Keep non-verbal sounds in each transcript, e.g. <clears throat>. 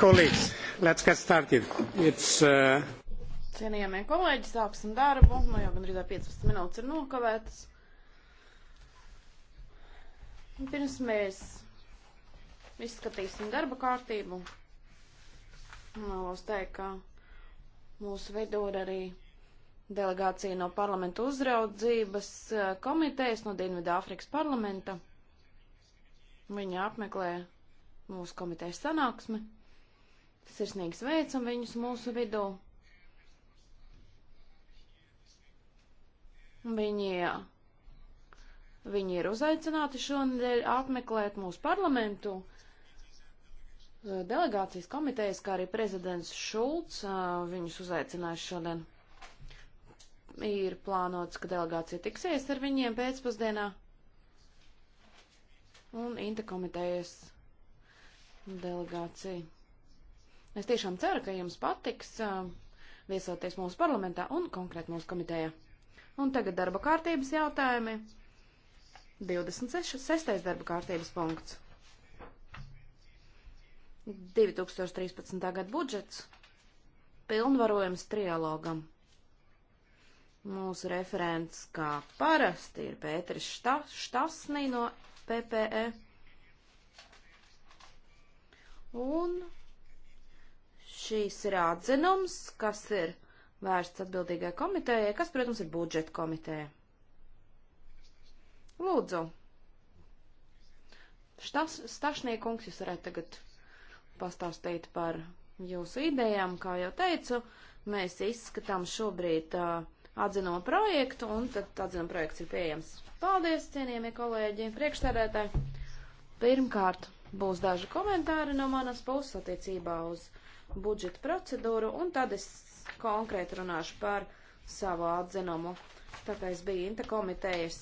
Kolēģis, let's get started. It's, uh... Cienījamie kolēģi, sāksim darbu. Man nu, jau gandrīz 15 minūtes ir nokavētas. Un pirms mēs izskatīsim darba kārtību, vēlos teikt, ka mūsu vidū ir arī delegācija no parlamentu uzraudzības uh, komitejas no Dienvidāfrikas parlamenta. Viņa apmeklē mūsu komitejas sanāksmi. Sirsnīgi sveicam viņus mūsu vidū. Viņi, viņi ir uzaicināti šonadēļ apmeklēt mūsu parlamentu delegācijas komitejas, kā arī prezidents Šulcs viņus uzaicināja šodien. Ir plānots, ka delegācija tiksies ar viņiem pēcpusdienā un interkomitejas delegācija. Es tiešām ceru, ka jums patiks viesoties mūsu parlamentā un konkrēt mūsu komitejā. Un tagad darba kārtības jautājumi. 26. darba kārtības punkts. 2013. gada budžets. Pilnvarojums trialogam. Mūsu referents, kā parasti, ir Pēteris šta, Štasnī no PPE. Un Šīs ir atzinums, kas ir vērsts atbildīgai komitējai, kas, protams, ir budžeta komiteja. Lūdzu, Štas, Stašniekungs, jūs varētu tagad pastāstīt par jūsu idejām, kā jau teicu, mēs izskatām šobrīd uh, atzinumu projektu, un tad atzinuma projekts ir pieejams. Paldies, cienījamie kolēģi, priekšstādētāji! Pirmkārt, būs daži komentāri no manas puses attiecībā uz budžeta procedūru, un tad es konkrēti runāšu par savu atzinumu. Tā kā es biju interkomitejas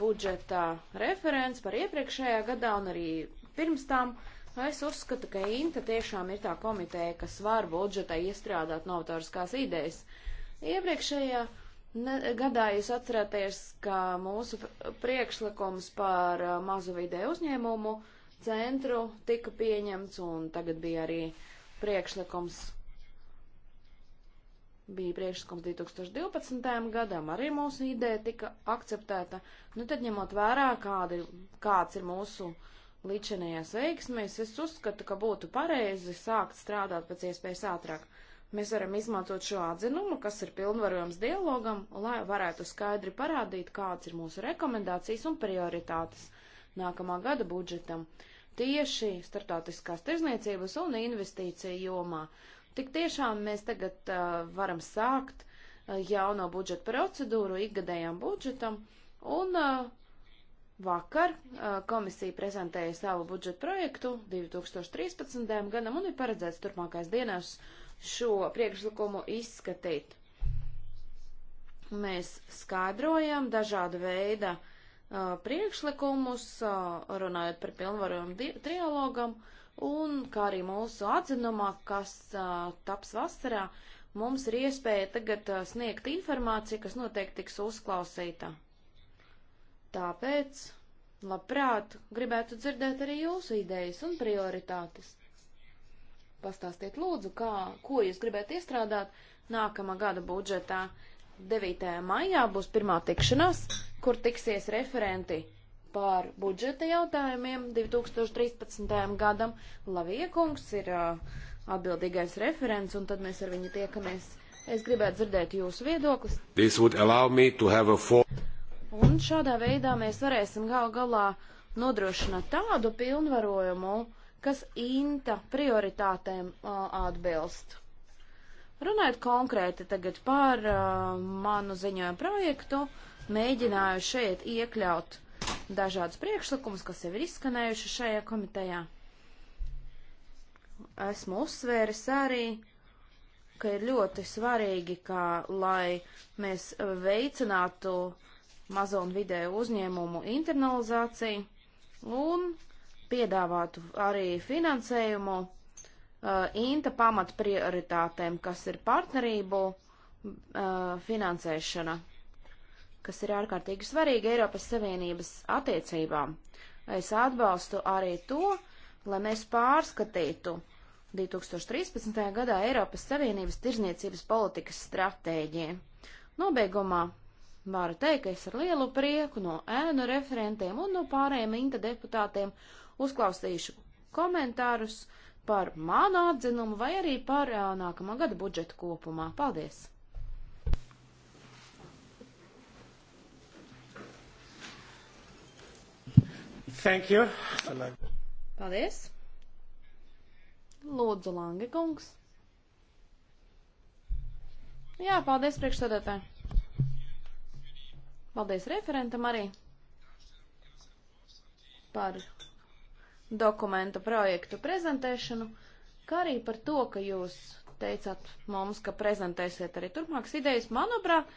budžeta referents par iepriekšējā gadā un arī pirms tam, es uzskatu, ka Inta tiešām ir tā komiteja, kas var budžetā iestrādāt novatoriskās idejas. Iepriekšējā gadā jūs atcerāties, ka mūsu priekšlikums par mazu vidē uzņēmumu uh, centru tika pieņemts, un tagad bija arī priekšlikums, bija priekšlikums 2012. gadam, arī mūsu ideja tika akceptēta. Nu tad ņemot vērā, kādi, kāds ir mūsu līdšanējās veiksmēs, es uzskatu, ka būtu pareizi sākt strādāt pēc iespējas ātrāk. Mēs varam izmantot šo atzinumu, kas ir pilnvarojams dialogam, lai varētu skaidri parādīt, kāds ir mūsu rekomendācijas un prioritātes nākamā gada budžetam tieši starptautiskās tirzniecības un investīciju jomā. Tik tiešām mēs tagad uh, varam sākt uh, jauno budžeta procedūru ikgadējām budžetam, un uh, vakar uh, komisija prezentēja savu budžeta projektu 2013. gadam un ir paredzēts turpmākais dienās šo priekšlikumu izskatīt. Mēs skaidrojam dažādu veidu uh, priekšlikumus, runājot par pilnvarojumu trialogam, un kā arī mūsu atzinumā, kas taps vasarā, mums ir iespēja tagad sniegt informāciju, kas noteikti tiks uzklausīta. Tāpēc, labprāt, gribētu dzirdēt arī jūsu idejas un prioritātes. Pastāstiet lūdzu, kā, ko jūs gribētu iestrādāt nākamā gada budžetā. 9. maijā būs pirmā tikšanās, kur tiksies referenti pār budžeta jautājumiem 2013. gadam. Laviekungs ir uh, atbildīgais referents, un tad mēs ar viņu tiekamies. Es gribētu dzirdēt jūsu viedoklis. Un šādā veidā mēs varēsim gal galā nodrošināt tādu pilnvarojumu, kas INTA prioritātēm uh, atbilst. Runājot konkrēti tagad par uh, manu ziņojumu projektu, uh, mēģināju šeit iekļaut dažādus priekšlikumus, kas jau ir izskanējuši šajā komitejā. Esmu uzsvēris arī, ka ir ļoti svarīgi, ka, lai mēs veicinātu mazo un vidēju uzņēmumu internalizāciju un piedāvātu arī finansējumu uh, INTA pamatprioritātēm, kas ir partnerību uh, finansēšana kas ir ārkārtīgi svarīga Eiropas Savienības attiecībām. Es atbalstu arī to, lai mēs pārskatītu 2013. gadā Eiropas Savienības tirzniecības politikas stratēģiju. Nobeigumā varu teikt, ka es ar lielu prieku no ēnu referentiem un no pārējiem inta deputātiem uzklausīšu komentārus par manu atzinumu vai arī par nākamā gada budžetu kopumā. Paldies! Thank you. Paldies. Lūdzu, Lange kungs. Jā, paldies priekšsēdētāji. Paldies referentam arī par dokumenta projektu prezentēšanu, kā arī par to, ka jūs teicāt mums, ka prezentēsiet arī turpmākas idejas. Manuprāt,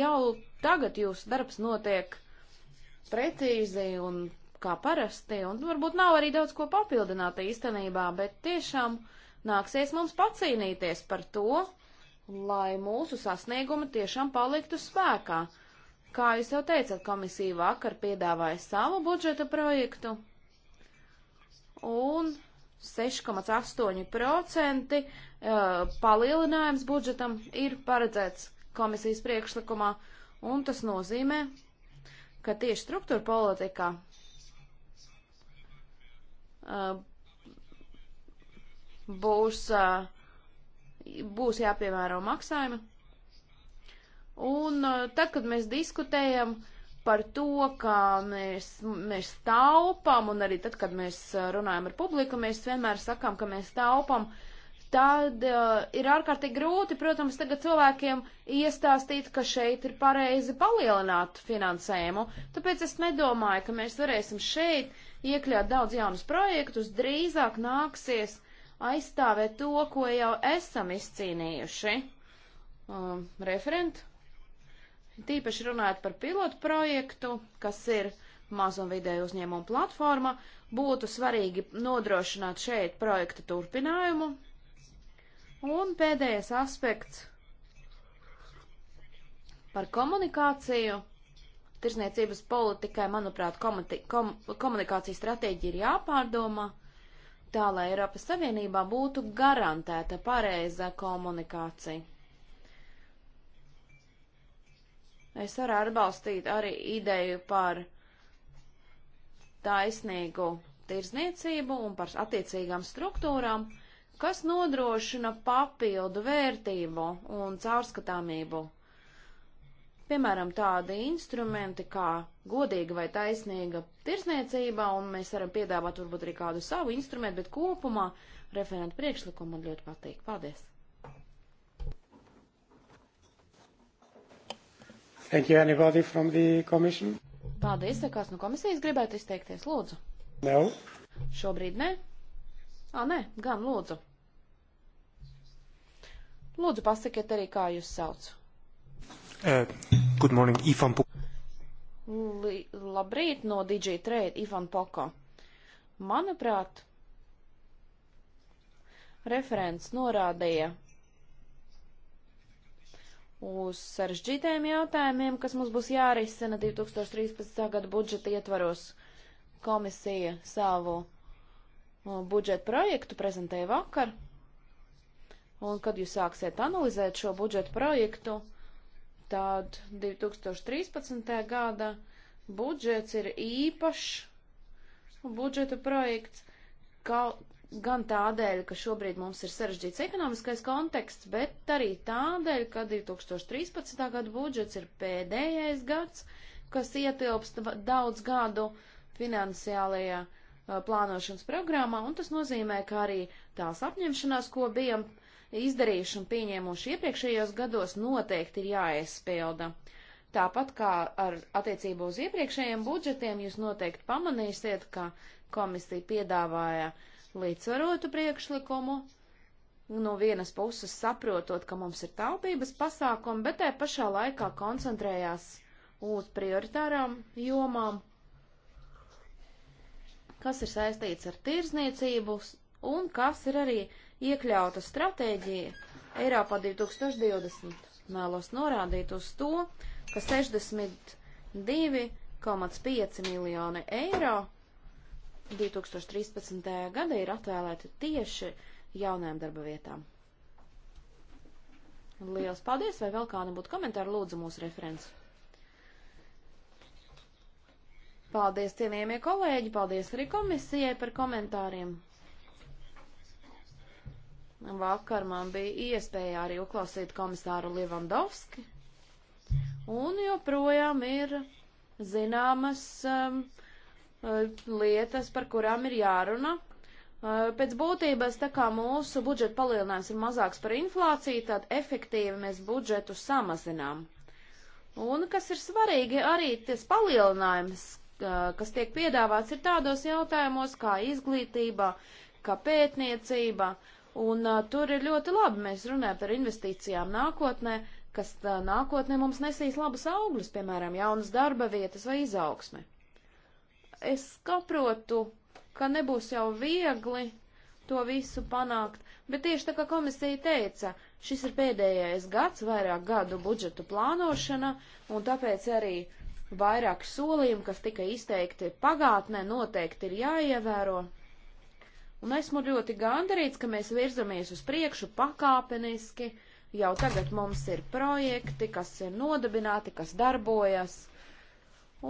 jau tagad jūsu darbs notiek precīzi un kā parasti, un varbūt nav arī daudz ko papildināt īstenībā, bet tiešām nāksies mums pacīnīties par to, lai mūsu sasniegumi tiešām paliktu spēkā. Kā jūs jau teicat, komisija vakar piedāvāja savu budžeta projektu, un 6,8% palielinājums budžetam ir paredzēts komisijas priekšlikumā, un tas nozīmē, ka tieši struktūra politikā Uh, būs, uh, būs jāpiemēro maksājumi. Un uh, tad, kad mēs diskutējam par to, ka mēs, mēs taupam, un arī tad, kad mēs runājam ar publiku, mēs vienmēr sakām, ka mēs taupam, tad uh, ir ārkārtīgi grūti, protams, tagad cilvēkiem iestāstīt, ka šeit ir pareizi palielināt finansējumu. Tāpēc es nedomāju, ka mēs varēsim šeit uh, iekļaut daudz jaunus projektus, drīzāk nāksies aizstāvēt to, ko jau esam izcīnījuši. Um, referent, tīpaši runājot par pilotu projektu, kas ir mazumvidēju uzņēmumu platforma, būtu svarīgi nodrošināt šeit projekta turpinājumu. Un pēdējais aspekts par komunikāciju tirzniecības politikai, manuprāt, komuti, kom, komunikācijas stratēģija ir jāpārdomā, tā lai Eiropas Savienībā būtu garantēta pareiza komunikācija. Es varu atbalstīt arī ideju par taisnīgu tirzniecību un par attiecīgām struktūrām, kas nodrošina papildu vērtību un caurskatāmību Piemēram, tādi instrumenti kā godīga vai taisnīga tirsniecība, un mēs varam piedāvāt varbūt arī kādu savu instrumentu, bet kopumā referentu priekšlikumu man ļoti patīk. Paldies! Thank you. Anybody from the commission? Paldies, ja kāds no komisijas gribētu izteikties, lūdzu. No. Šobrīd nē. Ā, nē, gan lūdzu. Lūdzu, pasakiet arī, kā jūs sauc. Uh, good morning, Ivan Puka. Labrīt no DJ Trade, Ivan Puka. Manuprāt, referents norādīja uz sarežģītiem jautājumiem, kas mums būs jārisina 2013. gada budžeta ietvaros. Komisija savu uh, budžeta projektu prezentēja vakar, un kad jūs sāksiet analizēt šo budžeta projektu, Tad 2013. gada budžets ir īpašs budžeta projekts, ka, gan tādēļ, ka šobrīd mums ir sarežģīts ekonomiskais konteksts, bet arī tādēļ, ka 2013. gada budžets ir pēdējais gads, kas ietilpst daudz gadu finansiālajā uh, plānošanas programmā, un tas nozīmē, ka arī tās apņemšanās, ko bijām izdarījuši un pieņēmuši iepriekšējos gados, noteikti ir jāaizpilda. Tāpat kā ar attiecību uz iepriekšējiem budžetiem, jūs noteikti pamanīsiet, ka komisija piedāvāja līdzsvarotu priekšlikumu, no nu, vienas puses saprotot, ka mums ir taupības pasākumi, bet tajā pašā laikā koncentrējās uz prioritārām jomām, kas ir saistīts ar tirzniecību un kas ir arī uh, iekļauta stratēģija Eiropā 2020. Mēlos norādīt uz to, ka 62,5 miljoni eiro 2013. gada ir atvēlēti tieši jaunajām darba vietām. Lielas paldies, vai vēl kāda būtu komentāra, lūdzu mūsu referents. Paldies, cienījamie kolēģi, paldies arī komisijai par komentāriem. Vakar man bija iespēja arī uklausīt komisāru Levandovski, un joprojām ir zināmas um, uh, lietas, par kurām ir jārunā. Uh, pēc būtības, tā kā mūsu budžeta palielinājums ir mazāks par inflāciju, tad efektīvi mēs budžetu samazinām. Un kas ir svarīgi, arī tas palielinājums, uh, kas tiek piedāvāts, ir tādos jautājumos kā izglītība, kā pētniecība, uh, Un uh, tur ir ļoti labi, mēs runājam par investīcijām nākotnē, kas uh, nākotnē mums nesīs labas augļus, piemēram, jaunas darba vietas vai izaugsme. Es saprotu, ka nebūs jau viegli to visu panākt, bet tieši tā kā komisija teica, šis ir pēdējais gads, vairāk gadu budžetu plānošana, un tāpēc arī vairāk solījumi, kas tika izteikti pagātnē, noteikti ir jāievēro, Un esmu ļoti gandarīts, ka mēs virzamies uz priekšu pakāpeniski. Jau tagad mums ir projekti, kas ir nodibināti, kas darbojas.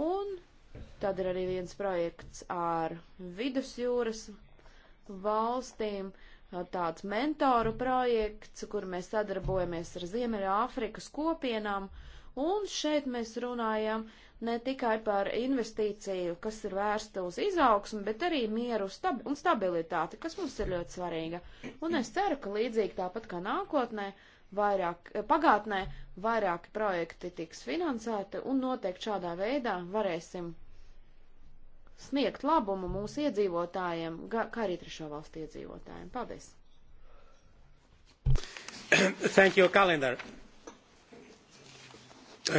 Un tad ir arī viens projekts ar vidusjūras valstīm tāds mentoru projekts, kur mēs sadarbojamies ar Ziemeļa Āfrikas kopienām, un šeit mēs runājam ne tikai par investīciju, kas ir vērsta uz izaugsmu, bet arī mieru stab un stabilitāti, kas mums ir ļoti svarīga. Un es ceru, ka līdzīgi tāpat kā nākotnē, vairāk, pagātnē vairāki projekti tiks finansēti un noteikti šādā veidā varēsim sniegt labumu mūsu iedzīvotājiem, kā arī trešo valstu iedzīvotājiem. Paldies! Thank you, calendar.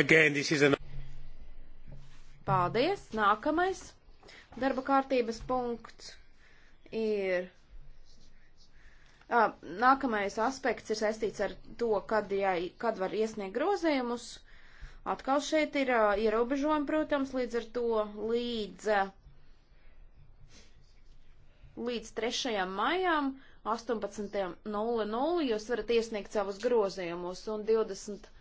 Again, this is an Paldies! Nākamais darba kārtības punkts ir. À, nākamais aspekts ir saistīts ar to, kad, jā, kad var iesniegt grozējumus. Atkal šeit ir uh, ierobežojumi, protams, līdz ar to līdz, līdz 3. maijam 18.00 jūs varat iesniegt savus grozījumus un 20.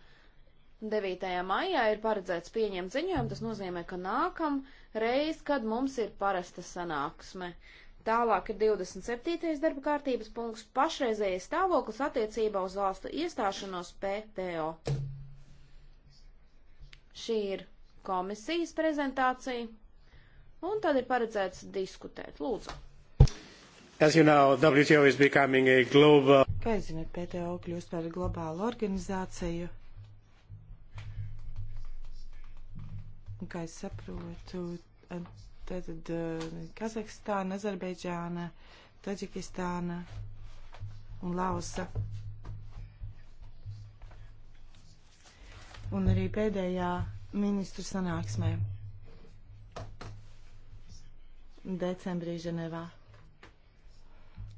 9. maijā ir paredzēts pieņemt ziņojumu, tas nozīmē, ka nākam reiz, kad mums ir parasta sanāksme. Tālāk ir 27. darba kārtības punkts - pašreizējais stāvoklis attiecībā uz valstu iestāšanos PTO. Šī ir komisijas prezentācija, un tad ir paredzēts diskutēt. Lūdzu! As you know, WTO is becoming a global. Kā jūs zināt, PTO kļūst par globālu organizāciju Un, kā es saprotu, tad, tad eh, Kazahstāna, Azerbaidžāna, Taģikistāna un Lausa. Un arī pēdējā ministru sanāksmē decembrī Ženevā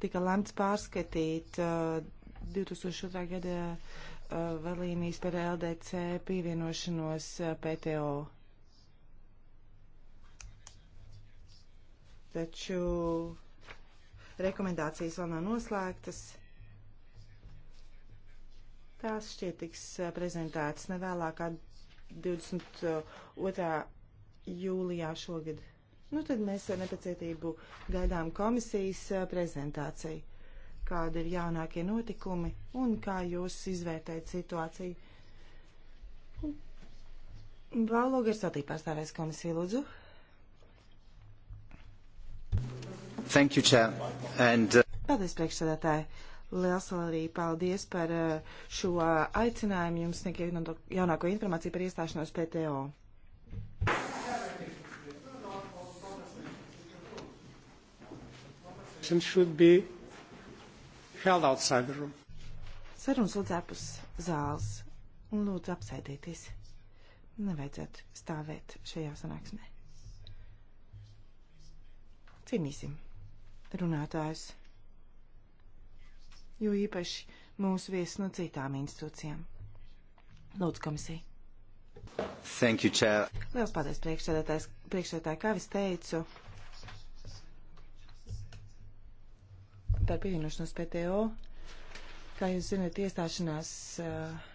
tika lemts pārskatīt uh, eh, 2002. gada uh, vadlīnijas par LDC pievienošanos uh, PTO. taču rekomendācijas vēl nav noslēgtas. Tās šķiet tiks eh, prezentētas nevēlākā 22. Eh, jūlijā šogad. Nu, tad mēs ar nepacietību gaidām komisijas eh, prezentāciju, kāda ir jaunākie notikumi un kā jūs izvērtējat situāciju. Vālogas attīpārstāvēs komisiju, lūdzu. Thank you, Chair. And, uh... Paldies, priekšsēdētāji. Liels arī paldies par uh, šo aicinājumu jums sniegt jaunāko informāciju par iestāšanos PTO. Sarunas lūdzu ārpus zāles un lūdzu apsēdīties. Nevajadzētu stāvēt šajā sanāksmē. Cīnīsim! runātājs, jo īpaši mūsu viesis no citām institūcijām. Lūdzu, komisija. Thank you, Chair. Lielas paldies, priekšsēdētājs. Priekšsēdētāji, kā es teicu, par pievienošanos PTO, kā jūs zināt, iestāšanās uh,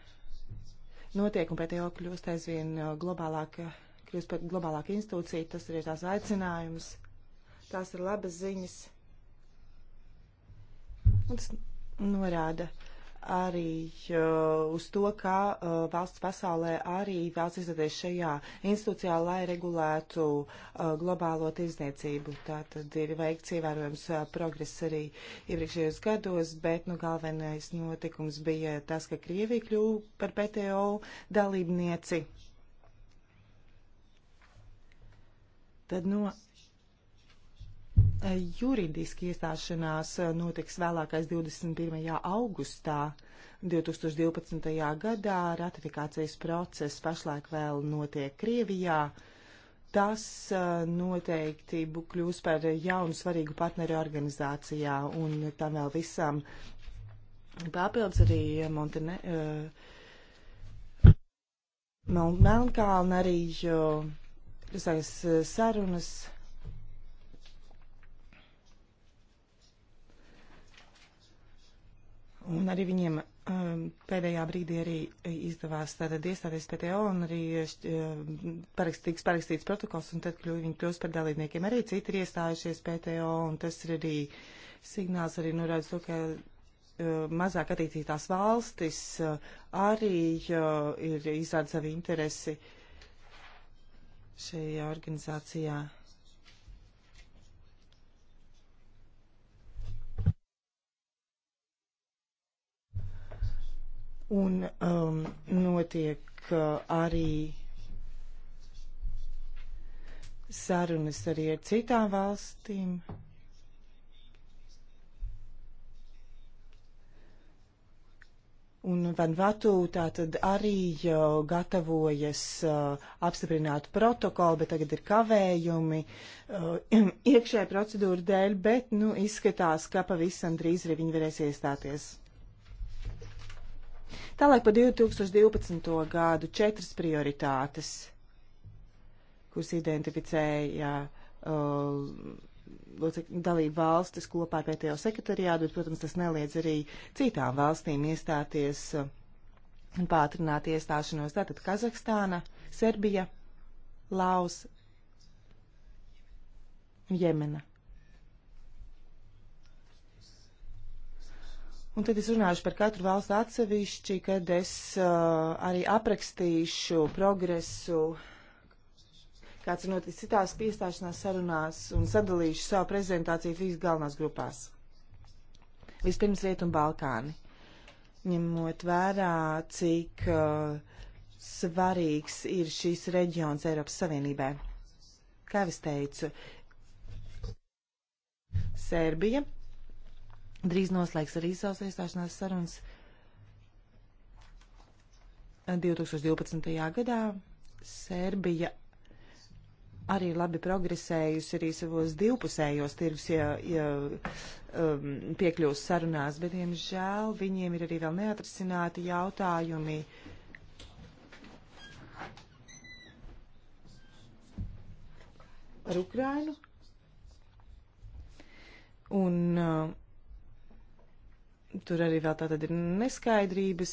notiek un PTO kļūst aizvien uh, globālāk, uh, kļūst par globālāku institūciju. Tas ir tās aicinājums. Tās ir labas ziņas. Un tas norāda arī uh, uz to, ka uh, valsts pasaulē arī vēlas izdoties šajā institūcijā, lai regulētu uh, globālo tirzniecību. Tā tad ir veikts ievērojams uh, progress arī iepriekšējos gados, bet nu, galvenais notikums bija tas, ka Krievija kļuva par PTO dalībnieci. Tad no nu, Eh, juridiski iestāšanās eh, notiks vēlākais 21. augustā 2012. gadā. Ratifikācijas process pašlaik vēl notiek Krievijā. Tas eh, noteikti kļūs par jaunu svarīgu partneru organizācijā, un tam vēl visam papildus arī Montene, Melnkalna arī, kas sarunas. Uh, Un arī viņiem um, pēdējā brīdī arī izdevās tātad iestāties PTO un arī šķi, um, parakst, tiks parakstīts protokols un tad kļuvi viņi kļūst par dalībniekiem. Arī citi ir iestājušies PTO un tas ir arī signāls arī norāda nu, to, ka uh, mazāk attīstītās valstis uh, arī uh, ir izrāda savu interesi šajā organizācijā. un um, notiek uh, arī sarunas arī ar citām valstīm. Un Vanvatu tātad arī uh, gatavojas uh, apstiprināt protokolu, bet tagad ir kavējumi uh, <clears throat> iekšē procedūra dēļ, bet, nu, izskatās, ka pavisam drīz arī viņi varēs iestāties Tālāk par 2012. gadu četras prioritātes, kuras identificēja uh, dalību valstis kopā ar PTO sekretariātu, bet, protams, tas neliedz arī citām valstīm iestāties uh, un uh, pātrināt iestāšanos. Tātad Kazahstāna, Serbija, Laos, Jemena. Un tad es runāšu par katru valstu atsevišķi, kad es uh, arī aprakstīšu progresu, kāds ir noticis citās piestāšanās sarunās, un sadalīšu savu prezentāciju trīs galvenās grupās. Vispirms Rietumu Balkāni, ņemot vērā, cik uh, svarīgs ir šīs reģions Eiropas Savienībai. Kā es teicu, Sērbija, drīz noslēgs arī savas iestāšanās sarunas 2012. gadā. Sērbija arī labi progresējusi arī savos divpusējos tirgus ja, ja, um, piekļūst sarunās, bet, diemžēl, viņiem ir arī vēl neatrisināti jautājumi. Ar Ukrainu. Un uh, Tur arī vēl tātad ir neskaidrības,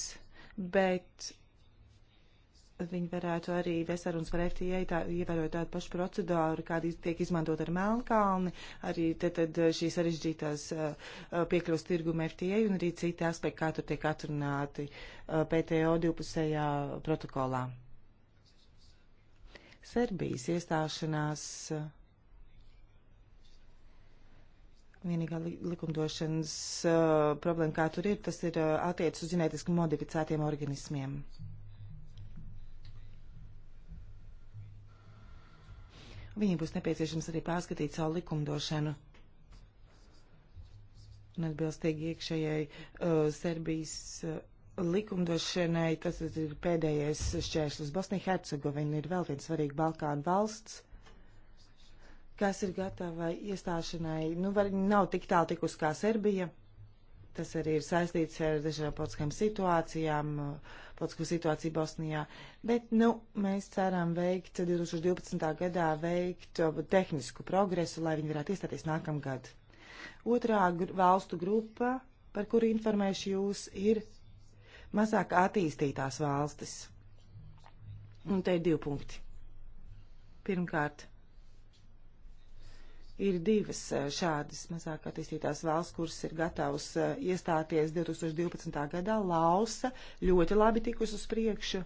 bet viņi varētu arī vesarunas var FTA tā, ievērot tādu pašu procedūru, kāda tiek izmantot ar Melnkalni, arī tad, tad eh, šīs sarežģītās eh, piekļūst tirguma FTA un arī citi aspekti, kā tur tiek atrunāti eh, PTO divpusējā protokolā. Serbijas iestāšanās. Uh, Vienīgā li likumdošanas uh, problēma, kā tur ir, tas ir uh, attiecis uz ģenētiski modificētiem organismiem. Viņiem būs nepieciešams arī pārskatīt savu likumdošanu. Un atbilstīgi iekšējai uh, Serbijas. Uh, likumdošanai tas ir pēdējais šķēršļs. Bosnija-Hercegovina ir vēl viena svarīga Balkānu valsts kas ir gatava iestāšanai. Nu, var, nav tik tālu tikus kā Serbija. Tas arī ir saistīts ar dažādām politiskām situācijām, politisko situāciju Bosnijā. Bet, nu, mēs ceram veikt 2012. gadā veikt tehnisku progresu, lai viņi varētu iestāties nākamgad. Otrā gr valstu grupa, par kuru informēšu jūs, ir mazāk attīstītās valstis. Un te ir divi punkti. Pirmkārt, Ir divas eh, šādas mazāk attīstītās valsts, kuras ir gatavas eh, iestāties 2012. gadā. Lausa ļoti labi tikus uz priekšu.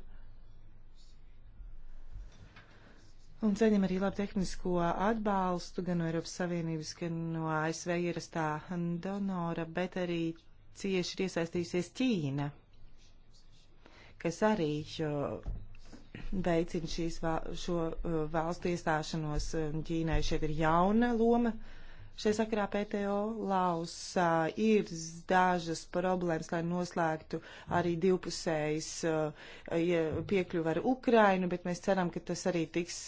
Un saņem arī labu tehnisko atbalstu gan no Eiropas Savienības, gan no ASV ierastā donora, bet arī cieši ir iesaistījusies Ķīna, kas arī jo, veicina šīs, šo uh, valstu iestāšanos Ķīnai. Šeit ir jauna loma. Šajā sakarā PTO lausā ir dažas problēmas, lai noslēgtu arī divpusējas piekļuvi ar Ukrainu, bet mēs ceram, ka tas arī tiks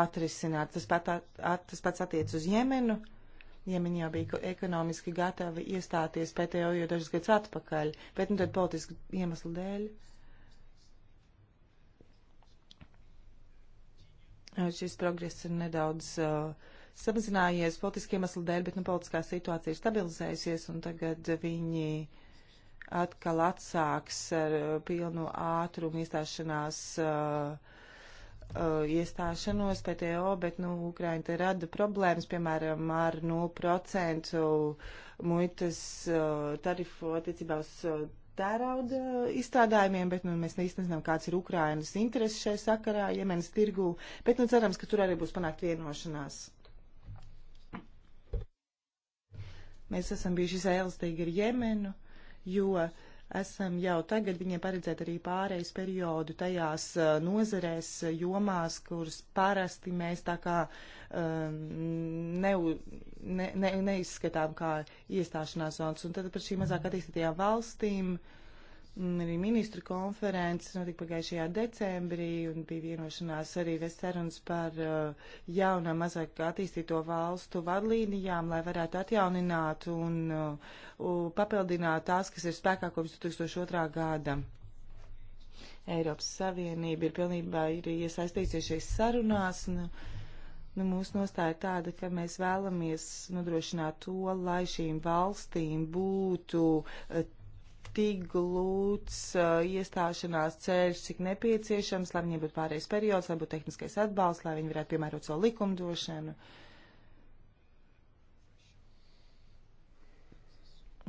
atrisināt. Tas, pat, at, tas pats attiec uz Jemenu. Jemeni jau bija ekonomiski gatavi iestāties PTO jau dažus gadus atpakaļ, bet nu tad politiski iemeslu dēļ Šis progress ir nedaudz uh, samazinājies politiskiem iemeslu dēļ, bet nu, politiskā situācija ir stabilizējusies, un tagad viņi atkal atsāks ar pilnu ātrumu iestāšanās, uh, uh, iestāšanos PTO, bet nu, Ukraina te rada problēmas, piemēram, ar 0% muitas uh, tarifu attiecībā uz. Uh, tērauda eh, izstrādājumiem, bet nu, mēs īstenībā nezinām, kāds ir Ukrainas intereses šai sakarā, Jemenas tirgū, bet nu, cerams, ka tur arī būs panākt vienošanās. Mēs esam bijuši elastīgi ar Jemenu, jo uh, esam jau tagad viņiem paredzēt arī pārejas periodu tajās uh, nozerēs, uh, jomās, kuras parasti mēs tā kā um, ne, ne, ne, neizskatām kā iestāšanās zonas. Un tad par šīm mazāk attīstītajām valstīm uh, Arī ministru konferences notika pagājušajā decembrī un bija vienošanās arī vest sarunas par uh, jaunām mazāk attīstīto valstu vadlīnijām, lai varētu atjaunināt un uh, papildināt tās, kas ir spēkā kopš 2002. gada. Eiropas Savienība ir pilnībā ir iesaistījusies šīs sarunās. Nu, nu, mūsu nostāja ir tāda, ka mēs vēlamies nodrošināt to, lai šīm valstīm būtu uh, tik lūts uh, iestāšanās ceļš, cik nepieciešams, lai viņiem būtu pārējais periods, lai būtu tehniskais atbalsts, lai viņi varētu piemērot savu likumdošanu.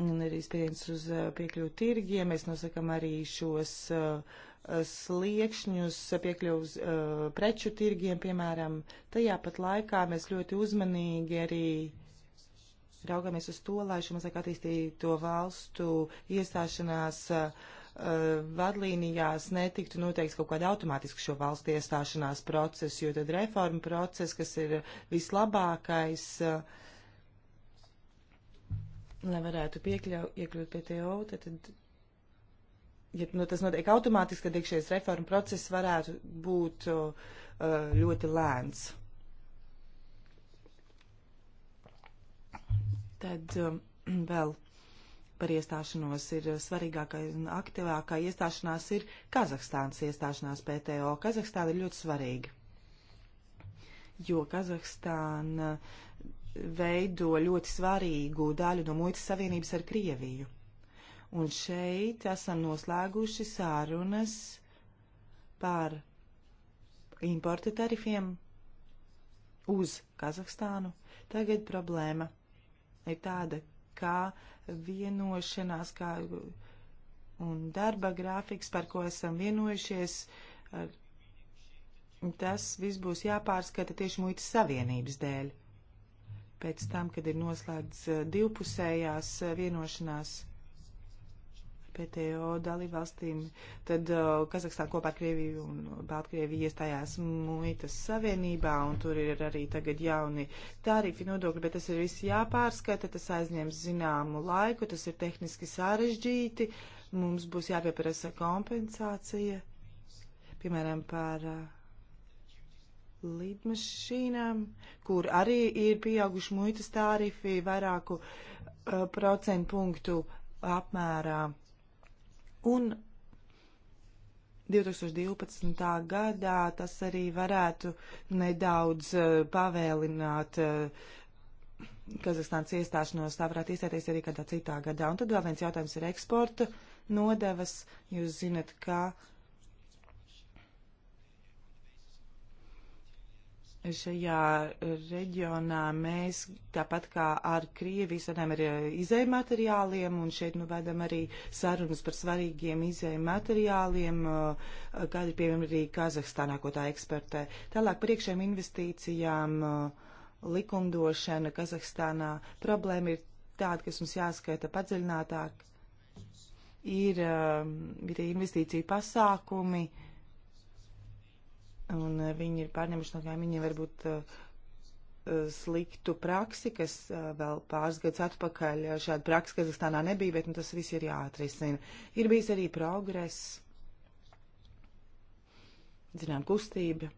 Un arī spiediens uz uh, piekļuvu tirgiem. Mēs nosakam arī šos uh, sliekšņus piekļuvus preču tirgiem, piemēram. Tajā pat laikā mēs ļoti uzmanīgi arī raugamies uz to, lai šo mazāk attīstīto valstu iestāšanās uh, vadlīnijās netiktu noteikts kaut kāda automātiska šo valstu iestāšanās procesu, jo tad reforma process, kas ir vislabākais, uh, lai varētu piekļau, iekļūt pie TO, tad, tad ja nu, tas notiek automātiski, tad iekšējais reforma process varētu būt uh, ļoti lēns. Tad um, <clears throat> vēl par iestāšanos ir uh, svarīgākā un aktīvākā iestāšanās ir Kazahstānas iestāšanās PTO. Kazahstāna ir ļoti svarīga, jo Kazahstāna veido ļoti svarīgu daļu no muitas savienības ar Krieviju. Un šeit esam noslēguši sārunas par importa tarifiem uz Kazahstānu. Tagad problēma ir tāda, kā vienošanās, kā un darba grafiks, par ko esam vienojušies, ar, tas viss būs jāpārskata tieši muitas savienības dēļ. Pēc tam, kad ir noslēgts eh, divpusējās eh, vienošanās PTO dalībvalstīm, tad uh, Kazahstāna kopā ar Krieviju un Baltkrieviju iestājās muitas savienībā, un tur ir arī tagad jauni tarifi nodokļi, bet tas ir viss jāpārskata, tas aizņems zināmu laiku, tas ir tehniski sarežģīti, mums būs jāpieprasa kompensācija, piemēram, par uh, lidmašīnām, kur arī ir pieauguši muitas tarifi vairāku uh, procentu punktu apmērā. Un 2012. gadā tas arī varētu nedaudz uh, pavēlināt uh, Kazahstānas iestāšanos, tā varētu iestāties arī kādā citā gadā. Un tad vēl viens jautājums ir eksporta nodevas. Jūs zinat, ka uh, Šajā reģionā mēs, tāpat kā ar Krieviju, sarunājam ar eh, izējuma materiāliem, un šeit nu vedam arī sarunas par svarīgiem izējuma materiāliem, eh, kāda ir piemēram arī Kazahstānā, ko tā ekspertē. Tālāk par iekšējām investīcijām, eh, likumdošana Kazahstānā. Problēma ir tāda, kas mums jāskaita padziļinātāk. Ir, ir investīcija pasākumi Un eh, viņi ir pārņemuši no kaimiņiem varbūt eh, eh, sliktu praksi, kas vēl pāris gadus atpakaļ šāda praksa Kazahstānā nebija, bet nu, tas viss ir jāatrisina. Ir bijis arī progress, zinām, kustība.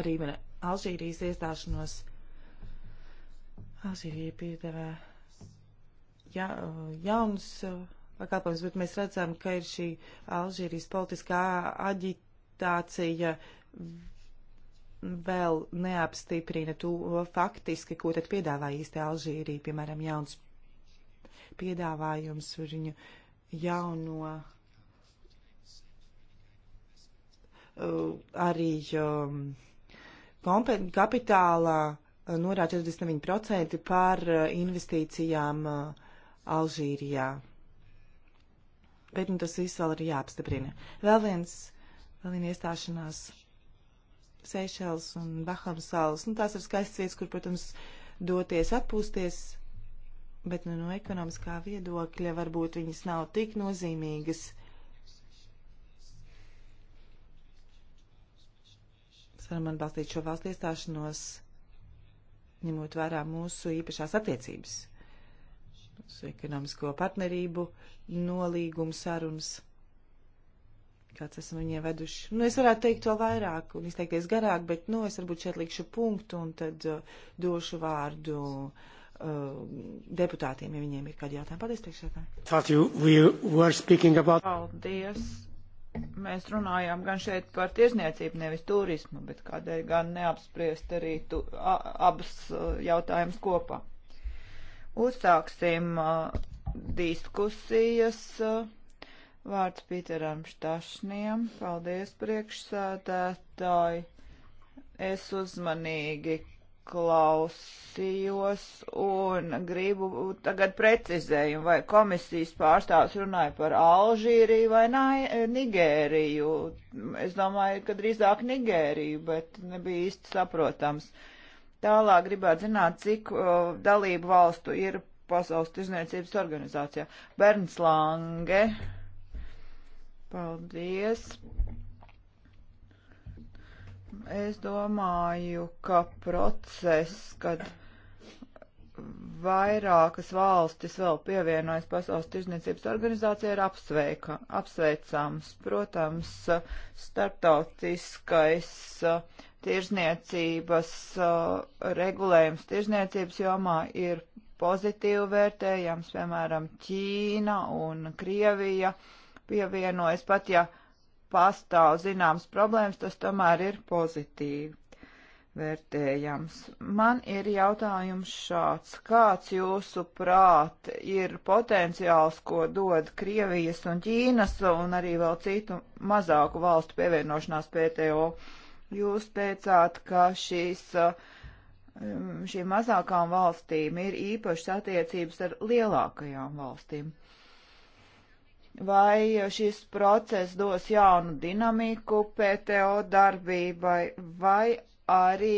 Arī Alžīrijas iestāšanos. Alžīrija piedevē ja, jaunus. Uh, pakalpojums, bet mēs redzam, ka ir šī Alžīrijas politiskā aģitācija vēl neapstiprina to faktiski, ko tad piedāvā īsti Alžīrija, piemēram, jauns piedāvājums viņu jauno uh, arī um, kapitālā uh, norāda 49% par uh, investīcijām uh, Alžīrijā bet nu, tas viss vēl ir jāapstiprina. Vēl viens, vēl viena iestāšanās Seišels un Bahamas salas. Nu, tās ir skaistas vietas, kur, protams, doties atpūsties, bet nu, no ekonomiskā viedokļa varbūt viņas nav tik nozīmīgas. Mēs varam atbalstīt šo valstu iestāšanos, ņemot vērā mūsu īpašās attiecības ekonomisko partnerību nolīgumu sarunas. Kāds esam viņiem veduši? Nu, es varētu teikt vēl vairāk un izteikties garāk, bet, nu, es varbūt šeit likšu punktu un tad uh, došu vārdu uh, deputātiem, ja viņiem ir kādi jautājumi. Paldies, priekšsētāji. About... Paldies. Mēs runājām gan šeit par tirzniecību, nevis turismu, bet kādēļ gan neapspriest arī tu, a, abas uh, jautājumas kopā. Uzsāksim uh, diskusijas. Uh, vārds Pīteram Štašniem. Paldies, priekšsēdētāji. Es uzmanīgi klausījos un gribu tagad precizējumu, vai komisijas pārstāvs runāja par Alžīriju vai Nigēriju. Es domāju, ka drīzāk Nigēriju, bet nebija īsti saprotams. Uh, Tālāk gribētu zināt, cik uh, dalību valstu ir Pasaules tirzniecības organizācijā. Bernds Lange. Paldies. Es domāju, ka process, kad vairākas valstis vēl pievienojas Pasaules tirzniecības organizācijai, ir apsveika, apsveicams. Protams, starptautiskais tirzniecības uh, regulējums tirzniecības jomā ir pozitīvi vērtējams, piemēram, Ķīna un Krievija pievienojas, pat ja pastāv zināms problēmas, tas tomēr ir pozitīvi vērtējams. Man ir jautājums šāds. Kāds jūsu prāt ir potenciāls, ko dod Krievijas un Ķīnas un arī vēl citu mazāku valstu pievienošanās PTO? Pie Jūs teicāt, ka šīs, um, šīm mazākām valstīm ir īpašas attiecības ar lielākajām valstīm. Vai šis process dos jaunu dinamiku PTO darbībai, vai arī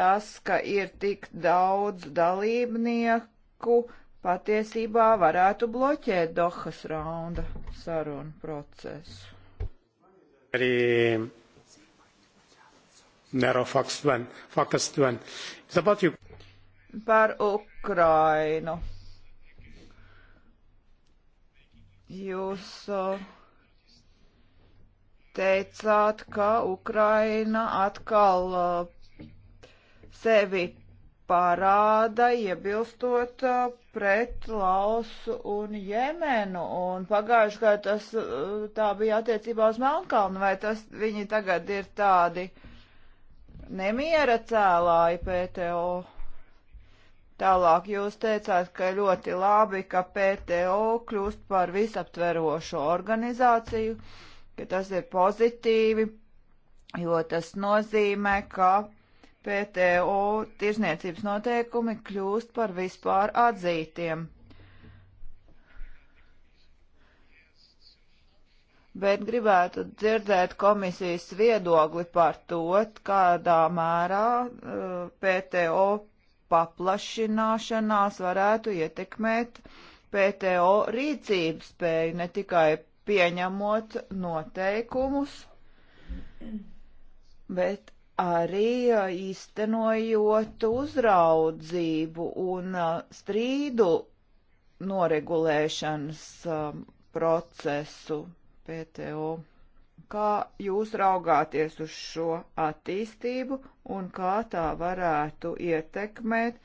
tas, ka ir tik daudz dalībnieku, patiesībā varētu bloķēt Dohas raunda sarunu procesu? Arī Nerofakstven, Fakastven. It's about you. Par Ukrainu. Jūs uh, teicāt, ka Ukraina atkal uh, sevi parāda, iebilstot uh, pret Lausu un Jemenu. Un pagājuši gadu tas tā bija attiecībā uz Melnkalnu, vai tas viņi tagad ir tādi uh, nemiera cēlāji PTO. Tālāk jūs teicāt, ka ļoti labi, ka PTO kļūst par visaptverošu organizāciju, ka tas ir pozitīvi, jo tas nozīmē, ka PTO tirzniecības noteikumi kļūst par vispār atzītiem. bet gribētu dzirdēt komisijas viedokli par to, kādā mērā uh, PTO paplašināšanās varētu ietekmēt PTO rīcības spēju, ne tikai pieņemot noteikumus, bet arī uh, īstenojot uzraudzību un uh, strīdu noregulēšanas um, procesu PTO. Kā jūs raugāties uz šo attīstību un kā tā varētu ietekmēt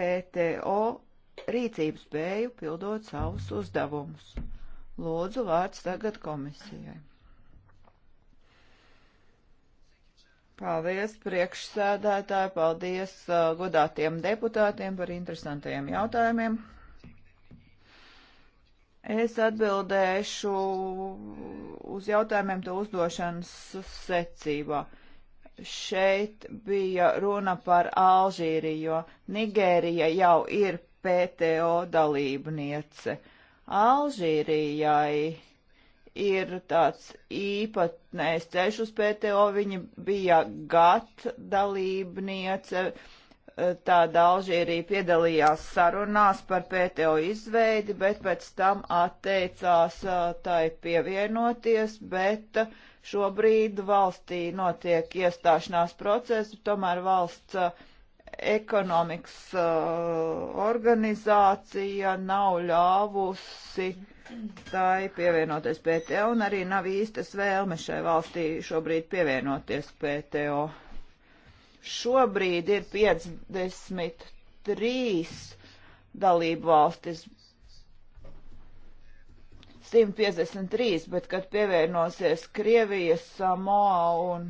PTO rīcības spēju pildot savus uzdevumus? Lūdzu, vārds tagad komisijai. Paldies priekšsēdētāji, paldies uh, godātiem deputātiem par interesantajiem jautājumiem. Es atbildēšu uz jautājumiem to uzdošanas secībā. Šeit bija runa par Alžīriju, jo Nigērija jau ir PTO dalībniece. Alžīrijai ir tāds īpatnējs ceļš uz PTO, viņa bija GATT dalībniece, uh, tā Dalžīrija piedalījās sarunās par PTO izveidi, bet pēc tam atteicās tai pievienoties, bet šobrīd valstī notiek iestāšanās procesi, tomēr valsts ekonomikas organizācija nav ļāvusi tai pievienoties PTO un arī nav īstas vēlme šai valstī šobrīd pievienoties PTO. Šobrīd ir 53 dalību valstis, 153, bet kad pievienosies Krievijas, Samoa un,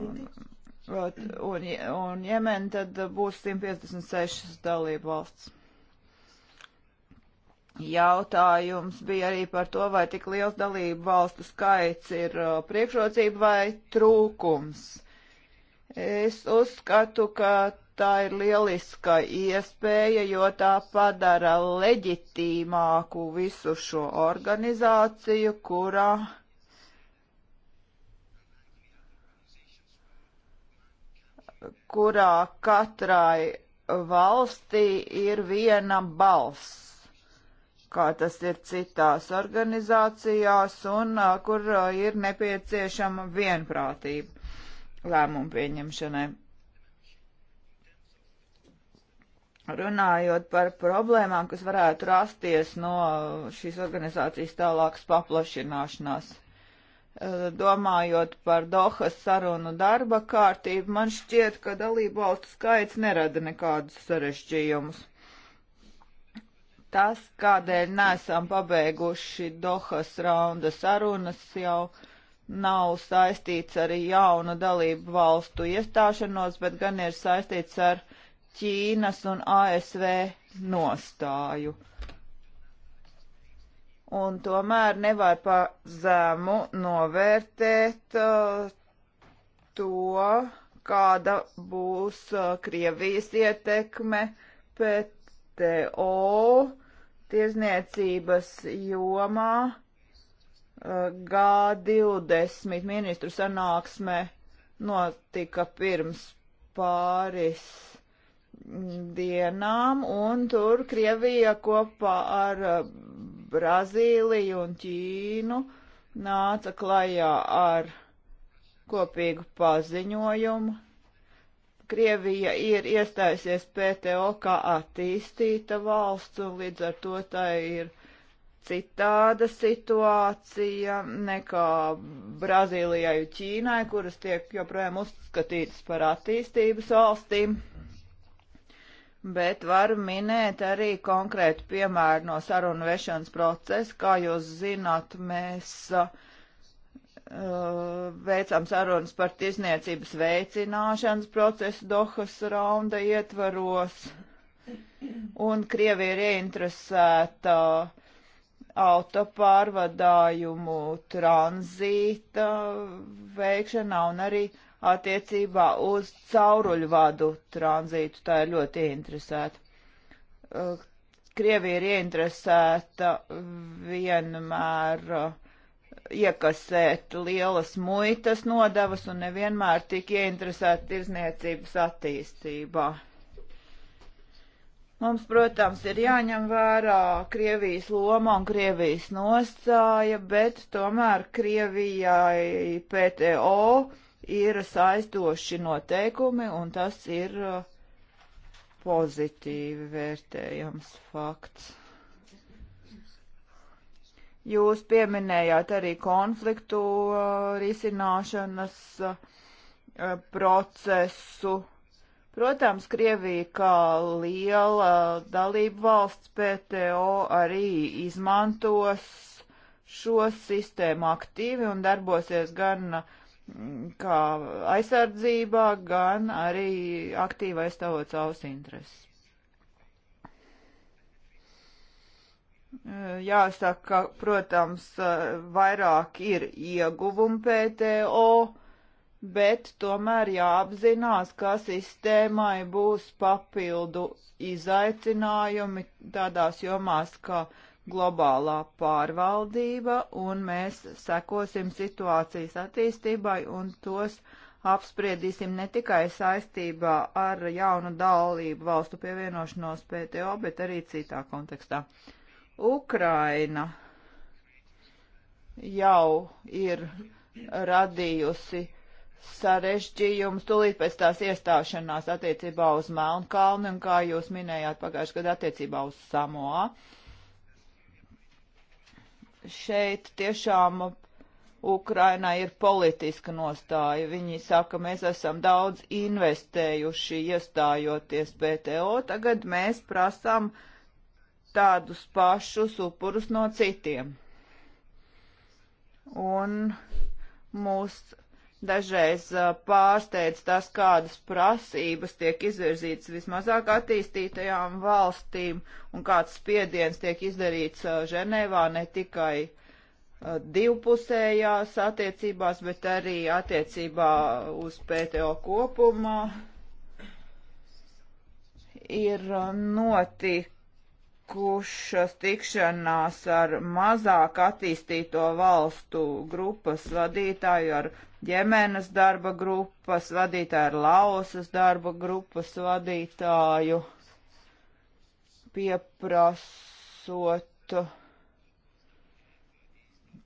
un, un, un Jemen, tad būs 156 dalību valsts. Jautājums bija arī par to, vai tik liels dalību valstu skaits ir uh, priekšrocība vai trūkums. Es uzskatu, ka tā ir lieliska iespēja, jo tā padara leģitīmāku visu šo organizāciju, kurā kurā katrai valstī ir viena balss kā tas ir citās organizācijās un kur ir nepieciešama vienprātība lēmumu pieņemšanai. Runājot par problēmām, kas varētu rasties no šīs organizācijas tālākas paplašināšanās, domājot par Dohas sarunu darba kārtību, man šķiet, ka dalībvalstu skaits nerada nekādus sarežģījumus tas, kādēļ nesam pabeiguši Dohas raunda sarunas, jau nav saistīts ar jaunu dalību valstu iestāšanos, bet gan ir saistīts ar Ķīnas un ASV nostāju. Un tomēr nevar pa zemu novērtēt uh, to, kāda būs uh, Krievijas ietekme pēc PTO tiesniecības jomā eh, G20 ministru sanāksme notika pirms pāris dienām, un tur Krievija kopā ar eh, Brazīliju un Ķīnu nāca klajā ar kopīgu paziņojumu Krievija ir iestājusies PTO kā attīstīta valsts, un līdz ar to tā ir citāda situācija nekā Brazīlijai un Ķīnai, kuras tiek joprojām uzskatītas par attīstības valstīm. Bet varu minēt arī konkrētu piemēru no sarunu vešanas procesa. Kā jūs zināt, mēs uh, veicām sarunas par tirzniecības veicināšanas procesu Dohas raunda ietvaros, un Krievija ir ieinteresēta autopārvadājumu tranzīta veikšanā un arī attiecībā uz cauruļvadu tranzītu. Tā ir ļoti interesēta. Krievija ir ieinteresēta vienmēr uh, iekasēt lielas muitas nodavas un nevienmēr tik ieinteresēti tirzniecības attīstībā. Mums, protams, ir jāņem vērā Krievijas loma un Krievijas nostāja, bet tomēr Krievijai PTO ir saistoši noteikumi un tas ir uh, pozitīvi vērtējams fakts. Jūs pieminējāt arī konfliktu uh, risināšanas uh, procesu. Protams, Krievija kā liela dalība valsts PTO arī izmantos šo sistēmu aktīvi un darbosies gan mm, kā aizsardzībā, gan arī aktīvi aizstāvot savus intereses. Jāsaka, protams, vairāk ir ieguvumi PTO, bet tomēr jāapzinās, ka sistēmai būs papildu izaicinājumi tādās jomās, kā globālā pārvaldība, un mēs sekosim situācijas attīstībai un tos apspriedīsim ne tikai saistībā ar jaunu dalību valstu pievienošanos PTO, bet arī citā kontekstā. Uh, Ukraina jau ir radījusi sarežģījums tūlīt pēc tās iestāšanās attiecībā uz Melnkalni un kā jūs minējāt pagājušajā gadā attiecībā uz Samoa. Šeit tiešām Ukrainā ir politiska nostāja. Viņi saka, mēs esam daudz investējuši iestājoties PTO, tagad mēs prasām uh, tādus pašus upurus no citiem. Un mūs dažreiz pārsteidz tas, kādas prasības tiek izvirzītas vismazāk attīstītajām valstīm un kāds spiediens tiek izdarīts Ženēvā ne tikai divpusējās attiecībās, bet arī attiecībā uz PTO kopumā ir notik notikušas tikšanās ar mazāk attīstīto valstu grupas vadītāju, ar ģimenes darba grupas vadītāju, ar lausas darba grupas vadītāju, pieprasot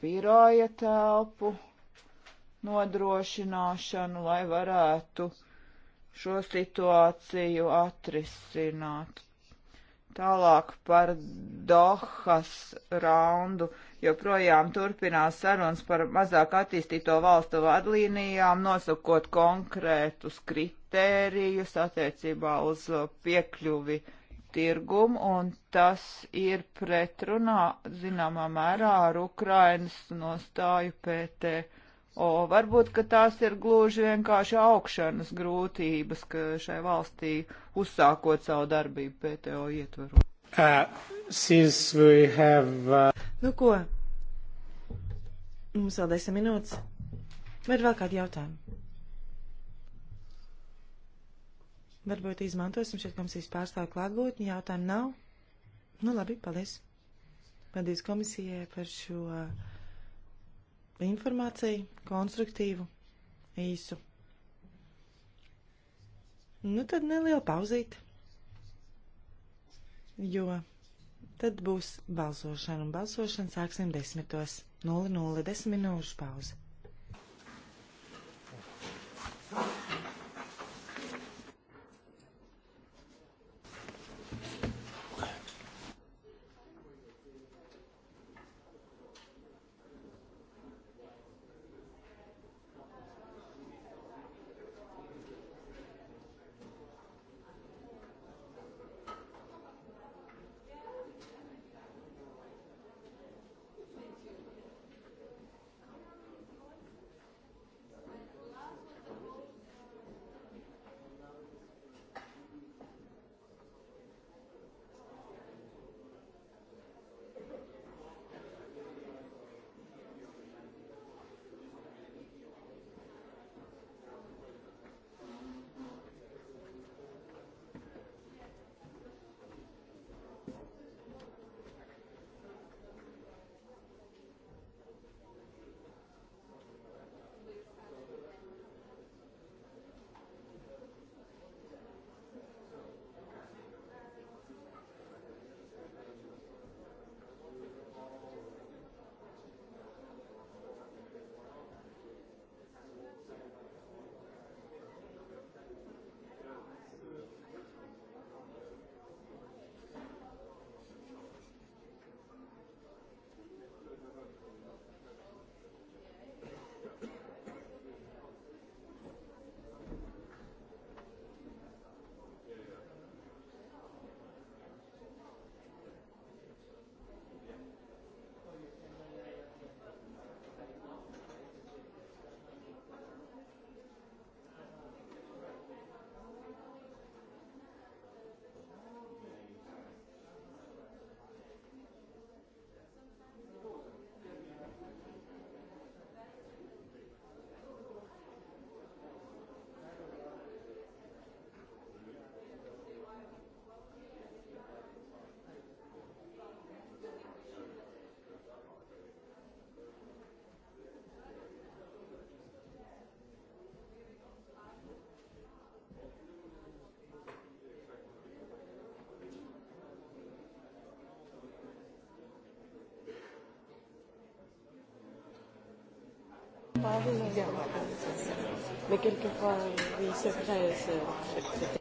biroja telpu nodrošināšanu, lai varētu šo situāciju atrisināt Tālāk par Dohas raundu joprojām turpinās sarunas par mazāk attīstīto valstu vadlīnijām, nosakot konkrētus kritērijus attiecībā uz piekļuvi tirgumu, un tas ir pretrunā, zināmā mērā, ar Ukrainas nostāju PTO O, varbūt, ka tās ir gluži vienkārši augšanas grūtības, ka šai valstī uzsākot savu darbību PTO ietvaru. Uh, have, uh... Nu ko? Mums vēl desmit minūtes. Vai ir vēl kādi jautājumi? Varbūt izmantosim šeit komisijas pārstāvu klātbūtni. Jautājumu nav? Nu labi, paldies. Paldies komisijai par šo. Uh, informāciju, konstruktīvu, īsu. Nu, tad neliela pauzīte, jo tad būs balsošana, un balsošana sāksim desmitos. 0,0, 10 minūšu pauze. pas, nous viendrons. Mais quelquefois, oui, c'est vrai, c'est.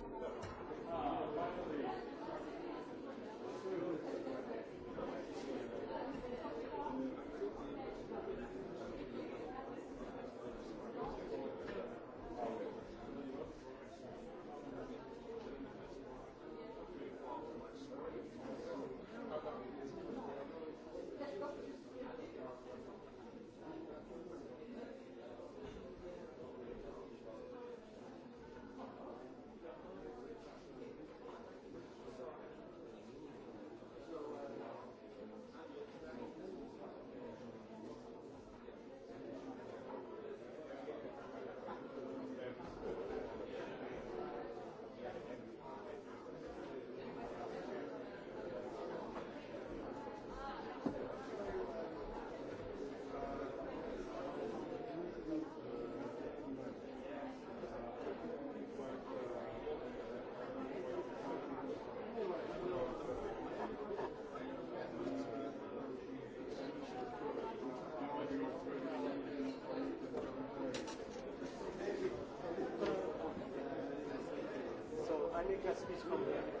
colleague has speech from here.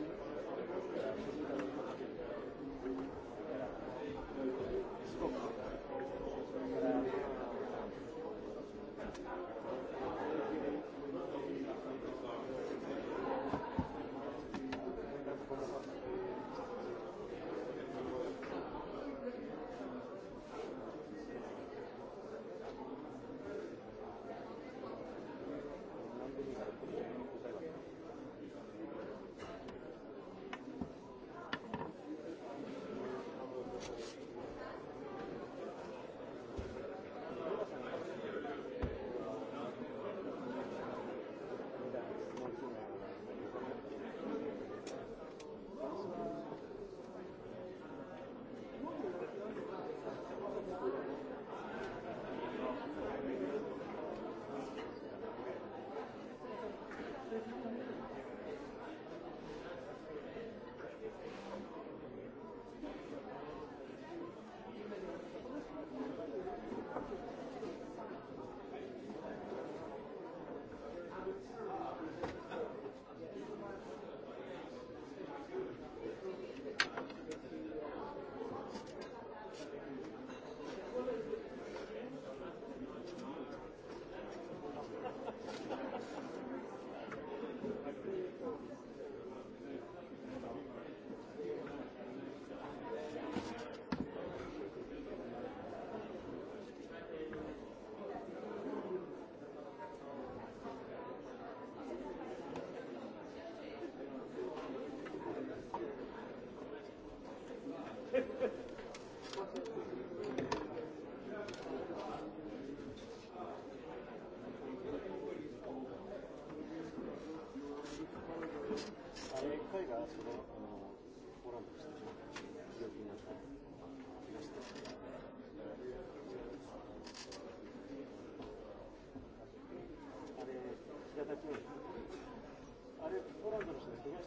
あれ、ポーランドの人が怪我し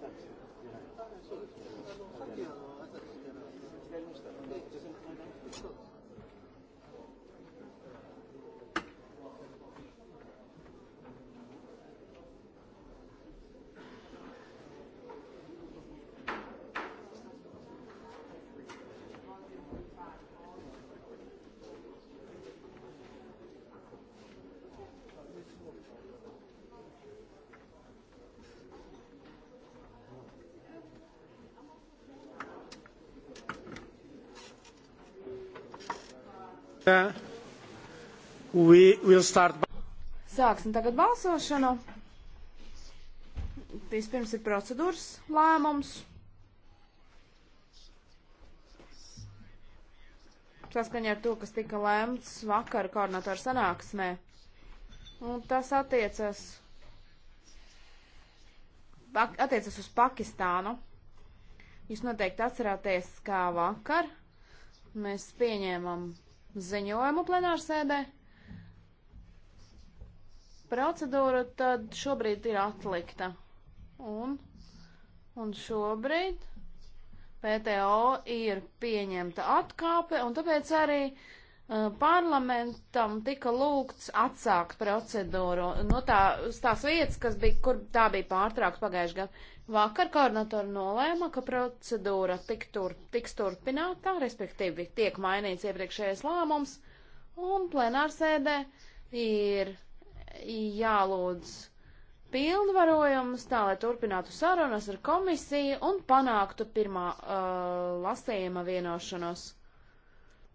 たんですよ。じゃない。そうですね。さっきあの Verhältnis. Uh, Sāksim tagad balsošanu. Vispirms ir procedūras lēmums. saskaņā ar to, kas tika lēmts vakar koordinatoru sanāksmē. Un tas attiecas, attiecas uz Pakistānu. Jūs noteikti atcerāties, kā vakar mēs pieņēmam ziņojumu plenārsēdē. Procedūra tad šobrīd ir atlikta. Un, un šobrīd PTO ir pieņemta atkāpe, un tāpēc arī uh, parlamentam tika lūgts atsākt procedūru no nu, tā, tās vietas, kas bija, kur tā bija pārtraukta pagājušajā gadā. Vakar koordinatori nolēma, ka procedūra tik tur, tiks turpināta, respektīvi tiek mainīts iepriekšējais lēmums, un plenārsēdē ir jālūdz pilnvarojums tā, lai turpinātu sarunas ar komisiju un panāktu pirmā uh, lasījuma vienošanos.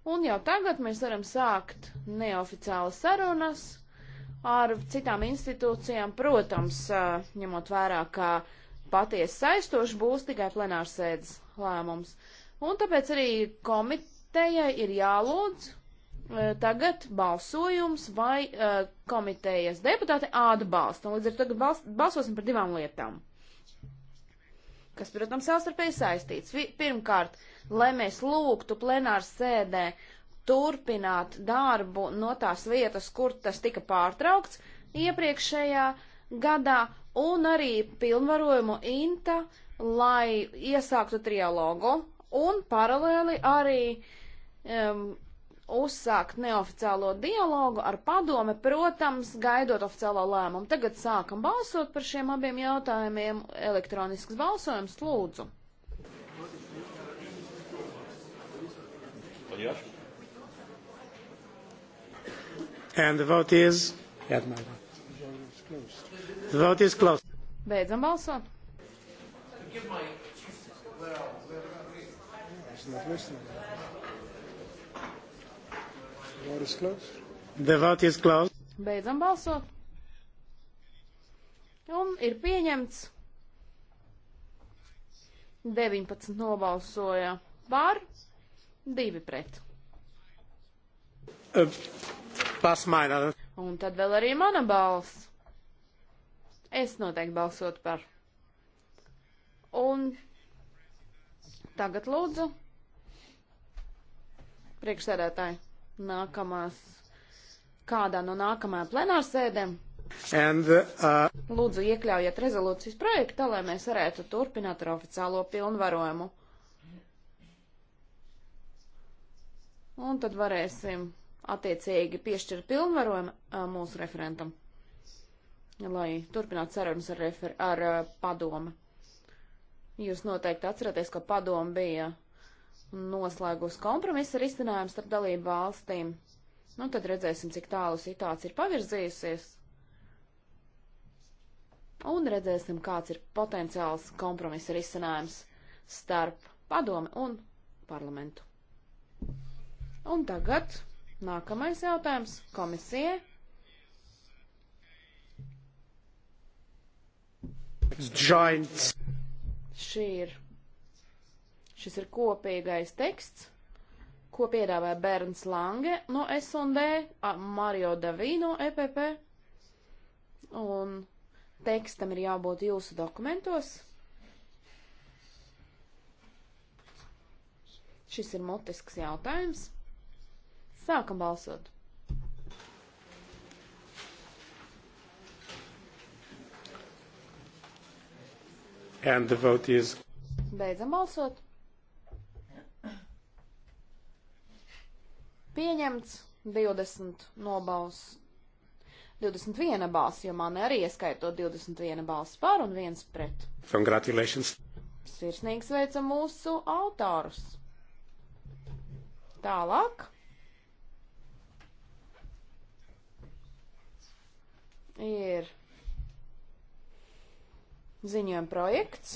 Un jau tagad mēs varam sākt neoficiālas sarunas ar citām institūcijām, protams, ņemot vērā, ka patiesi saistoši būs tikai plenārsēdes lēmums. Un tāpēc arī komitejai ir jālūdz tagad balsojums, vai komitejas deputāti atbalsta. Un līdz ar to tagad bals balsosim par divām lietām, kas, protams, savstarpēji saistīts. Pirmkārt, lai mēs lūgtu plenārs sēdē turpināt darbu no tās vietas, kur tas tika pārtraukts iepriekšējā gadā, un arī pilnvarojumu INTA, lai iesāktu trialogu, un paralēli arī um, uzsākt neoficiālo dialogu ar padome, protams, gaidot oficiālo lēmumu. Tagad sākam balsot par šiem abiem jautājumiem. Elektronisks balsojums lūdzu. Yes. And the vote is. Yeah, no, no. The vote is closed. Beidzam balsot. The vote is closed. Beidzam balsot. Un ir pieņemts. 19 nobalsoja par, Divi pret. Tas eh, maina. Un tad vēl arī mana balss. Es noteikti balsotu par. Un tagad lūdzu priekšsēdētāji nākamās, kādā no nākamajām plenārsēdēm. And, uh, Lūdzu, iekļaujiet rezolūcijas projektā, lai mēs varētu turpināt ar oficiālo pilnvarojumu. un tad varēsim attiecīgi piešķirt pilnvarojumu mūsu referentam, lai turpinātu sarunas ar, refer ar padomu. Jūs noteikti atceraties, ka padoma bija noslēgus kompromisa risinājumu starp dalību valstīm. Nu, tad redzēsim, cik tālu situācija ir pavirzījusies. Un redzēsim, kāds ir potenciāls kompromisa risinājums starp padomi un parlamentu. Un tagad nākamais jautājums komisijai. Giants. Šī ir, šis ir kopīgais teksts, ko piedāvāja Bērns Lange no S&D, Mario Davino EPP. Un tekstam ir jābūt jūsu dokumentos. Šis ir motisks jautājums. Sākam balsot. And the vote is. Beidzam balsot. Pieņemts 20 nobals. 21 balss, jo man arī ieskaitot 21 balss par un viens pret. Congratulations! Sirsnīgi sveicam mūsu autors! Tālāk ir ziņojuma projekts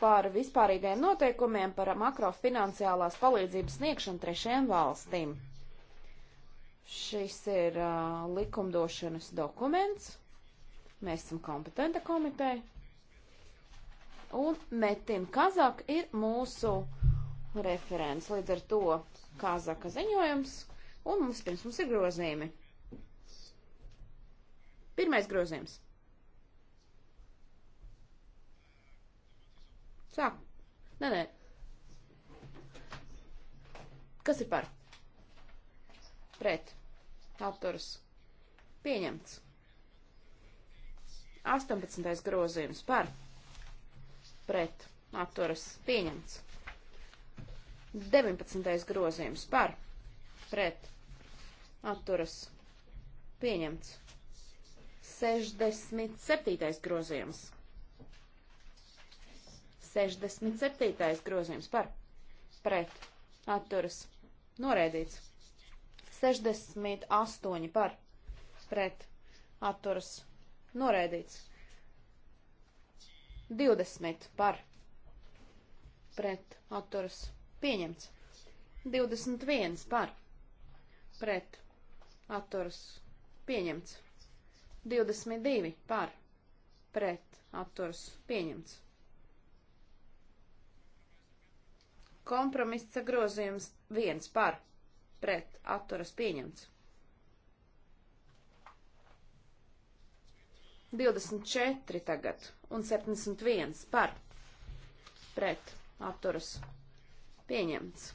par vispārīgiem noteikumiem par makrofinanciālās palīdzības sniegšanu trešajām valstīm. Šis ir uh, likumdošanas dokuments. Mēs esam kompetenta komiteja. Un Metin Kazak ir mūsu referents. Līdz ar to Kazaka ziņojums. Un mums pirms mums ir grozījumi. Pirmais grozījums. Sāk. Nē, nē. Kas ir par? Pret. Autors. Pieņemts. 18. grozījums par. Pret. Autors. Pieņemts. 19. grozījums par. Pret. Autors. Pieņemts. 67. grozījums. 67. grozījums par pret atturas noraidīts. 68 par pret atturas noraidīts. 20 par pret atturas pieņemts. 21 par pret atturas pieņemts. 22 par pret atturs pieņemts. Kompromiss sagrozījums 1 par pret atturas pieņemts. 24 tagad un 71 par pret atturas pieņemts.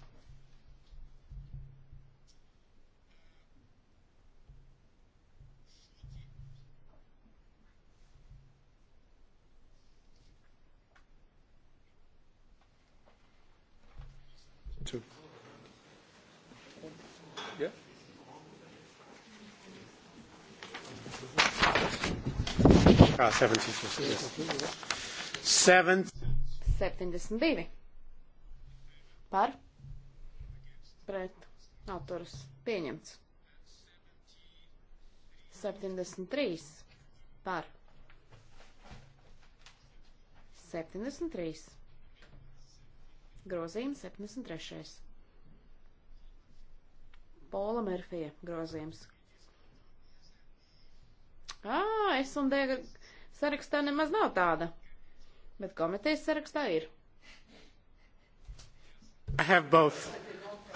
Two. Yeah. Ah, 76. Yes. Seven. 72. Par. Pret. Autors pieņemts. 73. Par. 73 grozījums 73. Pola Merfija grozījums. Ā, es un D sarakstā nemaz nav tāda, bet komitejas sarakstā ir. I have both.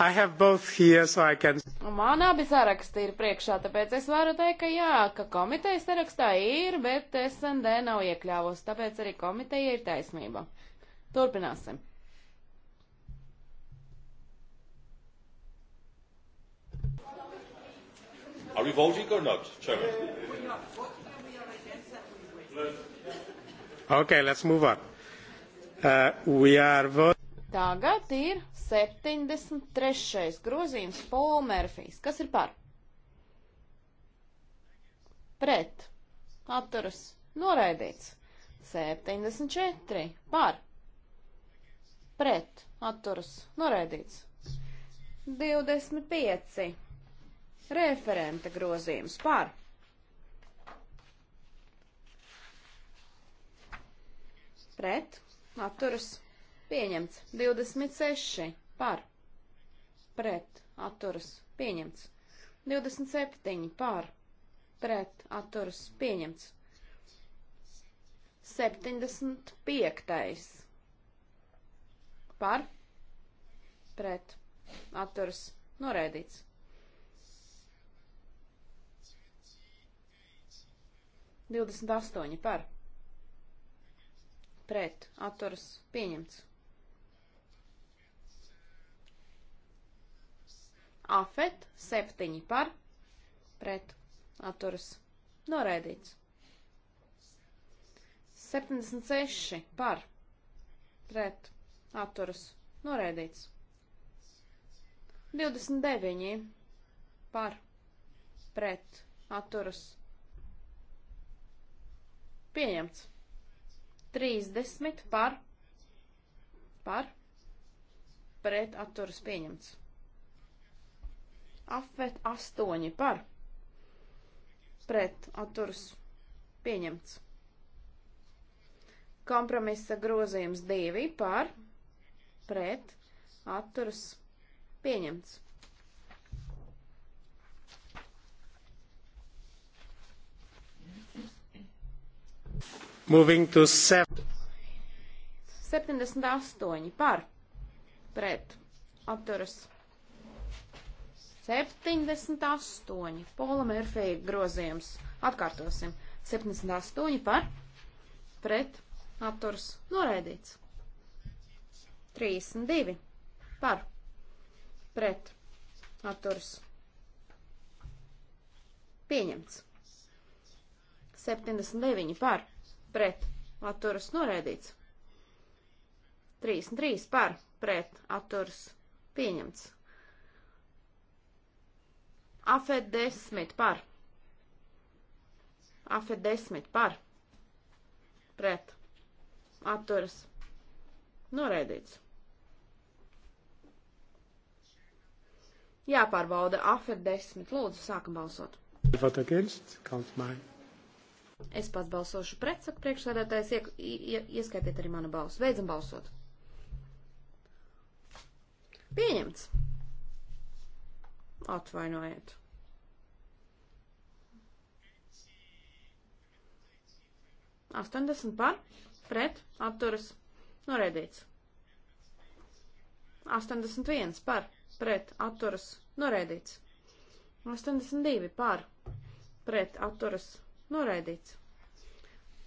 I have both here, so I can. Man abi saraksti ir priekšā, tāpēc es varu teikt, ka jā, ka komiteja sarakstā ir, bet SND nav iekļāvusi, tāpēc arī komiteja ir taisnība. Turpināsim. voting or not, Chairman? Okay, let's move on. Uh, we are voting. Tagad ir 73. grozījums Paul Murphys. Kas ir par? Pret. Atturas. Noraidīts. 74. Par. Pret. Atturas. Noraidīts. 25. Referenta grozījums par. Pret. Atturas. Pieņemts. 26. Par. Pret. Atturas. Pieņemts. 27. Par. Pret. Atturas. Pieņemts. 75. Par. Pret. Atturas. Noraidīts. 28 par. Pret. Atturas. Pieņemts. Afet 7 par. Pret. Atturas. Noraidīts. 76 par. Pret. Atturas. Noraidīts. 29 par. Pret. Atturas. Pieņemts. 30 par, par, pret atturas pieņemts. Afet 8 par, pret atturas pieņemts. Kompromisa grozījums 2 par, pret atturas pieņemts. Moving to 78 par pret apturas 78 Pola Merfeja grozījums. Atkārtosim. 78 par pret apturas noraidīts. 32 par pret apturas pieņemts. 79 par pret atturas noraidīts. 33 par pret atturas pieņemts. Afet 10 par. Afet 10 par pret atturas noraidīts. Jāpārbauda afet 10. Lūdzu, sākam balsot. Vote against, count mine. Es pats balsošu pret, saka priekšsēdētājs, ie, ie, ieskaitiet arī manu balsu. Beidzam balsot. Pieņemts. Atvainojiet. Astoņdesmit par, pret, atturas, noraidīts. Astoņdesmit viens par, pret, atturas, noraidīts. Astoņdesmit divi par, pret, atturas, noraidīts. Noraidīts.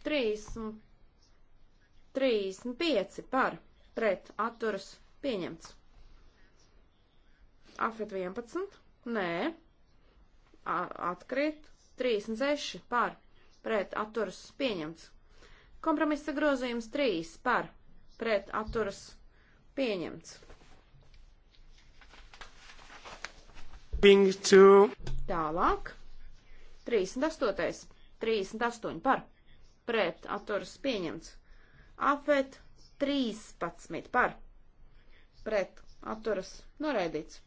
30, 35 par pret atturas pieņemts. Afrit 11. Nē. Atkrīt. 36 par pret atturas pieņemts. Kompromisa grozījums 3 par pret atturas pieņemts. Tālāk. 38. 38 par, pret atturas pieņemts. Afet 13 par, pret atturas noraidīts.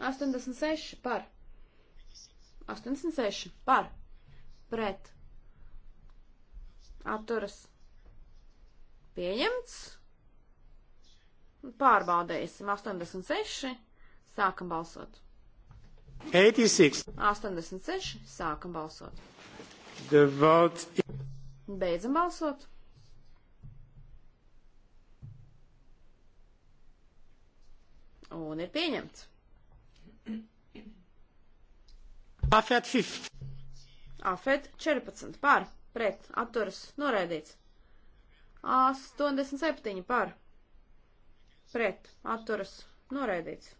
86 par, 86 par, pret atturas pieņemts. Pārbaudēsim 86, sākam balsot. 86. 86, sākam balsot. The vote. Beidzam balsot. Un ir pieņemts. Afet 5. Afet 14 par, pret, atturas, noraidīts. 87 par, pret, atturas, noraidīts.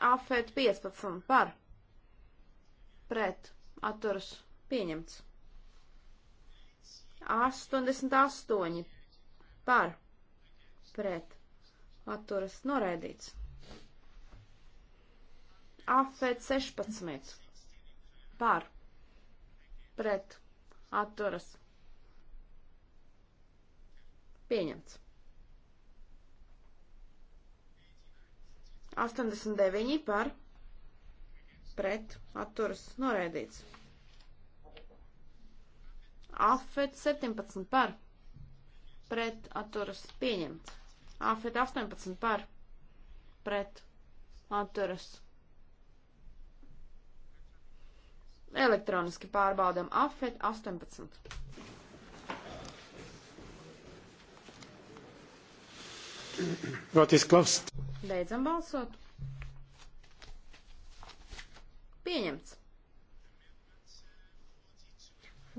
Afet 15 par pret atturas pieņemts. 88 par pret atturas noraidīts. Afet 16 par pret atturas pieņemts. 89 par pret atturas noraidīts. Afet 17 par pret atturas pieņemts. Afet 18 par pret atturas. Elektroniski pārbaudam afet 18. Vot is closed. Beidzam balsot. Pieņemts.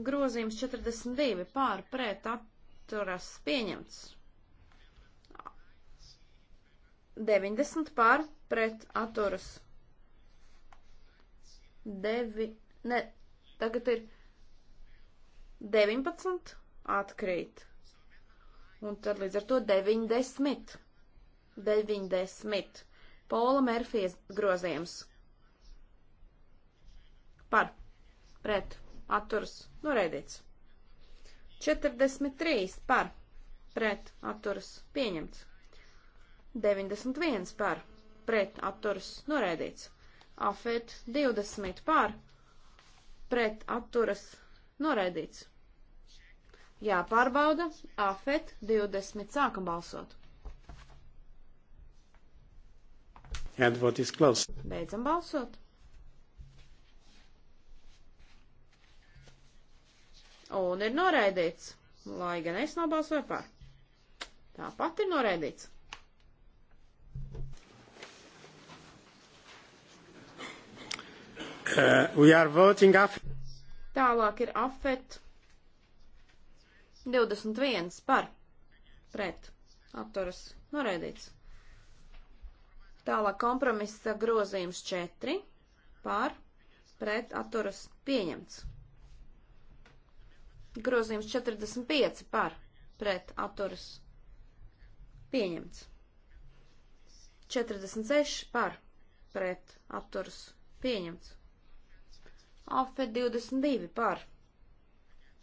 Grozījums 42 pār pret atturas pieņemts. 90 pār pret atturas. Devi... Ne, tagad ir 19 atkrīt. Un tad līdz ar to 90. 90. Pola Merfijas grozījums. Par. Pret. Atturs. Noreidīts. 43. Par. Pret. Atturs. Pieņemts. 91. Par. Pret. Atturs. Noreidīts. Afet 20. Par. Pret. Atturs. Noreidīts. Jāpārbauda. Afet 20. Sākam balsot. And vote is closed. Beidzam balsot. Un ir noraidīts, lai gan es nobalsoju par. Tāpat ir noraidīts. Uh, Tālāk ir afet 21 par pret apturas noraidīts. Tālāk kompromisa grozījums 4 par pret atturas pieņemts. Grozījums 45 par pret atturas pieņemts. 46 par pret atturas pieņemts. AFE 22 par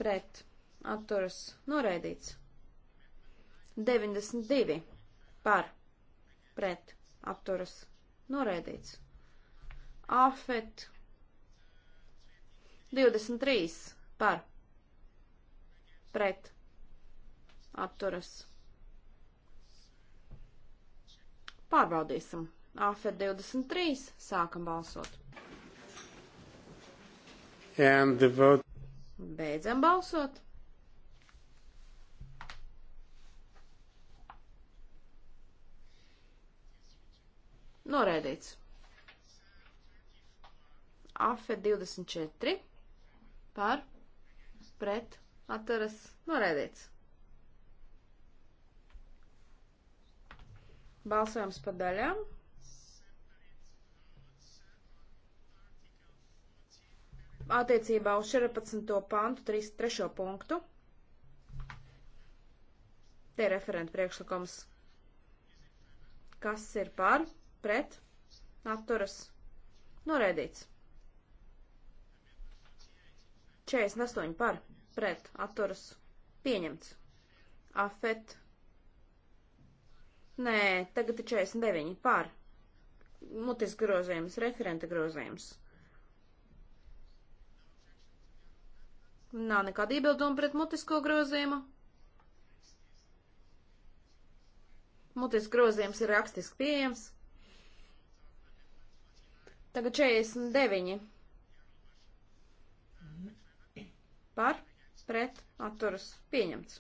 pret atturas noraidīts. 92 par pret apturas noraidīts. Afet 23 par pret apturas. Pārbaudīsim. Afet 23 sākam balsot. And the vote. Beidzam balsot. Noraidīts. AFE 24 par pret atturas noraidīts. Balsojums pa daļām. Attiecībā uz 14. pantu 3, 3. punktu. Te ir referenta priekšlikums. Kas ir par? pret, atturas, noraidīts. 48 par, pret, atturas, pieņemts. Afet. Nē, tagad ir 49 par. Mutis grozījums, referenta grozījums. Nav nekāda iebilduma pret mutisko grozījumu. Mutis grozījums ir rakstiski pieejams. Tagad 49. Par, pret, atturas, pieņemts.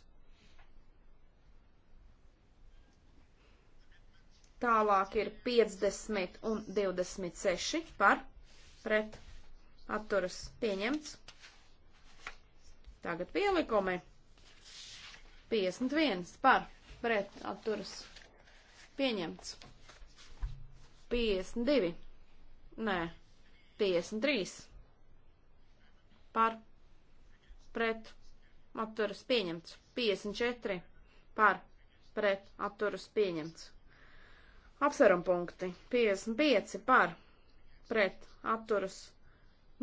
Tālāk ir 50 un 26 par, pret, atturas, pieņemts. Tagad pielikumi. 51 par, pret, atturas, pieņemts. 52 Nē, 53. Par. Pret. Atturas pieņemts. 54. Par. Pret. Atturas pieņemts. Apsveram punkti. 55 par. Pret. Atturas.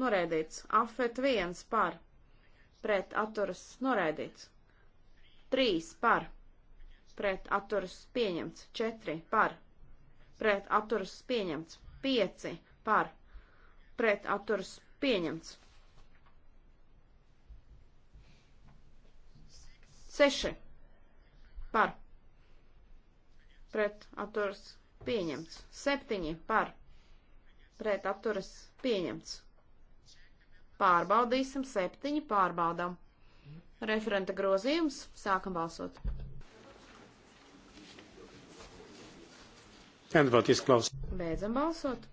Noraidīts. Afet 1 par. Pret. Atturas. Noraidīts. 3 par pret atturas pieņemts, 4 par, pret atturas pieņemts, 5 par pret atturas pieņemts. 6 par pret atturas pieņemts. 7 par pret atturas pieņemts. Pārbaudīsim, septiņi pārbaudām. Referenta grozījums, sākam balsot. Beidzam balsot.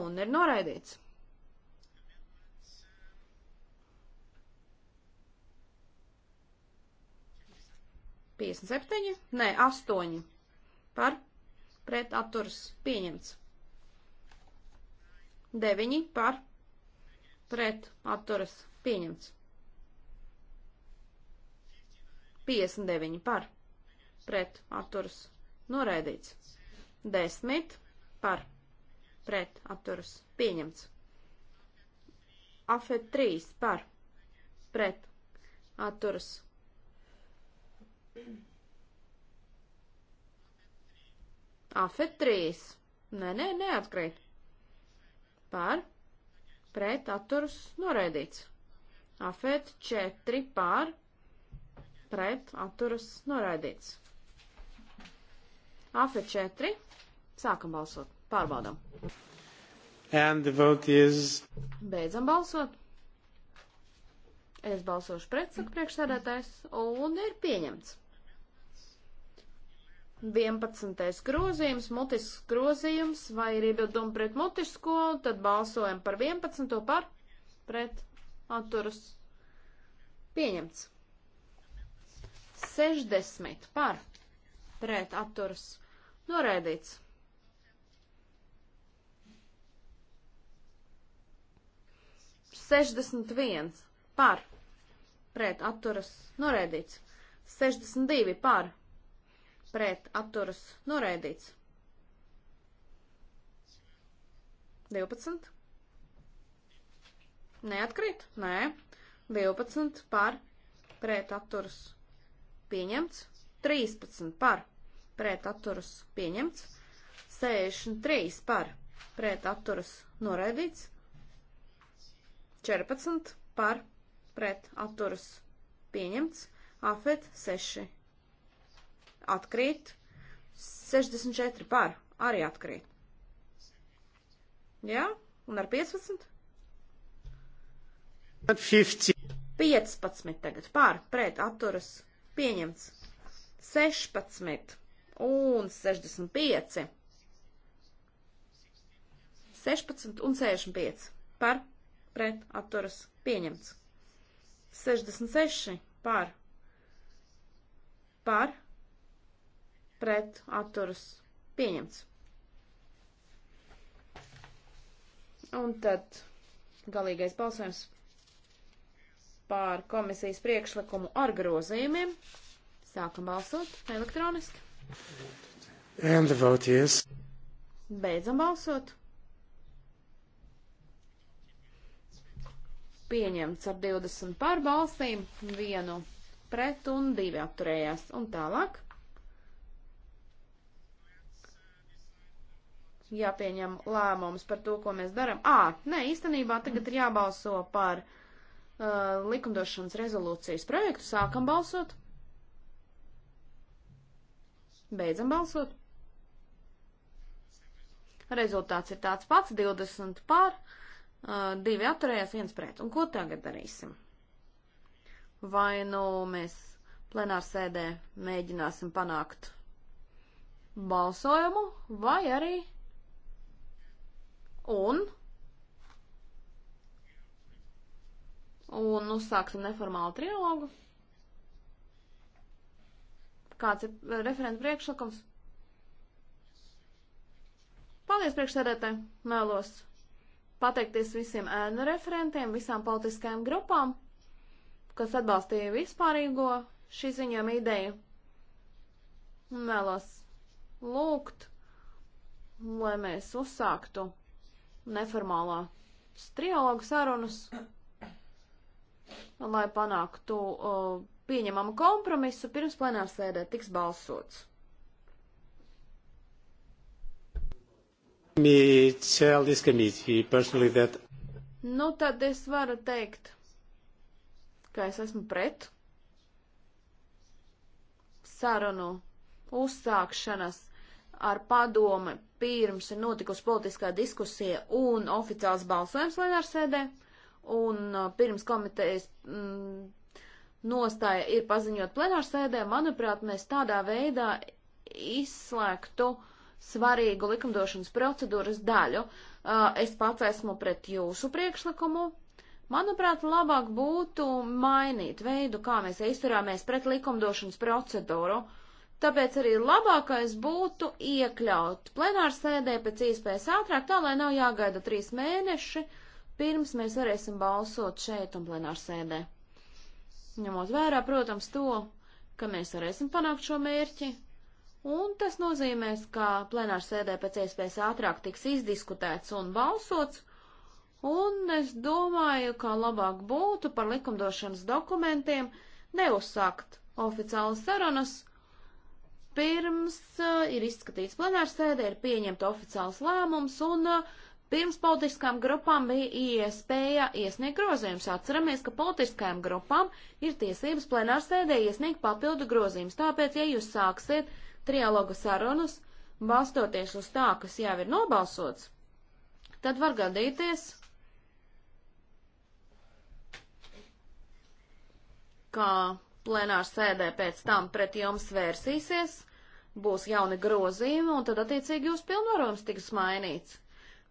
Un ir noraidīts. Piesni septiņi? Nē, astoņi. Par pret atturas pieņemts. Deviņi par pret atturas pieņemts. 59 par pret atturas noraidīts. 10 par pret atturas pieņemts. Afet 3 par pret atturas. Afet 3. Nē, nē, neatkrīt. Par pret atturas noraidīts. Afet 4 par pret atturas noraidīts. Afet 4. Sākam balsot. Pārbaudām. And the vote is. Beidzam balsot. Es balsošu pret, saka priekšsēdētājs, un ir pieņemts. 11. grozījums, mutisks grozījums, vai ir iebildumi pret mutisko, tad balsojam par 11. par pret atturus. Pieņemts. 60 par pret atturus. Noraidīts. 61 par pret atturas noraidīts. 62 par pret atturas noraidīts. 12. Neatkrīt? Nē. 12 par pret atturas pieņemts. 13 par pret atturas pieņemts. 63 par pret atturas noraidīts. 14 par pret atturas pieņemts. Afet 6 atkrīt. 64 par arī atkrīt. Jā? Un ar 15? 15. 15 tagad pār, pret, atturas, pieņemts. 16 un 65. 16 un 65 par, pret atturas pieņemts. 66 par par pret atturas pieņemts. Un tad galīgais balsojums pār komisijas priekšlikumu ar grozījumiem. Sākam balsot elektroniski. And the vote is. Beidzam balsot. pieņemts ar 20 pārbalsīm, vienu pret un divi atturējās. Un tālāk. Jāpieņem lēmums par to, ko mēs darām. Ā, nē, īstenībā tagad ir jābalso par uh, likumdošanas rezolūcijas projektu. Sākam balsot. Beidzam balsot. Rezultāts ir tāds pats - 20 pār Uh, divi atturējās, viens pret. Un ko tagad darīsim? Vai nu mēs plenārsēdē mēģināsim panākt balsojumu, vai arī un un uzsāksim neformālu trilogu. Kāds ir referents priekšlikums? Paldies priekšsēdētāji, mēlos! pateikties visiem ēnu referentiem, visām politiskajām grupām, kas atbalstīja vispārīgo šī ziņojuma ideju. Un vēlos lūgt, lai mēs uzsāktu neformālā trialogu sarunas, lai panāktu uh, pieņemamu kompromisu pirms plenārsēdē tiks balsots. That... Nu, tad es varu teikt, ka es esmu pret sarunu uzsākšanas ar padome pirms ir notikusi politiskā diskusija un oficiāls balsojums plenārsēdē, un uh, pirms komitejas mm, nostāja ir paziņot plenārsēdē, manuprāt, mēs tādā veidā izslēgtu uh, svarīgu likumdošanas procedūras daļu. Es pats esmu pret jūsu priekšlikumu. Manuprāt, labāk būtu mainīt veidu, kā mēs izturāmies pret likumdošanas procedūru. Tāpēc arī labākais būtu iekļaut plenāru sēdē pēc iespējas ātrāk, tā lai nav jāgaida trīs mēneši, pirms mēs varēsim balsot šeit un plenāru sēdē. Ņemot vērā, protams, to, ka mēs varēsim panākt šo mērķi, Un tas nozīmēs, ka plenārs sēdē pēc iespējas ātrāk tiks izdiskutēts un balsots, un es domāju, ka labāk būtu par likumdošanas dokumentiem neuzsākt oficiālas sarunas, pirms uh, ir izskatīts plenārs sēdē, ir pieņemta oficiāls lēmums, un uh, pirms politiskām grupām bija iespēja iesniegt grozījumus. Atceramies, ka politiskajām grupām ir tiesības plenārs sēdē iesniegt papildu grozījumus, tāpēc, ja jūs sāksiet trialoga sarunas, balstoties uz tā, kas jau ir nobalsots, tad var gadīties, ka plenāra sēdē pēc tam pret jums vērsīsies, būs jauni grozījumi, un tad attiecīgi jūs pilnvarojums tiks mainīts.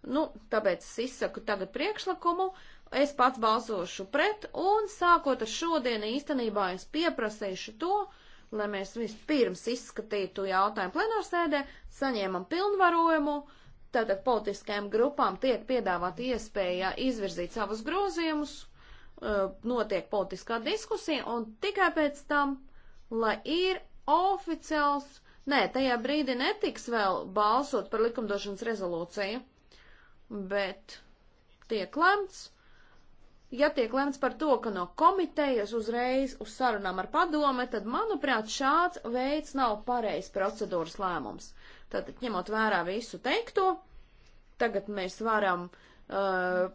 Nu, tāpēc es izsaku tagad priekšlikumu, es pats balsošu pret, un sākot ar šodienu īstenībā es pieprasīšu to, uh, lai mēs vispirms izskatītu jautājumu plenārsēdē, saņēmam pilnvarojumu, tātad politiskajām grupām tiek piedāvāta iespēja izvirzīt savus grozījumus, uh, notiek politiskā diskusija, un tikai pēc tam, lai ir oficiāls, nē, tajā brīdī netiks vēl balsot par likumdošanas rezolūciju, bet tiek lemts, ja tiek lemts par to, ka no komitejas uzreiz uz sarunām ar padome, tad, manuprāt, šāds veids nav pareizs procedūras lēmums. Tātad, ņemot vērā visu teikto, tagad mēs varam uh,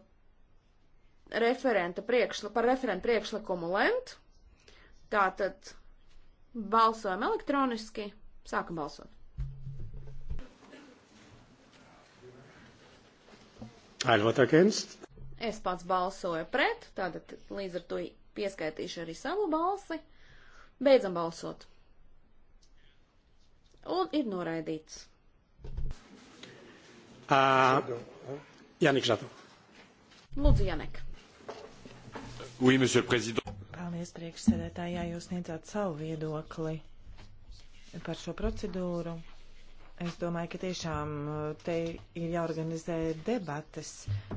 referenta priekšla, par referenta priekšlikumu lemt. Tātad balsojam elektroniski, sākam balsot. Einwand ergänzt? Es pats balsoju pret, tātad līdz ar to pieskaitīšu arī savu balsi. Beidzam balsot. Un ir noraidīts. Uh, Janik Žato. Lūdzu, Janek. Oui, monsieur le président. Paldies, priekšsēdētāji, jā, jūs sniedzāt savu viedokli par šo procedūru. Es domāju, ka tiešām uh, te ir jāorganizē debates,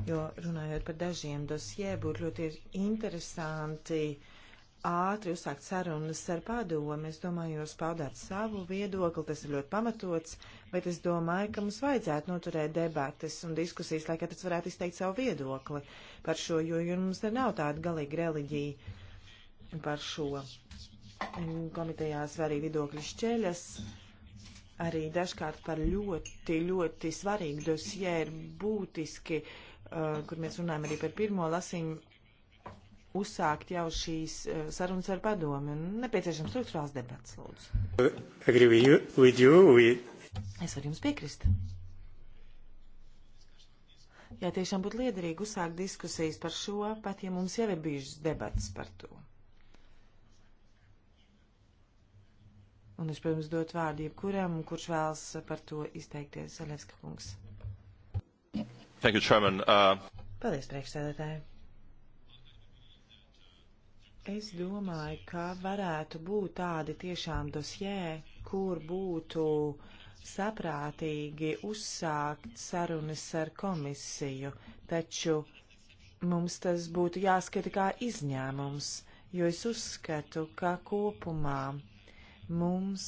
jo runājot par dažiem dosjē, būtu ļoti interesanti ātri uzsākt sarunas ar padomu. Es domāju, jūs paudāt savu viedokli, tas ir ļoti pamatots, bet es domāju, ka mums vajadzētu noturēt debates un diskusijas, lai katrs varētu izteikt savu viedokli par šo, jo jums nav tāda galīga reliģija par šo. Komitejās var arī viedokļi šķeļas arī dažkārt par ļoti, ļoti svarīgu dosjē ir būtiski, uh, kur mēs runājam arī par pirmo lasījumu, uzsākt jau šīs uh, sarunas ar padomi. Nepieciešams struktūrāls debats, lūdzu. Agree with you, with... Es varu jums piekrist. Jā, tiešām būtu liederīgi uzsākt diskusijas par šo, pat ja mums jau ir bijušas debats par to. Un es, pirms dot vārdu jebkuram, kurš vēlas par to izteikties, Zaļevska kungs. Thank you, Chairman. Uh... Paldies, priekšsēdētāji. Es domāju, ka varētu būt tādi tiešām dosjē, kur būtu saprātīgi uzsākt sarunas ar komisiju, taču mums tas būtu jāskata kā izņēmums, jo es uzskatu, ka kopumā Mums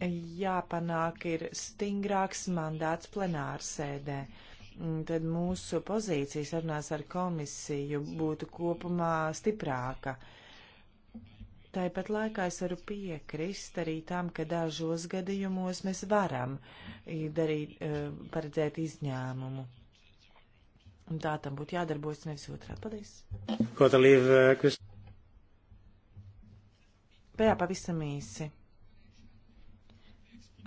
jāpanāk ir stingrāks mandāts plenārsēdē. Tad mūsu pozīcija sarunās ar komisiju būtu kopumā stiprāka. Tāpat laikā es varu piekrist arī tam, ka dažos gadījumos mēs varam darīt, eh, paredzēt izņēmumu. Un tā tam būtu jādarbojas nevis otrā. Paldies! Pējā pavisam īsi.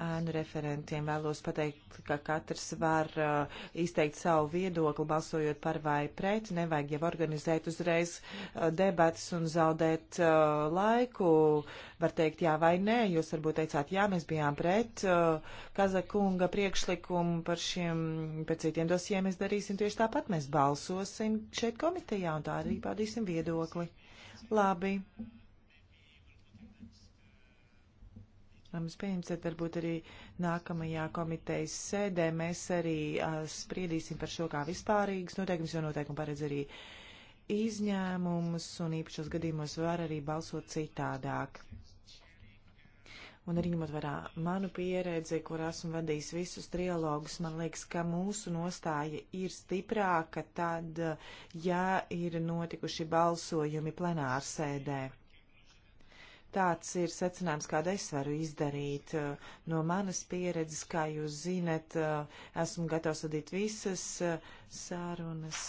Ēnu referentiem vēlos pateikt, ka katrs var uh, izteikt savu viedokli, balsojot par vai pret. Nevajag jau organizēt uzreiz uh, debatas un zaudēt uh, laiku. Var teikt jā vai nē. Jūs varbūt teicāt, jā, mēs bijām pret uh, Kazakunga priekšlikumu par šiem, par citiem dosiem. Mēs darīsim tieši tāpat. Mēs balsosim šeit komitejā un tā arī pārdīsim viedokli. Labi. Mums pieņems, tad varbūt arī nākamajā komitejas sēdē mēs arī uh, spriedīsim par šo kā vispārīgas noteikums, jo noteikumi paredz arī izņēmumus un īpašos gadījumos var arī balsot citādāk. Un arī ņemot vērā manu pieredzi, kur esmu vadījis visus trialogus, man liekas, ka mūsu nostāja ir stiprāka tad, ja ir notikuši balsojumi plenārsēdē. sēdē. Tāds ir secinājums, kādu es varu izdarīt. Eh, no manas pieredzes, kā jūs zinat, eh, esmu gatavs vadīt visas eh, sārunas.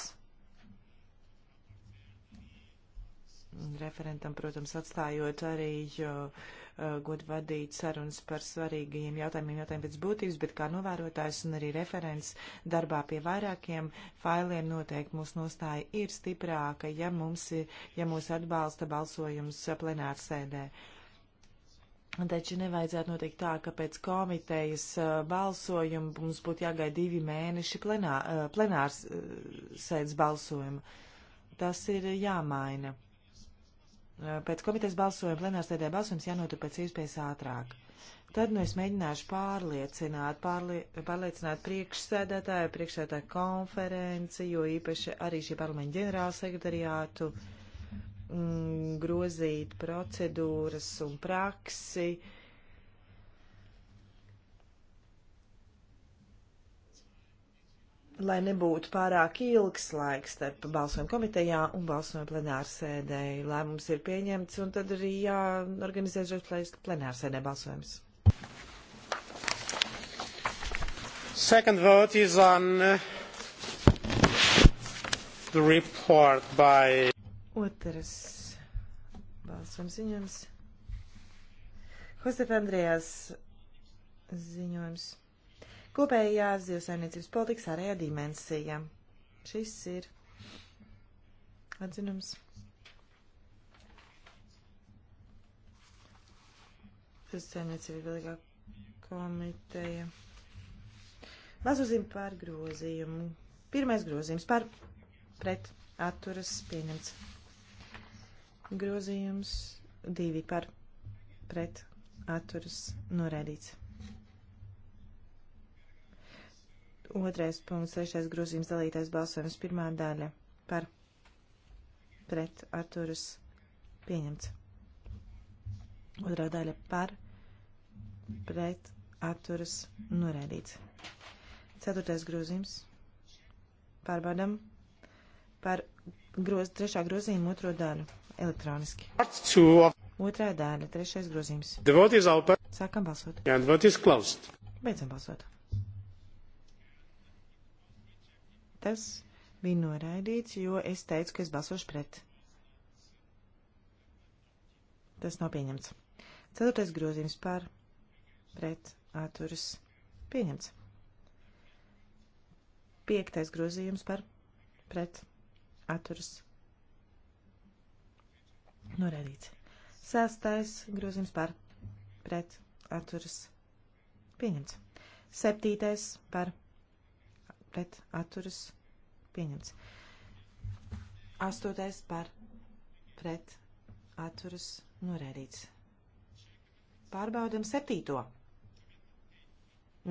referentam, protams, atstājot arī uh, godu vadīt sarunas par svarīgajiem jautājumiem, jautājumiem pēc būtības, bet kā novērotājs un arī referents darbā pie vairākiem failiem noteikti mūsu nostāja ir stiprāka, ja mums ir, ja mūs atbalsta balsojums plenārsēdē. Taču nevajadzētu notikt tā, ka pēc komitejas uh, balsojuma mums būtu jāgaida divi mēneši plenā, uh, plenārs uh, sēdes balsojuma. Tas ir jāmaina. Eh, pēc komitejas balsojuma plenārsēdē balsojums jānotur pēc iespējas ātrāk. Tad nu es mēģināšu pārliecināt, pārlie, pārliecināt priekšsēdētāju, priekšsēdētāju konferenci, jo īpaši arī šī parlamenta ģenerāla sekretariātu, mm, grozīt procedūras un praksi, uh, lai nebūtu pārāk ilgs laiks starp balsojumu komitejā un balsojumu plenārsēdēji. Lēmums ir pieņemts un tad arī jāorganizē šis plenārsēdē balsojums. Second vote is on uh, the report by. Otrs balsojums ziņojums. Josef Andrējas ziņojums kopējās zivsaimniecības politikas ārējā dimensija. Šis ir atzinums. Zivsaimniecības vēlīgā komiteja. Lazuzīm par grozījumu. Pirmais grozījums par pret atturas pieņemts. Grozījums divi par pret atturas norēdīts. Otrais punkts, trešais grozījums, dalītais balsojums, pirmā daļa par pret atturas pieņemts. Otrā daļa par pret atturas norēdīts. Ceturtais grozījums. Pārbaudam par groz, trešā grozījuma otro daļu elektroniski. Otrā daļa, trešais grozījums. Sākam balsot. Beidzam balsot. tas bija noraidīts, jo es teicu, ka es balsošu pret. Tas nav pieņemts. Ceturtais grozījums par pret atturas pieņemts. Piektais grozījums par pret atturas norādīts. Sestais grozījums par pret atturas pieņemts. Septītais par pret atturas pieņemts. Astotais par pret atturas norēdīts. Pārbaudam septīto.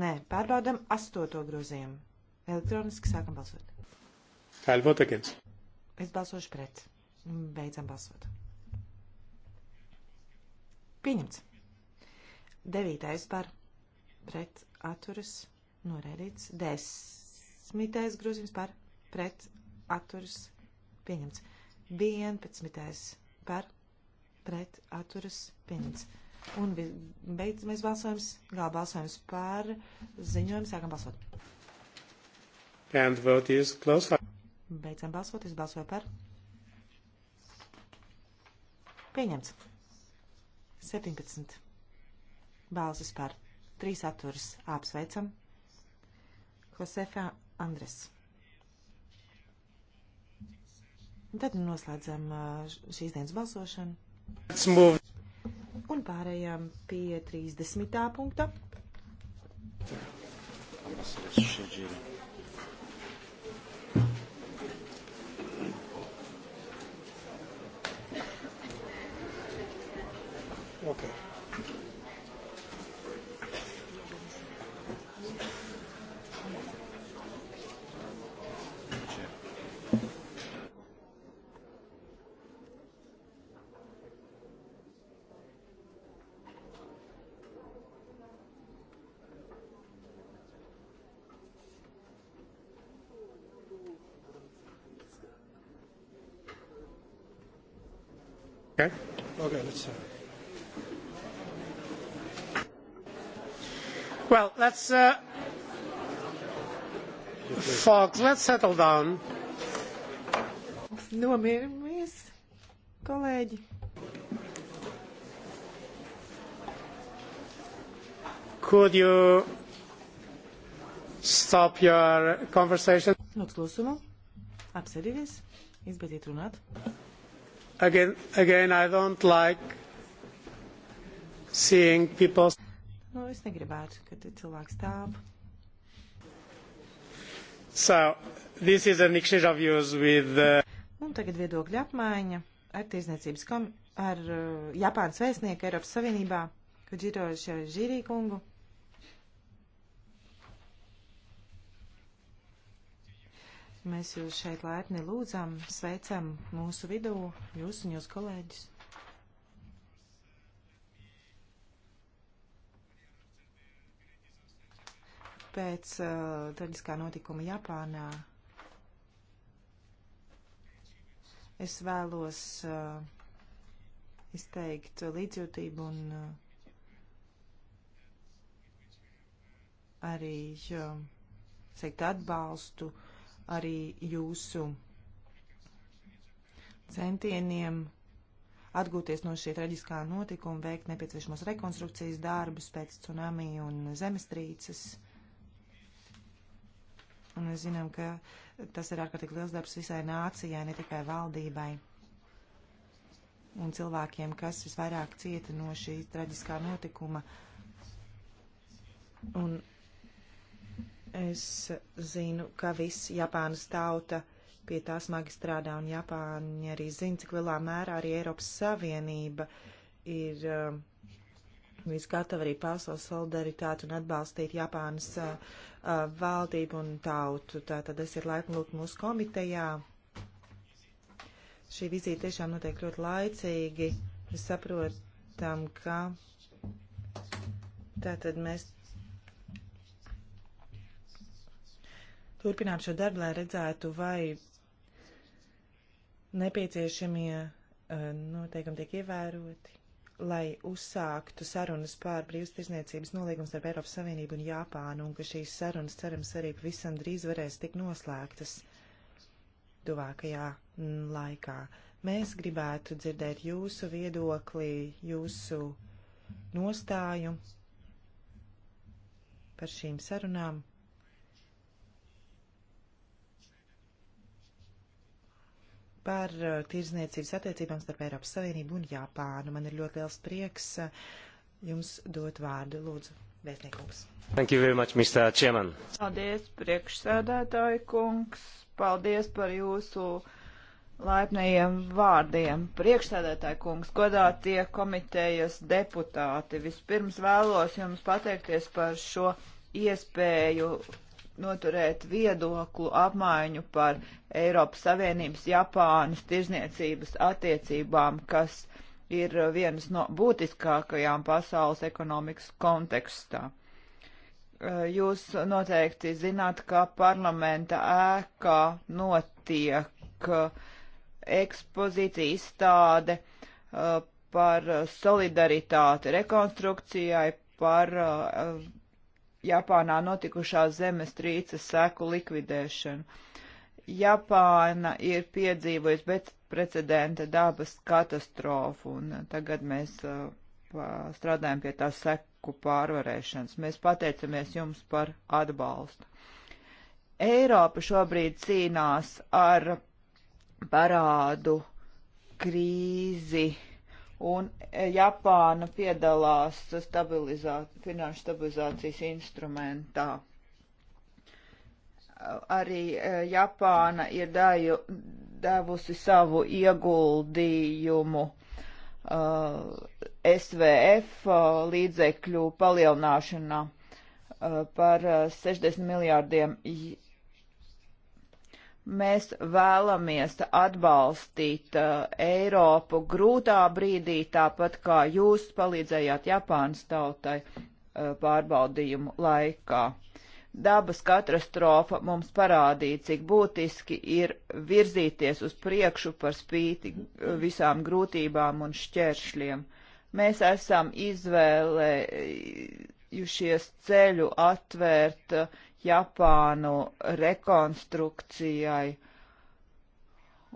Nē, pārbaudam astoto grozījumu. Elektroniski sākam balsot. Kyle Votekins. Es balsošu pret. Beidzam balsot. Pieņemts. Devītais par pret atturas norēdīts. Desmitais grozījums par pret atturas pieņemts. 11. par pret atturas pieņemts. Un beidzamies balsojums, gala balsojums par ziņojumu, sākam balsot. And vote is closed. Beidzam balsot, es balsoju par. Pieņemts. 17. Balsis par. 3 atturas apsveicam. Josefa Andres. Un tad noslēdzam uh, šīs dienas balsošanu. Un pārējām pie 30. punkta. Okay. Well, let's, uh, folks, let's settle down. Nomierinamies, kolēģi. Could you stop your conversation? Lūdzu, klusumu. Apsēdieties, izbeidziet runāt. Again, again, I don't like seeing people. Nu, es negribētu, kad cilvēks stāv. So, this is an exchange of views with. Uh... Un tagad viedokļa apmaiņa ar tiesniecības kom ar uh, Japānas vēstnieku Eiropas Savienībā, Kudžiro Šažīrī kungu. Mēs jūs šeit laipni lūdzam, sveicam mūsu vidū, jūs un jūs kolēģis. Pēc uh, traģiskā notikuma Japānā es vēlos uh, izteikt līdzjūtību un uh, arī uh, teikt atbalstu uh, arī jūsu centieniem atgūties no šī traģiskā notikuma, veikt nepieciešamos rekonstrukcijas darbus pēc tsunami un zemestrīces. Un mēs zinām, ka tas ir ārkārtīgi liels darbs visai nācijai, ne tikai valdībai un cilvēkiem, kas visvairāk cieta no šī traģiskā notikuma. Un Es zinu, ka viss Japānas tauta pie tā smagi strādā, un Japāņi arī zina, cik lielā mērā arī Eiropas Savienība ir uh, um, Mēs gatavi arī pasaules solidaritāti un atbalstīt Japānas uh, uh, valdību un tautu. Tātad es ir laipni lūgt mūsu komitejā. Šī vizīte tiešām notiek ļoti laicīgi. Mēs saprotam, ka tātad mēs turpinām šo darbu, lai redzētu, vai nepieciešamie eh, noteikumi tiek ievēroti, lai uzsāktu sarunas pār brīvstirdzniecības nolīgums ar Eiropas Savienību un Japānu, un ka šīs sarunas, cerams, arī pavisam drīz varēs tikt noslēgtas tuvākajā mm, laikā. Mēs gribētu dzirdēt jūsu viedokli, jūsu nostāju par šīm sarunām. par uh, tirzniecības attiecībām starp Eiropas Savienību un Japānu. Man ir ļoti liels prieks uh, jums dot vārdu. Lūdzu, vēstniekums. Thank you very much, Mr. Chairman. Paldies, priekšsēdētāji kungs. Paldies par jūsu laipnajiem vārdiem. Priekšsēdētāji kungs, godā tie komitejas deputāti. Vispirms vēlos jums pateikties par šo iespēju noturēt viedoklu apmaiņu par Eiropas Savienības Japānas tirzniecības attiecībām, kas ir vienas no būtiskākajām pasaules ekonomikas kontekstā. Eh, jūs noteikti zināt, ka parlamenta ēkā notiek eh, ekspozīcija izstāde eh, par solidaritāti rekonstrukcijai, par uh, Japānā notikušā zemestrīces seku likvidēšanu. Japāna ir piedzīvojusi bezprecedenta dabas katastrofu, un tagad mēs uh, strādājam pie tā seku pārvarēšanas. Mēs pateicamies jums par atbalstu. Eiropa šobrīd cīnās ar parādu krīzi un Japāna piedalās stabilizā, finanšu stabilizācijas instrumentā. Arī e, Japāna ir daju, devusi savu ieguldījumu uh, e, SVF uh, e, līdzekļu palielināšanā uh, par 60 miljārdiem mēs vēlamies atbalstīt uh, Eiropu grūtā brīdī, tāpat kā jūs palīdzējāt Japānas tautai uh, pārbaudījumu laikā. Dabas katastrofa mums parādīja, cik būtiski ir virzīties uz priekšu par spīti uh, visām grūtībām un šķēršļiem. Mēs esam izvēlējušies ceļu atvērt uh, Japānu rekonstrukcijai.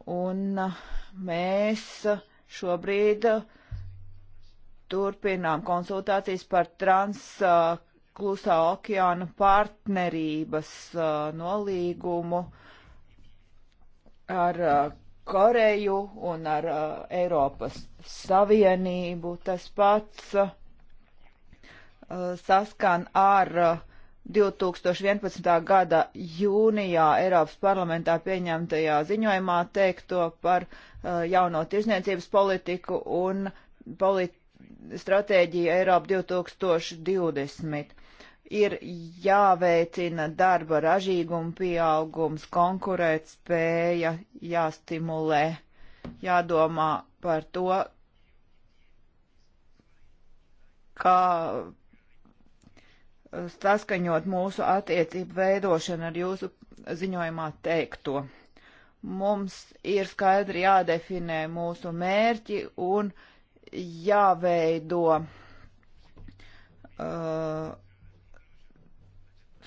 Un uh, mēs šobrīd uh, turpinām konsultācijas par trans uh, klusā okeāna partnerības nolīgumu ar Koreju un ar Eiropas Savienību. Tas pats saskan ar 2011. gada jūnijā Eiropas parlamentā pieņemtajā ziņojumā teikto par uh, jauno tirzniecības politiku un polit stratēģiju Eiropa 2020. Ir jāveicina darba ražīguma pieaugums, konkurēt spēja, jāstimulē, jādomā par to, kā saskaņot mūsu attiecību veidošanu ar jūsu ziņojumā teikto. Mums ir skaidri jādefinē mūsu mērķi un jāveido uh,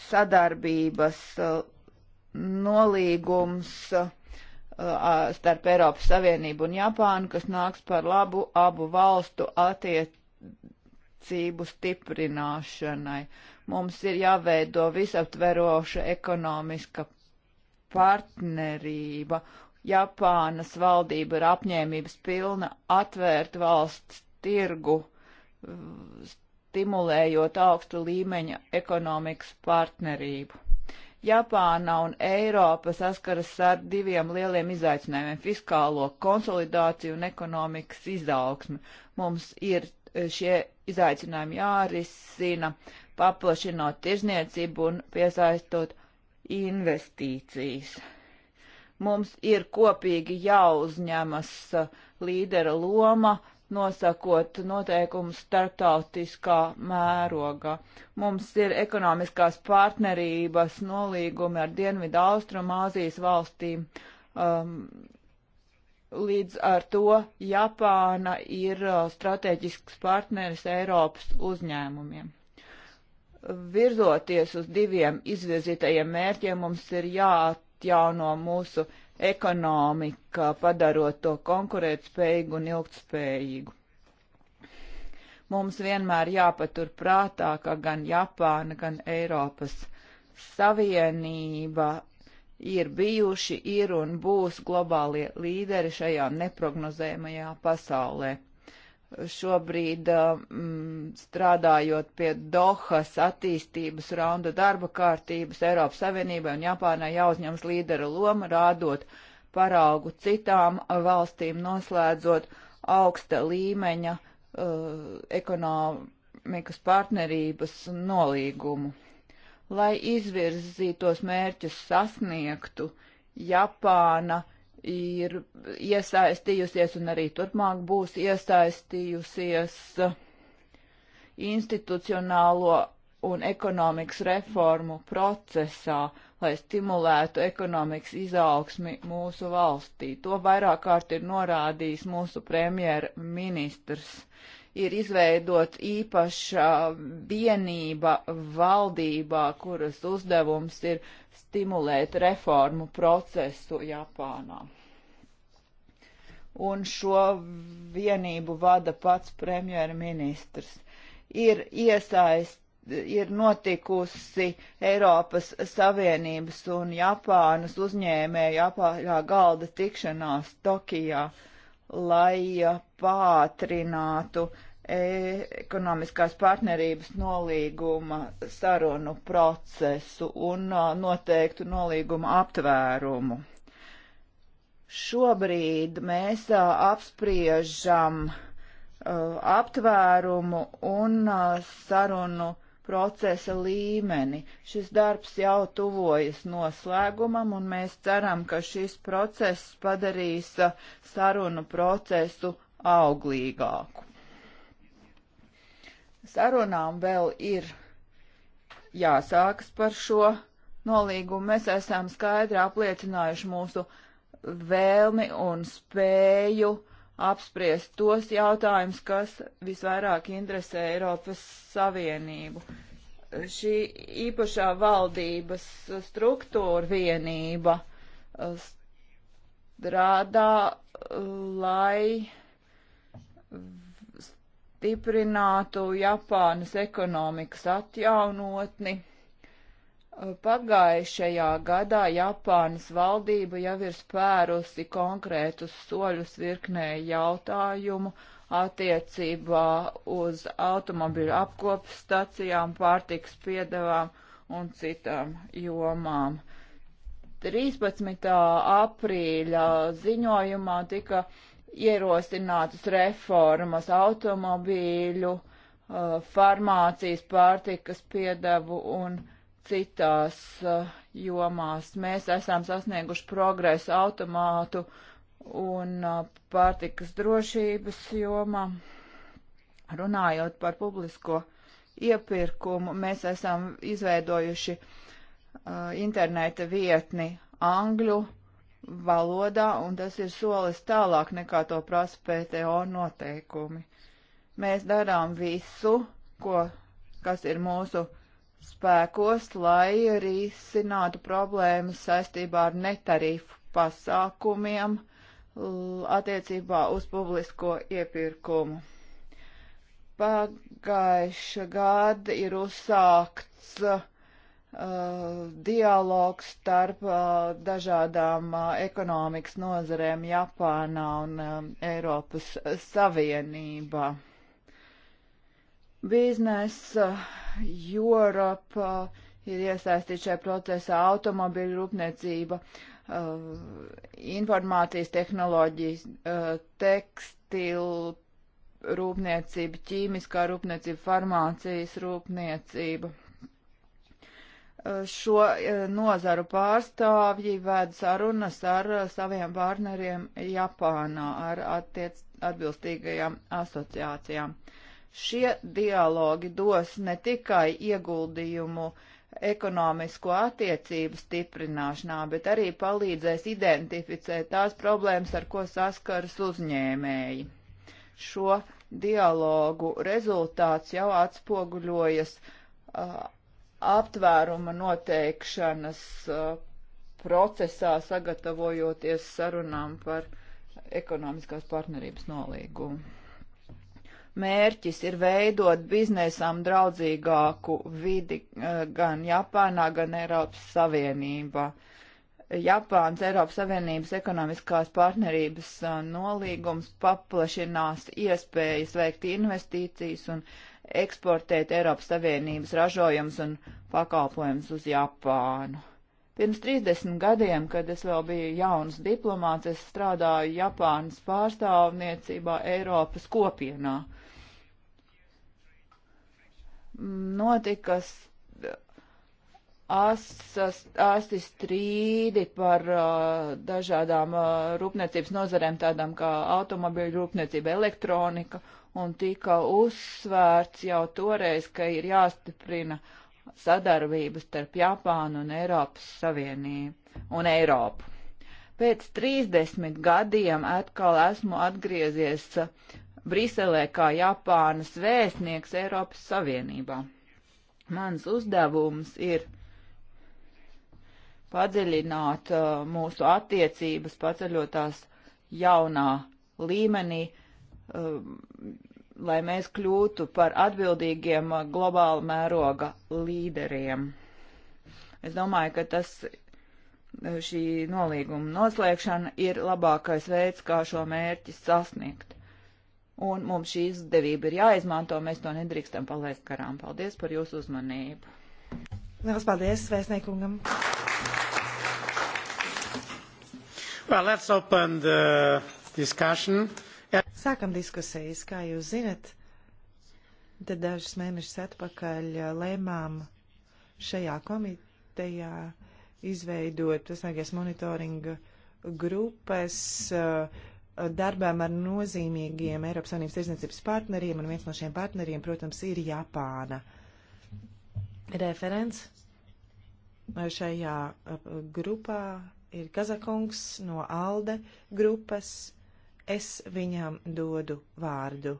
sadarbības uh, nolīgums uh, uh starp Eiropas Savienību un Japānu, kas nāks par labu abu valstu attiecību stiprināšanai. Uh, Mums ir jāveido visaptveroša ekonomiska partnerība. Japānas valdība ir apņēmības pilna atvērt valsts tirgu, stimulējot augstu līmeņa ekonomikas partnerību. Japāna un Eiropa saskaras ar diviem lieliem izaicinājumiem - fiskālo konsolidāciju un ekonomikas izaugsmi. Mums ir šie izaicinājumi jārisina paplašinot tirzniecību un piesaistot investīcijas. Mums ir kopīgi jāuzņemas uh, līdera loma, nosakot noteikumus starptautiskā mēroga. Mums ir ekonomiskās partnerības nolīgumi ar Dienvidu Austrumāzijas valstīm. Um, līdz ar to Japāna ir uh, strateģisks partneris Eiropas uzņēmumiem virzoties uz diviem izvirzītajiem mērķiem, mums ir jāatjauno mūsu ekonomika, padarot to konkurētspējīgu un ilgtspējīgu. Mums vienmēr jāpatur prātā, ka gan Japāna, gan Eiropas Savienība ir bijuši, ir un būs globālie līderi šajā neprognozējumajā pasaulē šobrīd uh, mm, strādājot pie Dohas attīstības raunda darba kārtības Eiropas Savienībai un Japānai jāuzņems līdera loma, rādot paraugu citām valstīm, noslēdzot augsta līmeņa uh, ekonomikas partnerības nolīgumu. Lai izvirzītos mērķus sasniegtu, Japāna ir iesaistījusies un arī turpmāk būs iesaistījusies institucionālo un ekonomikas reformu procesā, lai stimulētu ekonomikas izaugsmi mūsu valstī. To vairāk kārt ir norādījis mūsu premjerministrs. Ir izveidot īpaša vienība valdībā, kuras uzdevums ir uh, stimulēt reformu procesu Japānā. Un šo vienību vada pats premjerministrs. Ir iesaist, ir notikusi Eiropas Savienības un Japānas uzņēmēju apāļā galda tikšanās Tokijā, lai pātrinātu uh, E, ekonomiskās partnerības nolīguma sarunu procesu un noteiktu nolīguma aptvērumu. Šobrīd mēs apspriežam aptvērumu un sarunu procesa līmeni. Šis darbs jau tuvojas noslēgumam, un mēs ceram, ka šis process padarīs sarunu procesu auglīgāku. Sarunām vēl ir jāsākas par šo nolīgumu. Mēs esam skaidri apliecinājuši mūsu vēlmi un spēju apspriest tos jautājumus, kas visvairāk interesē Eiropas Savienību. Šī īpašā valdības struktūra vienība uh, strādā, uh, lai stiprinātu Japānas ekonomikas atjaunotni. Pagājušajā gadā Japānas valdība jau ir spērusi konkrētus soļus virknē jautājumu attiecībā uz automobiļu apkopes stacijām, pārtiks piedevām un citām jomām. 13. aprīļa ziņojumā tika uh, ierosinātas reformas automobīļu, uh, farmācijas, pārtikas piedevu un citās uh, jomās. Mēs esam sasnieguši progresu automātu un uh, pārtikas drošības jomā. Runājot par publisko iepirkumu, mēs esam izveidojuši interneta vietni angļu valodā, un tas ir solis tālāk nekā to prasa PTO noteikumi. Mēs darām visu, ko, kas ir mūsu spēkos, lai risinātu problēmas saistībā ar netarifu pasākumiem attiecībā uz publisko iepirkumu. Pagājušā gada ir uzsākts uh, Uh, dialogs starp uh, dažādām uh, ekonomikas nozarēm Japānā un um, Eiropas Savienībā. Biznesa Europa ir iesaistīta šajā procesā automobiļu rūpniecība, informācijas tehnoloģijas, tekstilu rūpniecība, ķīmiskā rūpniecība, farmācijas rūpniecība Eh, šo eh, nozaru pārstāvji ved sarunas ar eh, saviem partneriem Japānā, ar attiec, atbilstīgajām asociācijām. Šie dialogi dos ne tikai ieguldījumu ekonomisko attiecību stiprināšanā, bet arī palīdzēs identificēt tās problēmas, ar ko saskaras uzņēmēji. Šo dialogu rezultāts jau atspoguļojas uh, aptvēruma noteikšanas uh, procesā, sagatavojoties sarunām par ekonomiskās partnerības nolīgumu. Mērķis ir veidot biznesām draudzīgāku vidi uh, gan Japānā, gan Eiropas Savienībā. Japāns Eiropas Savienības ekonomiskās partnerības uh, nolīgums paplašinās iespējas veikt investīcijas un uh, eksportēt Eiropas Savienības ražojumus un pakalpojumus uz Japānu. Pirms 30 gadiem, kad es vēl biju jauns diplomāts, es strādāju Japānas pārstāvniecībā Eiropas kopienā. Notika asti strīdi par uh, dažādām uh, rūpniecības nozarēm, tādām kā automobiļu rūpniecība, elektronika un tika uzsvērts jau toreiz, ka ir jāstiprina sadarbības starp Japānu un Eiropas Savienību un Eiropu. Pēc 30 gadiem atkal esmu atgriezies Briselē kā Japānas vēstnieks Eiropas Savienībā. Mans uzdevums ir padziļināt uh, mūsu attiecības, paceļotās jaunā līmenī, Um, lai mēs kļūtu par atbildīgiem uh, globāla mēroga līderiem. Es domāju, ka tas uh, šī nolīguma noslēgšana ir labākais veids, kā šo mērķi sasniegt. Un mums šī izdevība ir jāizmanto, mēs to nedrīkstam palaist garām. Paldies par jūsu uzmanību. Lielas paldies vēstniekungam. Well, let's open the discussion. Uh, Sākam diskusijas, kā jūs zinat, tad dažus mēnešus atpakaļ uh, lēmām šajā komitejā izveidot pasmēgies monitoringa grupas uh, darbām ar nozīmīgiem Eiropas Savienības tirsniecības partneriem, un viens no šiem partneriem, protams, ir Japāna. Referents šajā uh, grupā ir Kazakungs no ALDE grupas es viņam dodu vārdu.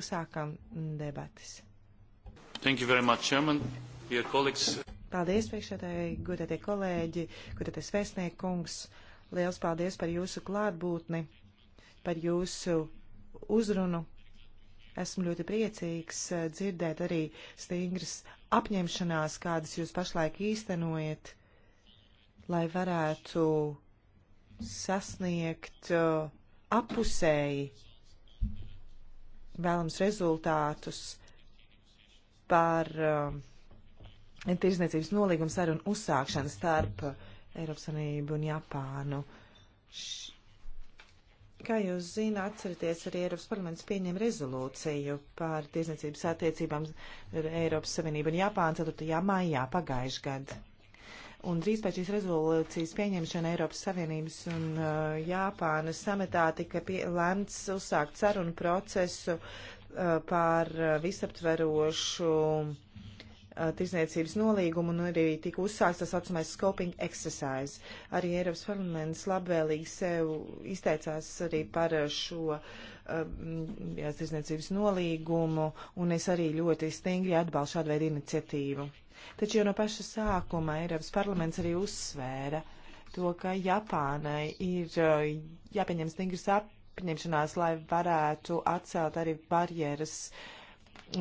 Uzsākam debatas. Thank you very much, Chairman. Dear colleagues. Paldies, priekšētāji, godētie kolēģi, godētais vēstnieku kungs. Liels paldies par jūsu klātbūtni, par jūsu uzrunu. Esmu ļoti priecīgs eh, dzirdēt arī stingras apņemšanās, kādas jūs pašlaik īstenojat, lai varētu sasniegt uh, apusēji vēlams rezultātus par uh, tirzniecības nolīgumu sarunu uzsākšanu starp uh, Eiropas Savienību un Japānu. Š Kā jūs zināt, atceraties, arī Eiropas parlaments pieņem rezolūciju par tirzniecības attiecībām Eiropas Savienību un Japānu 4. maijā pagājušajā gadā. Un drīz pēc šīs rezolūcijas pieņemšana Eiropas Savienības un uh, Japānas sametā tika pie, lemts uzsākt sarunu procesu uh, par uh, visaptverošu uh, tirsniecības nolīgumu un arī tika uzsākts tā saucamais scoping exercise. Arī Eiropas parlaments labvēlīgi sev izteicās arī par šo uh, tirsniecības nolīgumu un es arī ļoti stingri atbalstu šādu veidu iniciatīvu. Taču jau no paša sākuma Eiropas parlaments arī uzsvēra to, ka Japānai ir eh, jāpieņem stingrs apņemšanās, lai varētu atcelt arī barjeras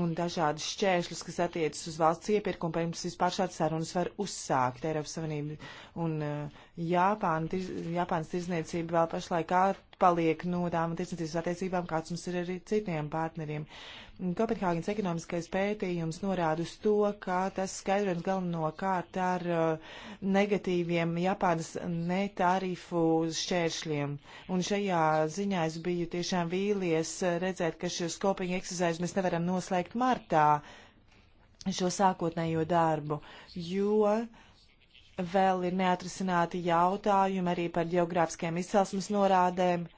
un dažādas šķēršļus, kas attiecas uz valsts iepirkumu, pirms vispār šādas sarunas var uzsākt Eiropas Savienību. Un eh, Japāna, tirz, Japānas tirzniecība vēl pašlaik atpaliek no tām tirzniecības attiecībām, kāds mums ir arī citiem partneriem. Uh, Kopenhāgenes ekonomiskais pētījums norāda uz to, ka tas skaidrojums galvenokārt ar uh, negatīviem Japānas netarifu šķēršļiem. Un šajā ziņā es biju tiešām vīlies uh, redzēt, ka šos kopiņu eksizēžus mēs nevaram noslēgt martā šo sākotnējo darbu, jo vēl ir neatrisināti jautājumi arī par geogrāfiskajām izcelsmes norādēm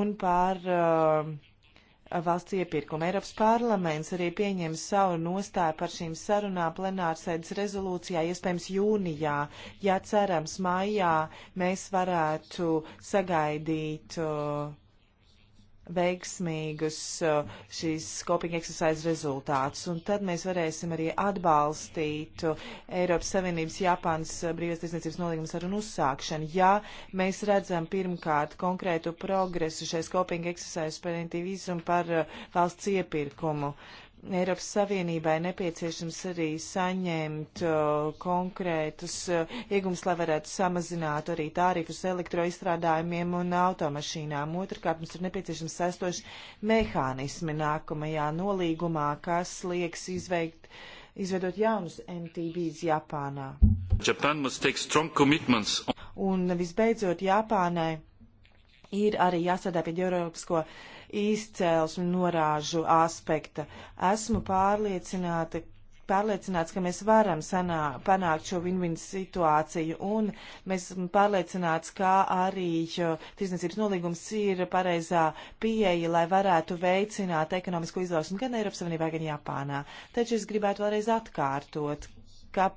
un par uh, valsts iepirkumu. Eiropas parlaments arī pieņems savu nostāju par šīm sarunām plenārsēdes rezolūcijā, iespējams jūnijā. Ja cerams, maijā mēs varētu sagaidīt uh, veiksmīgus uh, šīs scoping exercise rezultātus. Un tad mēs varēsim arī atbalstīt uh, Eiropas Savienības Japānas uh, brīvās tiesniecības nolīgumu sarunu uzsākšanu. Ja mēs redzam pirmkārt konkrētu progresu šai scoping exercise par entivīzu un par valsts iepirkumu, uh, Eiropas Savienībai nepieciešams arī saņemt uh, konkrētus uh, iegums, lai varētu samazināt arī tārifus elektroizstrādājumiem un automašīnām. Otrkārt, mums ir nepieciešams saistoši mehānismi nākamajā nolīgumā, kas liekas izveikt, izveidot jaunus MTBs Japānā. Un visbeidzot, Japānai ir arī jāsadā pie ģeogrāfisko uh, izcēlesmu norāžu aspekta. Esmu pārliecināta, pārliecināts, ka mēs varam sanā, panākt šo win-win situāciju, un mēs esam pārliecināts, ka arī tirsniecības nolīgums ir pareizā pieeja, lai varētu veicināt ekonomisko izaugsmu gan Eiropas Savienībā, gan Japānā. Taču es gribētu vēlreiz atkārtot, ka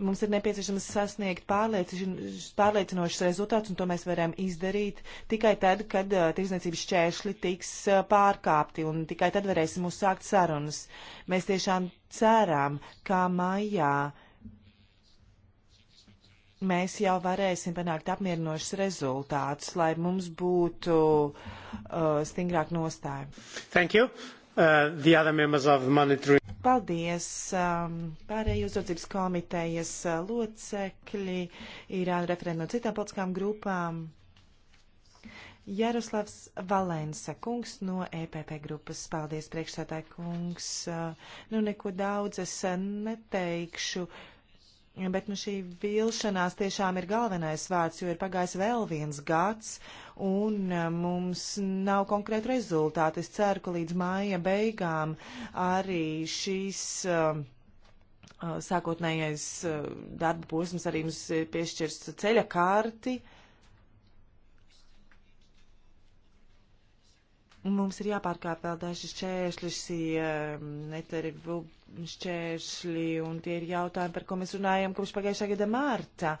mums ir nepieciešams sasniegt pārliecinošus rezultātus, un to mēs varam izdarīt tikai tad, kad uh, tirdzniecības šķēršļi tiks uh, pārkāpti, un tikai tad varēsim uzsākt sarunas. Mēs tiešām ceram, ka maijā mēs jau varēsim panākt apmierinošus rezultātus, lai mums būtu uh, stingrāk nostāja. Thank you. Uh, the other members of the monitoring. Paldies! Um, pārējie uzraudzības komitejas uh, locekļi ir referenti no citām politiskām grupām. Jaroslavs Valensa kungs no EPP grupas. Paldies, priekšsētāji kungs. Uh, nu, neko daudz es uh, neteikšu, bet nu šī vilšanās tiešām ir galvenais vārds, jo ir pagājis vēl viens gads, un eh, mums nav konkrēta rezultāta. Es ceru, ka līdz māja beigām arī šīs. Uh, eh, eh, sākotnējais darba posms arī mums piešķirs ceļa kārti. Mums ir jāpārkāp vēl daži šķēršļi šī netarifu šķēršļi, un tie ir jautājumi, par ko mēs runājam kopš pagājušā gada mārta.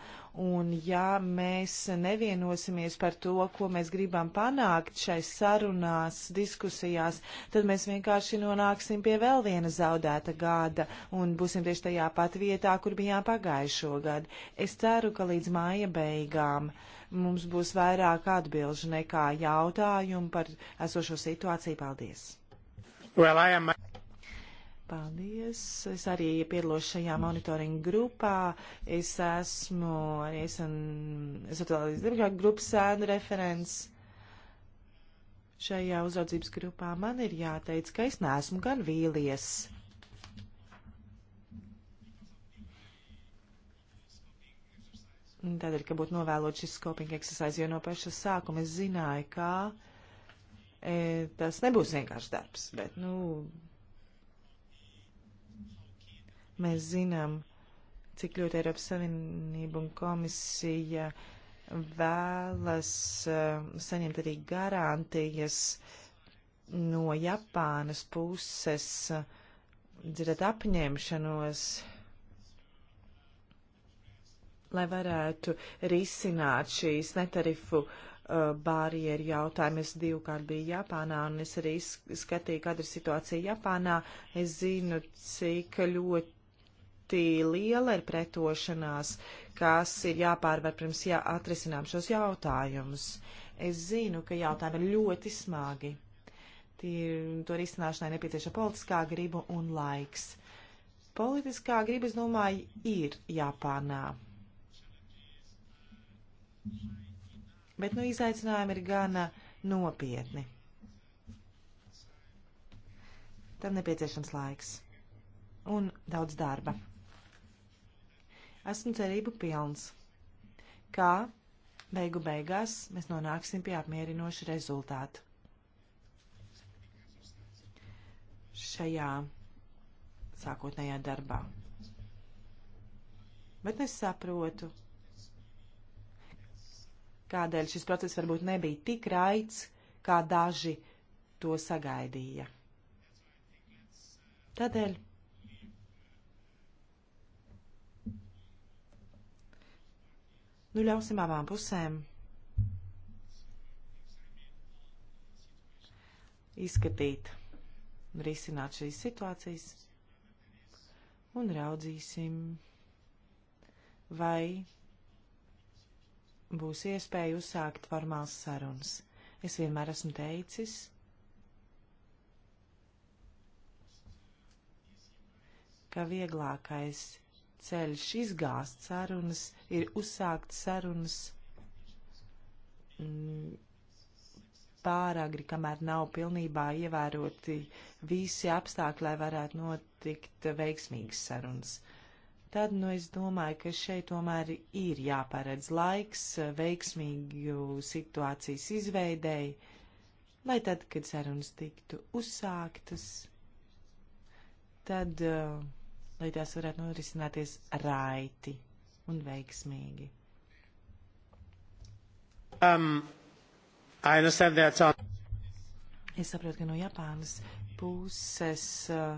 Un ja mēs nevienosimies par to, ko mēs gribam panākt šai sarunās, diskusijās, tad mēs vienkārši nonāksim pie vēl viena zaudēta gada un būsim tieši tajā pat vietā, kur bijām pagājušo gadu. Es ceru, ka līdz māja beigām mums būs vairāk atbilžu nekā jautājumu par esošo situāciju. Paldies! Well, I am... Paldies. Es arī piedalos šajā monitoringa grupā. Es esmu arī Sociālās demokrāta grupas sēdu referents. Šajā uzraudzības grupā man ir jāteic, ka es neesmu gan vīlies. Tādēļ, ka būtu novēlot šis scoping exercise, jo no paša sākuma es zināju, ka e, tas nebūs vienkārši darbs, bet, nu, Mēs zinām, cik ļoti Eiropas Savienība un komisija vēlas uh, saņemt arī garantijas no Japānas puses, uh, dzirdēt apņemšanos, lai varētu risināt šīs netarifu uh, barjeru jautājumu. Es divkārt biju Japānā un es arī skatīju, kāda ir situācija Japānā. Es zinu, cik ļoti ļoti liela ir pretošanās, kas ir jāpārvar pirms jāatrisinām šos jautājumus. Es zinu, ka jautājumi ir ļoti smagi. Tie, to risināšanai nepieciešama politiskā griba un laiks. Politiskā griba, es domāju, ir Japānā. Bet nu, izaicinājumi ir gana nopietni. Tam nepieciešams laiks un daudz darba. Esmu cerību pilns, kā beigu beigās mēs nonāksim pie apmierinoša rezultāta. Šajā sākotnējā darbā. Bet es saprotu, kādēļ šis process varbūt nebija tik raids, kā daži to sagaidīja. Tādēļ Nu, ļausim abām pusēm izskatīt un risināt šīs situācijas un raudzīsim, vai būs iespēja uzsākt formāls sarunas. Es vienmēr esmu teicis, ka vieglākais ceļš izgāst sarunas, ir uzsākt sarunas mm, pāragri, kamēr nav pilnībā ievēroti visi apstākļi, lai varētu notikt veiksmīgas sarunas. Tad, nu, es domāju, ka šeit tomēr ir jāparedz laiks veiksmīgu situācijas izveidēji, lai tad, kad sarunas tiktu uzsāktas, tad uh, lai tās varētu norisināties raiti un veiksmīgi. Um, uh, es saprotu, ka no Japānas puses uh,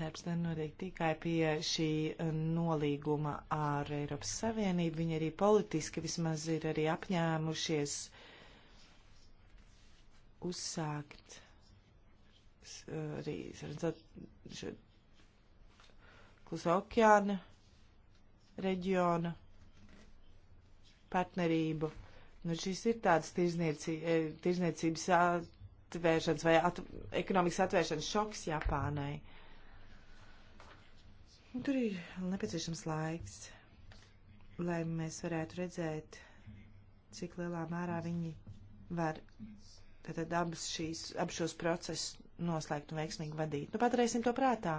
Darbs nenotiek tikai pie šī nolīguma ar Eiropas Savienību. Viņi arī politiski vismaz ir arī apņēmušies uh, uzsākt arī klusa okeāna reģiona partnerību. Nu, šis ir tāds e, tirzniecības atvēršanas vai at, ekonomikas atvēršanas šoks Japānai. Un tur ir nepieciešams laiks, lai mēs varētu redzēt, cik lielā mērā viņi var Tātad abas šīs, abas šos procesus noslēgt un veiksmīgi vadīt. Nu, paturēsim to prātā.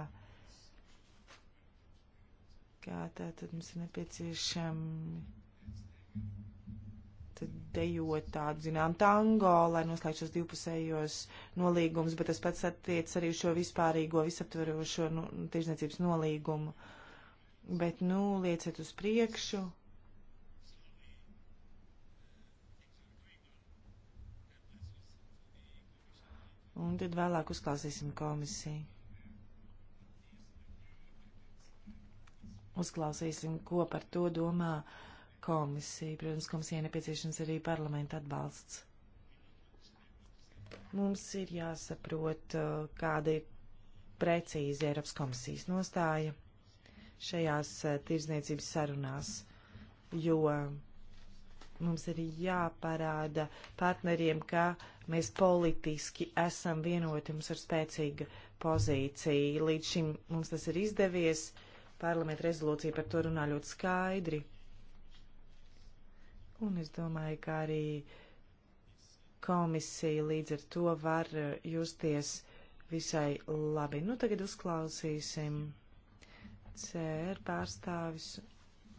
Kā tātad mums ir nepieciešami dejot tādu, zinām, tango, lai noslēgtu šos divpusējos nolīgumus, bet tas pats attiec arī šo vispārīgo, visaptverošo nu, tiešniecības nolīgumu. Bet, nu, lieciet uz priekšu, Un tad vēlāk uzklausīsim komisiju. Uzklausīsim, ko par to domā komisija. Protams, komisijai nepieciešams arī parlamenta atbalsts. Mums ir jāsaprot, uh, kāda ir precīzi Eiropas komisijas nostāja šajās uh, tirzniecības sarunās, jo Mums ir jāparāda partneriem, ka mēs politiski esam vienoti, mums ir spēcīga pozīcija. Līdz šim mums tas ir izdevies. Parlamenta rezolūcija par to runā ļoti skaidri. Un es domāju, ka arī komisija līdz ar to var justies visai labi. Nu, tagad uzklausīsim CR pārstāvis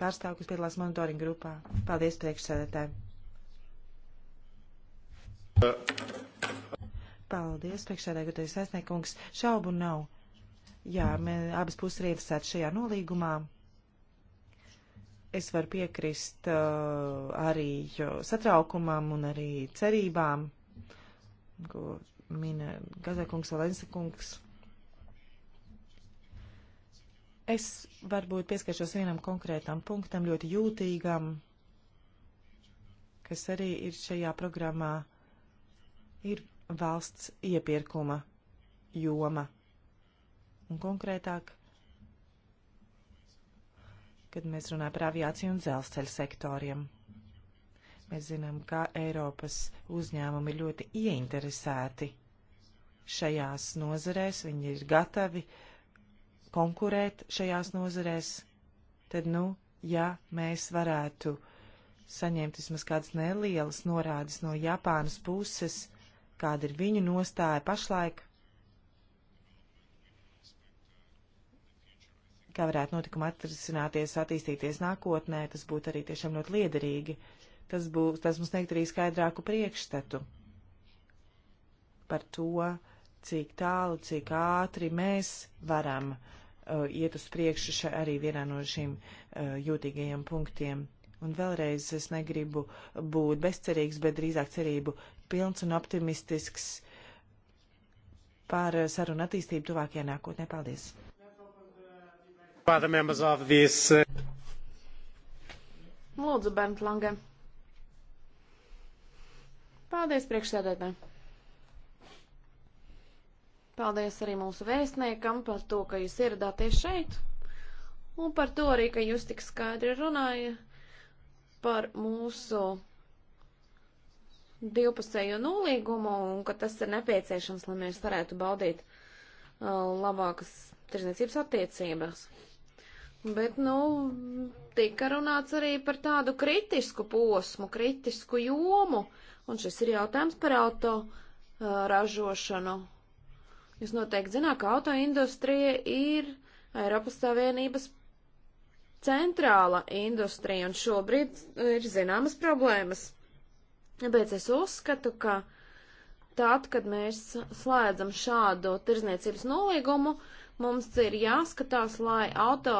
pārstāvu, kas piedalās monitoringa grupā. Paldies priekšsēdētājiem! Paldies, priekšsēdētājs Sēsniekungs. Šaubu nav. Jā, mēs abas puses ir ieinteresētas šajā nolīgumā. Es varu piekrist uh, arī satraukumam un arī cerībām, ko mina Gazakungs, Valensakungs. Es varbūt pieskaršos vienam konkrētam punktam, ļoti jūtīgam, kas arī ir šajā programmā, ir valsts iepirkuma joma. Un konkrētāk, kad mēs runājam par aviāciju un dzelzceļa sektoriem. Mēs zinām, ka Eiropas uzņēmumi ir ļoti ieinteresēti šajās nozarēs, viņi ir gatavi uh, konkurēt šajās nozarēs, tad, nu, ja mēs varētu saņemt vismaz kādas nelielas norādes no Japānas puses, kāda ir viņu nostāja pašlaik, kā varētu notikumi atrisināties, attīstīties nākotnē, tas būtu arī tiešām ļoti liederīgi. Tas, būs, tas mums sniegt arī skaidrāku priekšstatu par to, cik tālu, cik ātri mēs varam uh, Uh, iet uz priekšu arī vienā no šīm uh, jūtīgajiem punktiem. Un vēlreiz es negribu būt bezcerīgs, bet drīzāk cerību pilns un optimistisks par uh, sarunu attīstību tuvākajā nākotnē. Paldies! Lūdzu, Bernt Lange. Paldies, priekšsēdētāji! Paldies arī mūsu vēstniekam par to, ka jūs ieradāties šeit un par to arī, ka jūs tik skaidri runājat par mūsu divpusējo nolīgumu un ka tas ir nepieciešams, lai mēs varētu baudīt uh, labākas tirzniecības attiecības. Bet, nu, tika runāts arī par tādu kritisku posmu, kritisku jomu, un šis ir jautājums par auto uh, ražošanu Jūs noteikti zināt, ka autoindustrija ir Eiropas Savienības centrāla industrija, un šobrīd ir zināmas problēmas. Tāpēc es uzskatu, ka tad, kad mēs slēdzam šādu tirzniecības nolīgumu, mums ir jāskatās, lai auto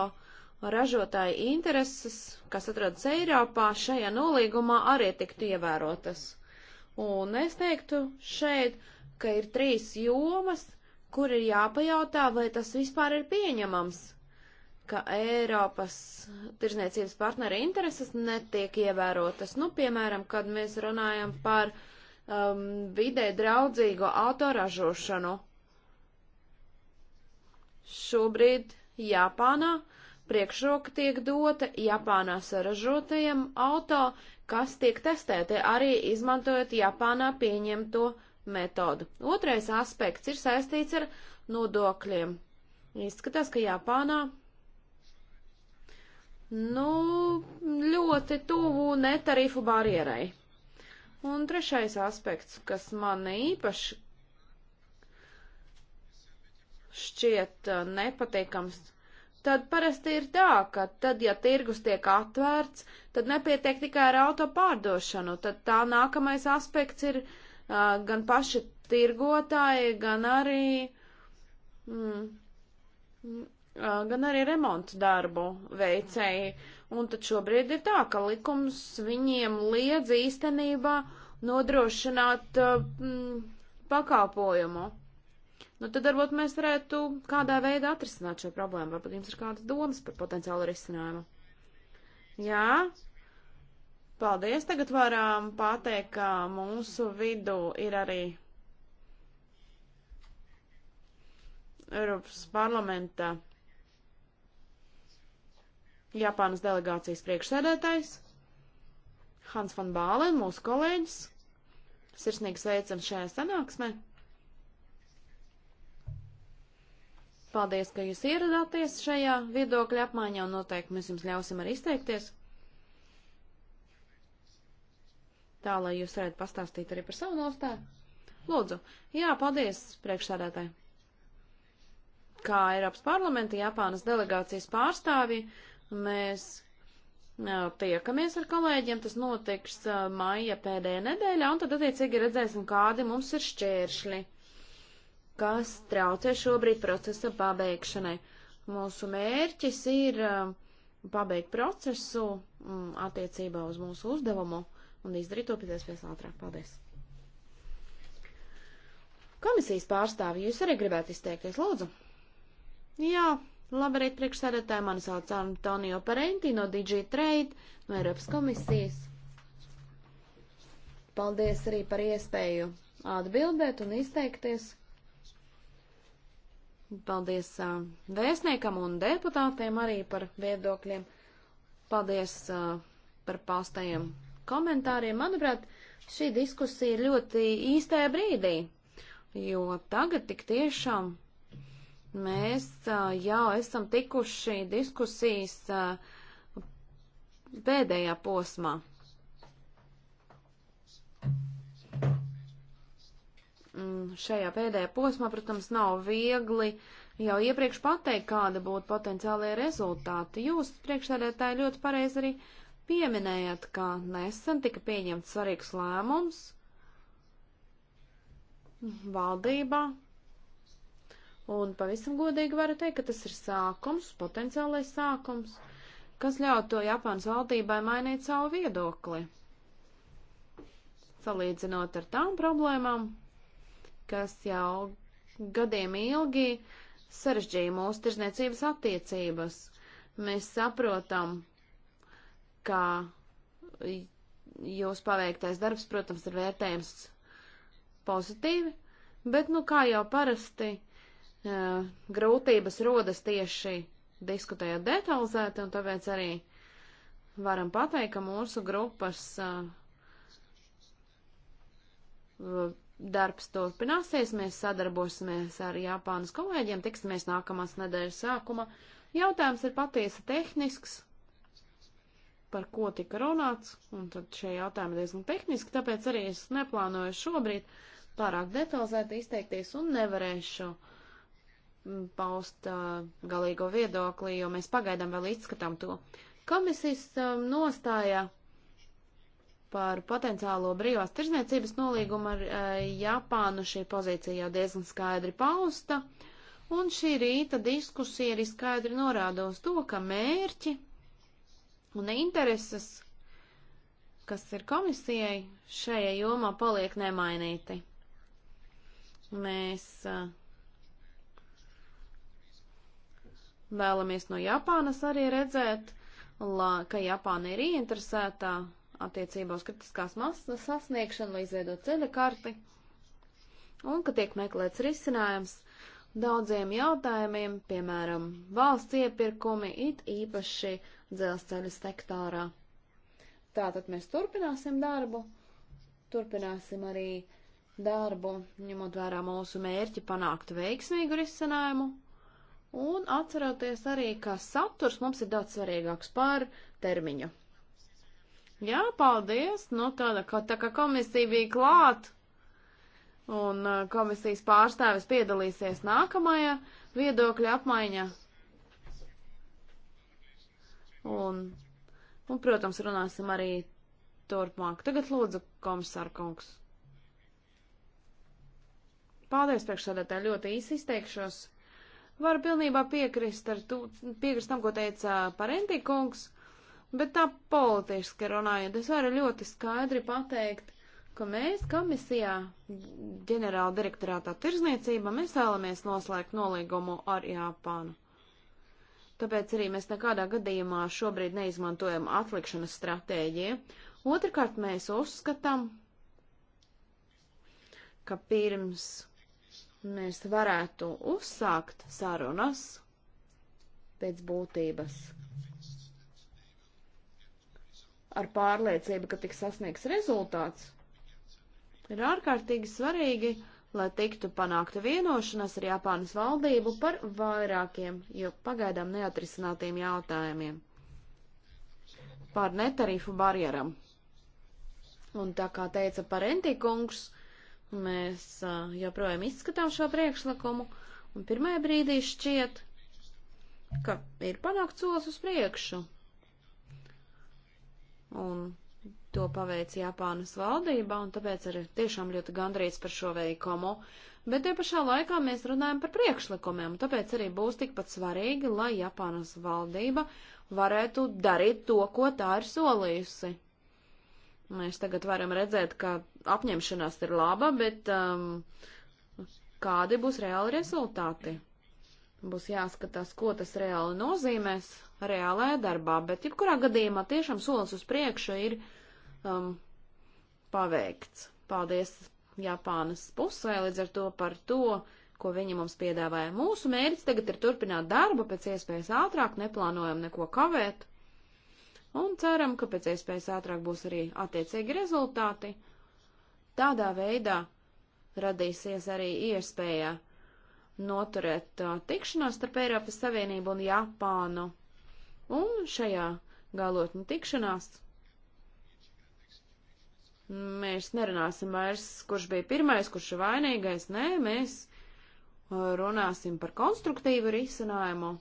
ražotāju intereses, kas atrodas Eiropā, šajā nolīgumā arī tiktu ievērotas. Un es teiktu šeit, ka ir trīs jomas, kur ir jāpajautā, vai tas vispār ir pieņemams, ka Eiropas tirzniecības partneri intereses netiek ievērotas. Nu, piemēram, kad mēs runājam par um, vidē draudzīgo autoražošanu. Šobrīd Japānā priekšroka tiek dota Japānā saražotajam auto, kas tiek testēti arī izmantojot Japānā pieņemto metodu. Otrais aspekts ir saistīts ar nodokļiem. Izskatās, ka Japānā nu, ļoti tuvu netarifu barjerai. Un trešais aspekts, kas man īpaši šķiet uh, nepatīkams, tad parasti ir tā, ka tad, ja tirgus tiek atvērts, tad nepietiek tikai ar auto pārdošanu, tad tā nākamais aspekts ir uh, gan paši tirgotāji, gan arī, mm, gan arī remontu darbu veicēji. Un tad šobrīd ir tā, ka likums viņiem liedz īstenībā nodrošināt mm, pakāpojumu. Nu, tad varbūt mēs varētu kādā veidā atrisināt šo problēmu. Varbūt jums ir kādas domas par potenciālu risinājumu. Jā, Paldies! Tagad varam pateikt, ka mūsu vidū ir arī Eiropas parlamenta Japānas delegācijas priekšsēdētājs Hans van Bālen, mūsu kolēģis. Sirsnīgi sveicam šajā sanāksmē. Paldies, ka jūs ieradāties šajā viedokļa apmaiņā un noteikti mēs jums ļausim arī izteikties. tā lai jūs varētu pastāstīt arī par savu nostāju. Lūdzu, jā, paldies priekšsādātāji. Kā Eiropas parlamenta Japānas delegācijas pārstāvji, mēs tiekamies ar kolēģiem, tas notiks maija pēdējā nedēļā, un tad attiecīgi redzēsim, kādi mums ir šķēršļi, kas traucē šobrīd procesa pabeigšanai. Mūsu mērķis ir pabeigt procesu attiecībā uz mūsu uzdevumu un izdarīt to pēc iespējas ātrāk. Paldies! Komisijas pārstāvi, jūs arī gribētu izteikties, lūdzu? Jā, labrīt, priekšsēdētāji, mani sauc Antonio Parenti no DG Trade, no Eiropas komisijas. Paldies arī par iespēju atbildēt un izteikties. Paldies uh, vēstniekam un deputātiem arī par viedokļiem. Paldies uh, par pārstajiem komentāriem. Manuprāt, šī diskusija ir ļoti īstajā brīdī, jo tagad tik tiešām mēs jau esam tikuši diskusijas pēdējā posmā. Mm, šajā pēdējā posmā, protams, nav viegli jau iepriekš pateikt, kāda būtu potenciālajie rezultāti. Jūs priekšsēdētāji ļoti pareizi arī uh, Pieminējāt, ka nesen tika pieņemts svarīgs lēmums valdībā, un pavisam godīgi varu teikt, ka tas ir sākums, potenciālais sākums, kas ļautu to Japānas valdībai mainīt savu viedokli. Salīdzinot ar tām problēmām, kas jau gadiem ilgi sarežģīja mūsu tirzniecības attiecības, mēs saprotam, ka jūs paveiktais darbs, protams, ir vērtējams pozitīvi, bet, nu, kā jau parasti, uh, grūtības rodas tieši diskutējot detalizēti, un tāpēc arī varam pateikt, ka mūsu grupas uh, darbs turpināsies, mēs sadarbosimies ar Japānas kolēģiem, tiksimies nākamās nedēļas sākuma. Jautājums ir patiesi tehnisks, par ko tika runāts, un tad šie jautājumi diezgan tehniski, tāpēc arī es neplānoju šobrīd pārāk detalizēti izteikties un nevarēšu mm, paust uh, galīgo viedokli, jo mēs pagaidām vēl izskatām to. Komisijas uh, nostāja par potenciālo brīvās tirzniecības nolīgumu ar uh, Japānu šī pozīcija jau diezgan skaidri pausta, un šī rīta diskusija arī skaidri norāda uz to, ka mērķi un intereses, kas ir komisijai, šajā jomā paliek nemainīti. Mēs uh, vēlamies no Japānas arī redzēt, la, ka Japāna ir ieinteresētā attiecībā uz kritiskās masas sasniegšanu, lai izveidot ceļa karti, un ka tiek meklēts risinājums daudziem jautājumiem, piemēram, valsts iepirkumi, it īpaši dzelzceļa sektorā. Tātad mēs turpināsim darbu, turpināsim arī darbu, ņemot vērā mūsu mērķi panākt veiksmīgu risinājumu un atceroties arī, ka saturs mums ir daudz svarīgāks par termiņu. Jā, paldies! Nu, tāda, ka, tā kā komisija bija klāt un uh, komisijas pārstāvis piedalīsies nākamajā viedokļa apmaiņā, Un, un, protams, runāsim arī turpmāk. Tagad lūdzu komisāra kungs. Paldies, priekšsēdētāji, ļoti īsi izteikšos. Varu pilnībā piekrist, tu, piekrist tam, ko teica Parentī kungs, bet tā politiski runājot, es varu ļoti skaidri pateikt, ka mēs komisijā, ģenerāla direktorātā tirzniecība, mēs vēlamies noslēgt nolīgumu ar Japānu tāpēc arī mēs nekādā gadījumā šobrīd neizmantojam atlikšanas stratēģiju. Otrakārt, mēs uzskatām, ka pirms mēs varētu uzsākt sarunas pēc būtības ar pārliecību, ka tiks sasniegts rezultāts, ir ārkārtīgi svarīgi lai tiktu panākta vienošanās ar Japānas valdību par vairākiem, jo pagaidām neatrisinātiem jautājumiem par netarifu barjeram. Un tā kā teica Parentikungs, mēs uh, joprojām izskatām šo priekšlikumu, un pirmajā brīdī šķiet, ka ir panākts solis uz priekšu. Un To paveica Japānas valdība, un tāpēc arī tiešām ļoti gandrīz par šo veikumu. Bet te pašā laikā mēs runājam par priekšlikumiem, tāpēc arī būs tikpat svarīgi, lai Japānas valdība varētu darīt to, ko tā ir solījusi. Mēs tagad varam redzēt, ka apņemšanās ir laba, bet um, kādi būs reāli rezultāti? Būs jāskatās, ko tas reāli nozīmēs reālajā darbā, bet jebkurā gadījumā tiešām solis uz priekšu ir um, paveikts. Paldies Japānas pusē līdz ar to par to, ko viņi mums piedāvāja. Mūsu mērķis tagad ir turpināt darbu pēc iespējas ātrāk, neplānojam neko kavēt un ceram, ka pēc iespējas ātrāk būs arī attiecīgi rezultāti. Tādā veidā radīsies arī iespēja noturēt uh, tikšanos starp Eiropas Savienību un Japānu. Un šajā galotņu tikšanās Mēs nerunāsim vairs, kurš bija pirmais, kurš ir vainīgais. Nē, mēs uh, runāsim par konstruktīvu risinājumu,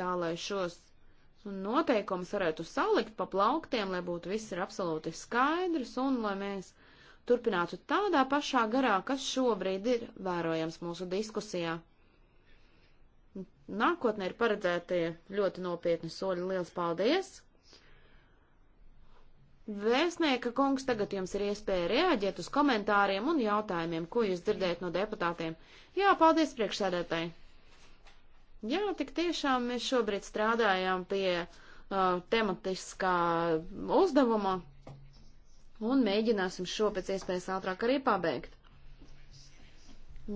tā lai šos noteikumus varētu salikt pa plauktiem, lai būtu viss ir absolūti skaidrs un lai mēs turpinātu tādā pašā garā, kas šobrīd ir vērojams mūsu diskusijā. Nākotnē ir paredzētie ļoti nopietni soļi. Liels paldies! Vēstnieka kungs, tagad jums ir iespēja reaģēt uz komentāriem un jautājumiem, ko jūs dzirdējat no deputātiem. Jā, paldies priekšsēdētāji. Jā, tik tiešām mēs šobrīd strādājam pie uh, tematiskā uzdevuma un mēģināsim šo pēc iespējas ātrāk arī pabeigt.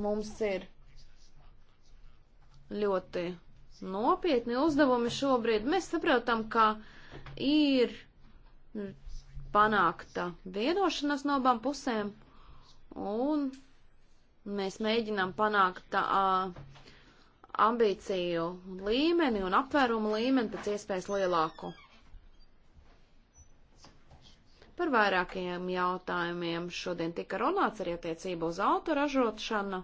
Mums ir ļoti nopietni uzdevumi šobrīd. Mēs saprotam, ka ir panākta vienošanās no abām pusēm, un mēs mēģinām panākt uh, ambīciju līmeni un apvērumu līmeni pēc iespējas lielāku. Par vairākiem jautājumiem šodien tika runāts arī attiecībā uz autoražošanu.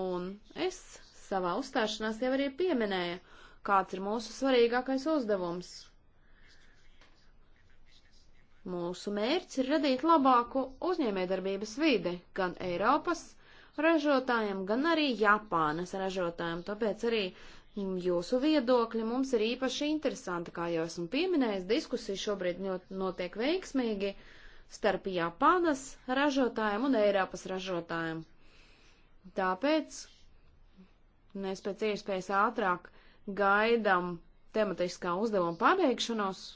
Un es savā uzstāšanās jau arī pieminēju, kāds ir mūsu svarīgākais uzdevums Mūsu mērķis ir radīt labāku uzņēmējdarbības vidi gan Eiropas ražotājiem, gan arī Japānas ražotājiem. Tāpēc arī mm, jūsu viedokļi mums ir īpaši interesanti. Kā jau esmu pieminējis, diskusija šobrīd notiek veiksmīgi starp Japānas ražotājiem un Eiropas ražotājiem. Tāpēc mēs pēc iespējas ātrāk gaidām tematiskā uzdevuma pabeigšanos,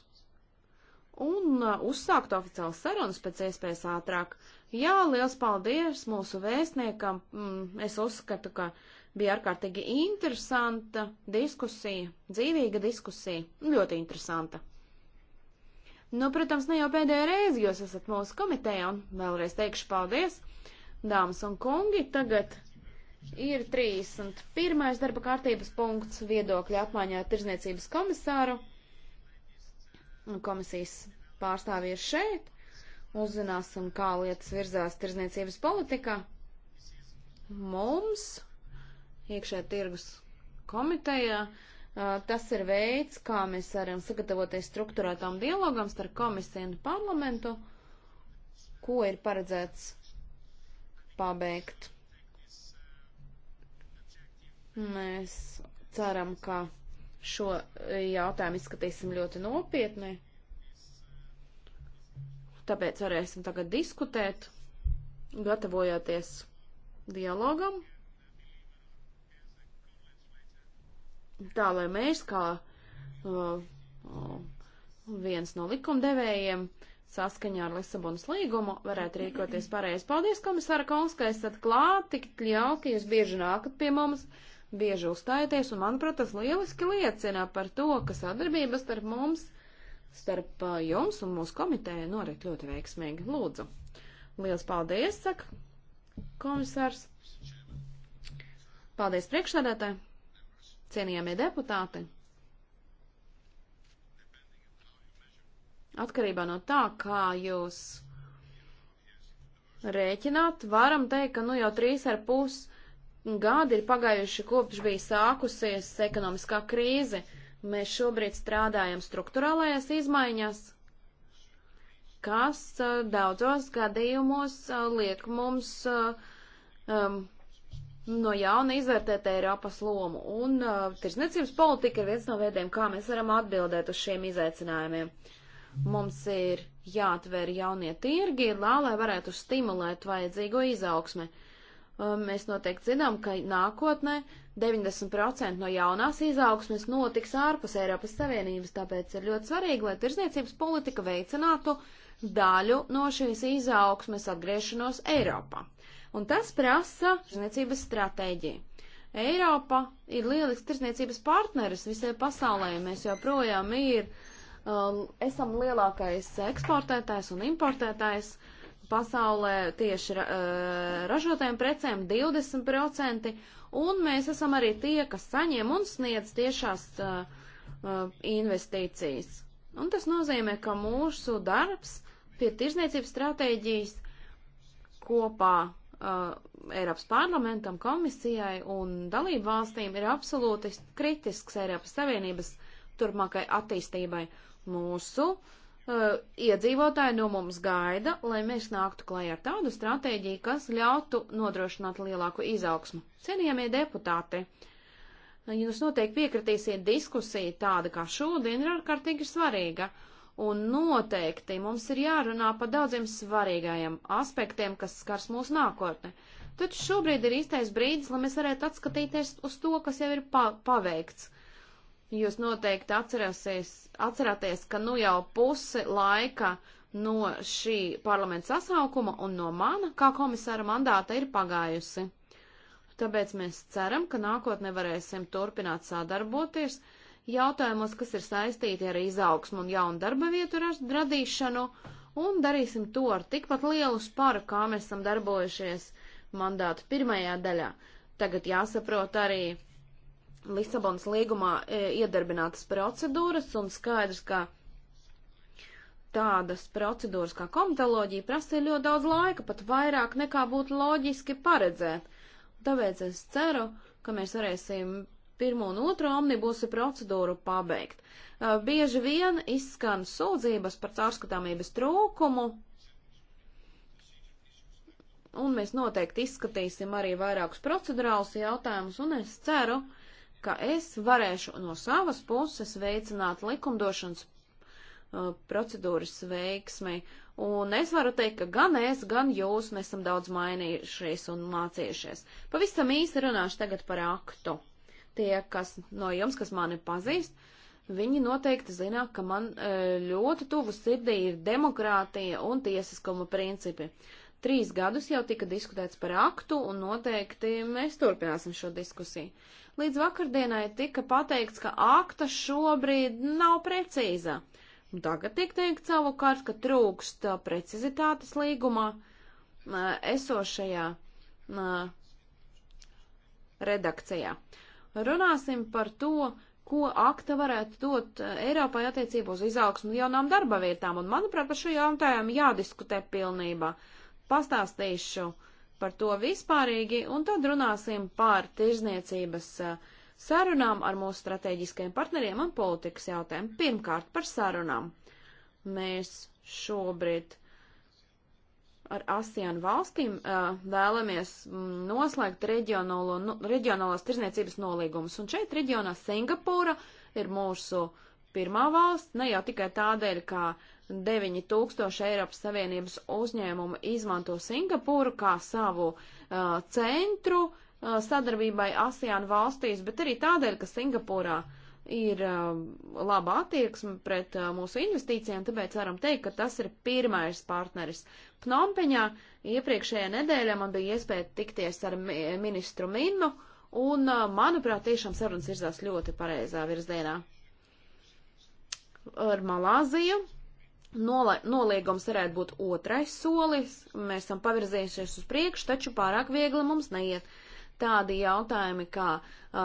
un uh, uzsākt oficiālu sarunas pēc iespējas ātrāk. Jā, liels paldies mūsu vēstniekam. Mm, es uzskatu, ka bija ārkārtīgi interesanta diskusija, dzīvīga diskusija, ļoti interesanta. Nu, protams, ne jau pēdējā reize jūs esat mūsu komitejā, un vēlreiz teikšu paldies, dāmas un kungi. Tagad ir 31. darba kārtības punkts viedokļa apmaiņā ar Tirzniecības komisāru. Komisijas pārstāvji ir šeit. Uzzināsim, kā lietas virzās tirzniecības politikā. Mums, iekšē tirgus komitejā, tas ir veids, kā mēs varam sagatavoties struktūrētām dialogam starp komisiju un parlamentu, ko ir paredzēts pabeigt. Mēs ceram, ka šo eh, jautājumu izskatīsim ļoti nopietni. Tāpēc varēsim tagad diskutēt, gatavojoties dialogam. Tā lai mēs, kā uh, uh, viens no likumdevējiem, saskaņā ar Lisabonas līgumu varētu rīkoties pareizi. Paldies, komisāra Kungs, ka esat klāt, tik jauki, jūs bieži nākat pie mums. Uh, bieži uzstājaties, un, manuprāt, tas lieliski liecina par to, ka sadarbības starp mums, starp jums un mūsu komiteju norit ļoti veiksmīgi. Lūdzu! Liels paldies, saka komisārs! Paldies priekšsēdētāji! Cienījamie deputāti! Atkarībā no tā, kā jūs rēķināt, varam teikt, ka nu jau trīs ar pusi gadi ir pagājuši kopš bija sākusies ekonomiskā krīze. Mēs šobrīd strādājam struktūrālajās izmaiņās, kas uh, daudzos gadījumos uh, liek mums uh, um, no jauna izvērtēt Eiropas lomu. Un uh, tirsniecības politika ir viens no veidiem, kā mēs varam atbildēt uz šiem izaicinājumiem. Mums ir jāatver jaunie tirgi, lā, lai varētu stimulēt vajadzīgo izaugsmi. Uh, Um, mēs noteikti zinām, ka nākotnē 90% no jaunās izaugsmes notiks ārpus Eiropas Savienības, tāpēc ir ļoti svarīgi, lai tirzniecības politika veicinātu daļu no šīs izaugsmes atgriešanos Eiropā. Un tas prasa tirzniecības stratēģiju. Eiropa ir lielisks tirzniecības partneris visai pasaulē, mēs joprojām ir, um, esam lielākais eksportētājs un importētājs. Uh, pasaulē tieši ra, eh, ražotiem precēm 20%, un mēs esam arī tie, kas saņem un sniedz tiešās uh, investīcijas. Un tas nozīmē, ka mūsu darbs pie tirzniecības stratēģijas kopā uh, Eiropas parlamentam, komisijai un dalību valstīm ir absolūti kritisks Eiropas Savienības turpmākai attīstībai. Mūsu uh, uh, iedzīvotāji no mums gaida, lai mēs nāktu klajā ar tādu stratēģiju, kas ļautu nodrošināt lielāku izaugsmu. Cienījamie deputāti, jūs noteikti piekritīsiet diskusija tāda kā šodien ir ārkārtīgi svarīga. Un noteikti mums ir jārunā par daudziem svarīgajiem aspektiem, kas skars mūsu nākotni. Taču šobrīd ir īstais brīdis, lai mēs varētu atskatīties uz to, kas jau ir pa paveikts Jūs noteikti atcerāties, ka nu jau pusi laika no šī parlamenta sasaukuma un no mana kā komisāra mandāta ir pagājusi. Tāpēc mēs ceram, ka nākotnē varēsim turpināt sadarboties jautājumos, kas ir saistīti ar izaugsmu un jaunu darba vietu radīšanu, un darīsim to ar tikpat lielu spāru, kā mēs esam darbojušies mandātu pirmajā daļā. Tagad jāsaprot arī, Lisabonas līgumā e, iedarbinātas procedūras un skaidrs, ka tādas procedūras kā komitoloģija prasīja ļoti daudz laika, pat vairāk nekā būtu loģiski paredzēt. Tāpēc es ceru, ka mēs varēsim pirmo un otro omnibusu procedūru pabeigt. E, bieži vien izskan sūdzības par caurskatāmības trūkumu, un mēs noteikti izskatīsim arī vairākus procedurālus jautājumus, un es ceru, ka ka es varēšu no savas puses veicināt likumdošanas uh, procedūras veiksmi. Un es varu teikt, ka gan es, gan jūs mēs esam daudz mainījušies un mācījušies. Pavisam īsi runāšu tagad par aktu. Tie, kas no jums, kas mani pazīst, viņi noteikti zina, ka man uh, ļoti tuvu sirdī ir demokrātija un tiesiskuma principi trīs gadus jau tika diskutēts par aktu, un noteikti mēs turpināsim šo diskusiju. Līdz vakardienai tika pateikts, ka akta šobrīd nav precīza. Un tagad tiek teikt savukārt, ka trūkst uh, precizitātes līgumā uh, esošajā uh, redakcijā. Runāsim par to, ko akta varētu dot Eiropai attiecībā uz izaugsmu jaunām darba vietām, un manuprāt, par šo jautājumu jādiskutē pilnībā. Pastāstīšu uh, par to vispārīgi, un tad runāsim par tirzniecības eh, sarunām ar mūsu strateģiskajiem partneriem un politikas jautājumu. Pirmkārt, par sarunām. Mēs šobrīd ar ASEAN valstīm uh, vēlamies mm, noslēgt reģionālo, no, nu, reģionālās tirzniecības nolīgumus. Un šeit reģionā Singapūra ir mūsu pirmā valsts, ne jau tikai tādēļ, ka 9000 Eiropas Savienības uzņēmumu izmanto Singapūru kā savu uh, centru uh, sadarbībai ASEAN valstīs, bet arī tādēļ, ka Singapūrā ir uh, laba attieksme pret uh, mūsu investīcijām, tāpēc varam teikt, ka tas ir pirmais partneris. Pnompeņā iepriekšējā nedēļā man bija iespēja tikties ar mi ministru Minnu, un, uh, manuprāt, tiešām sarunas virzās ļoti pareizā virzienā. Ar Malāziju Nola, noliegums varētu būt otrais solis, mēs esam pavirzījušies uz priekšu, taču pārāk viegli mums neiet. Tādi jautājumi kā uh,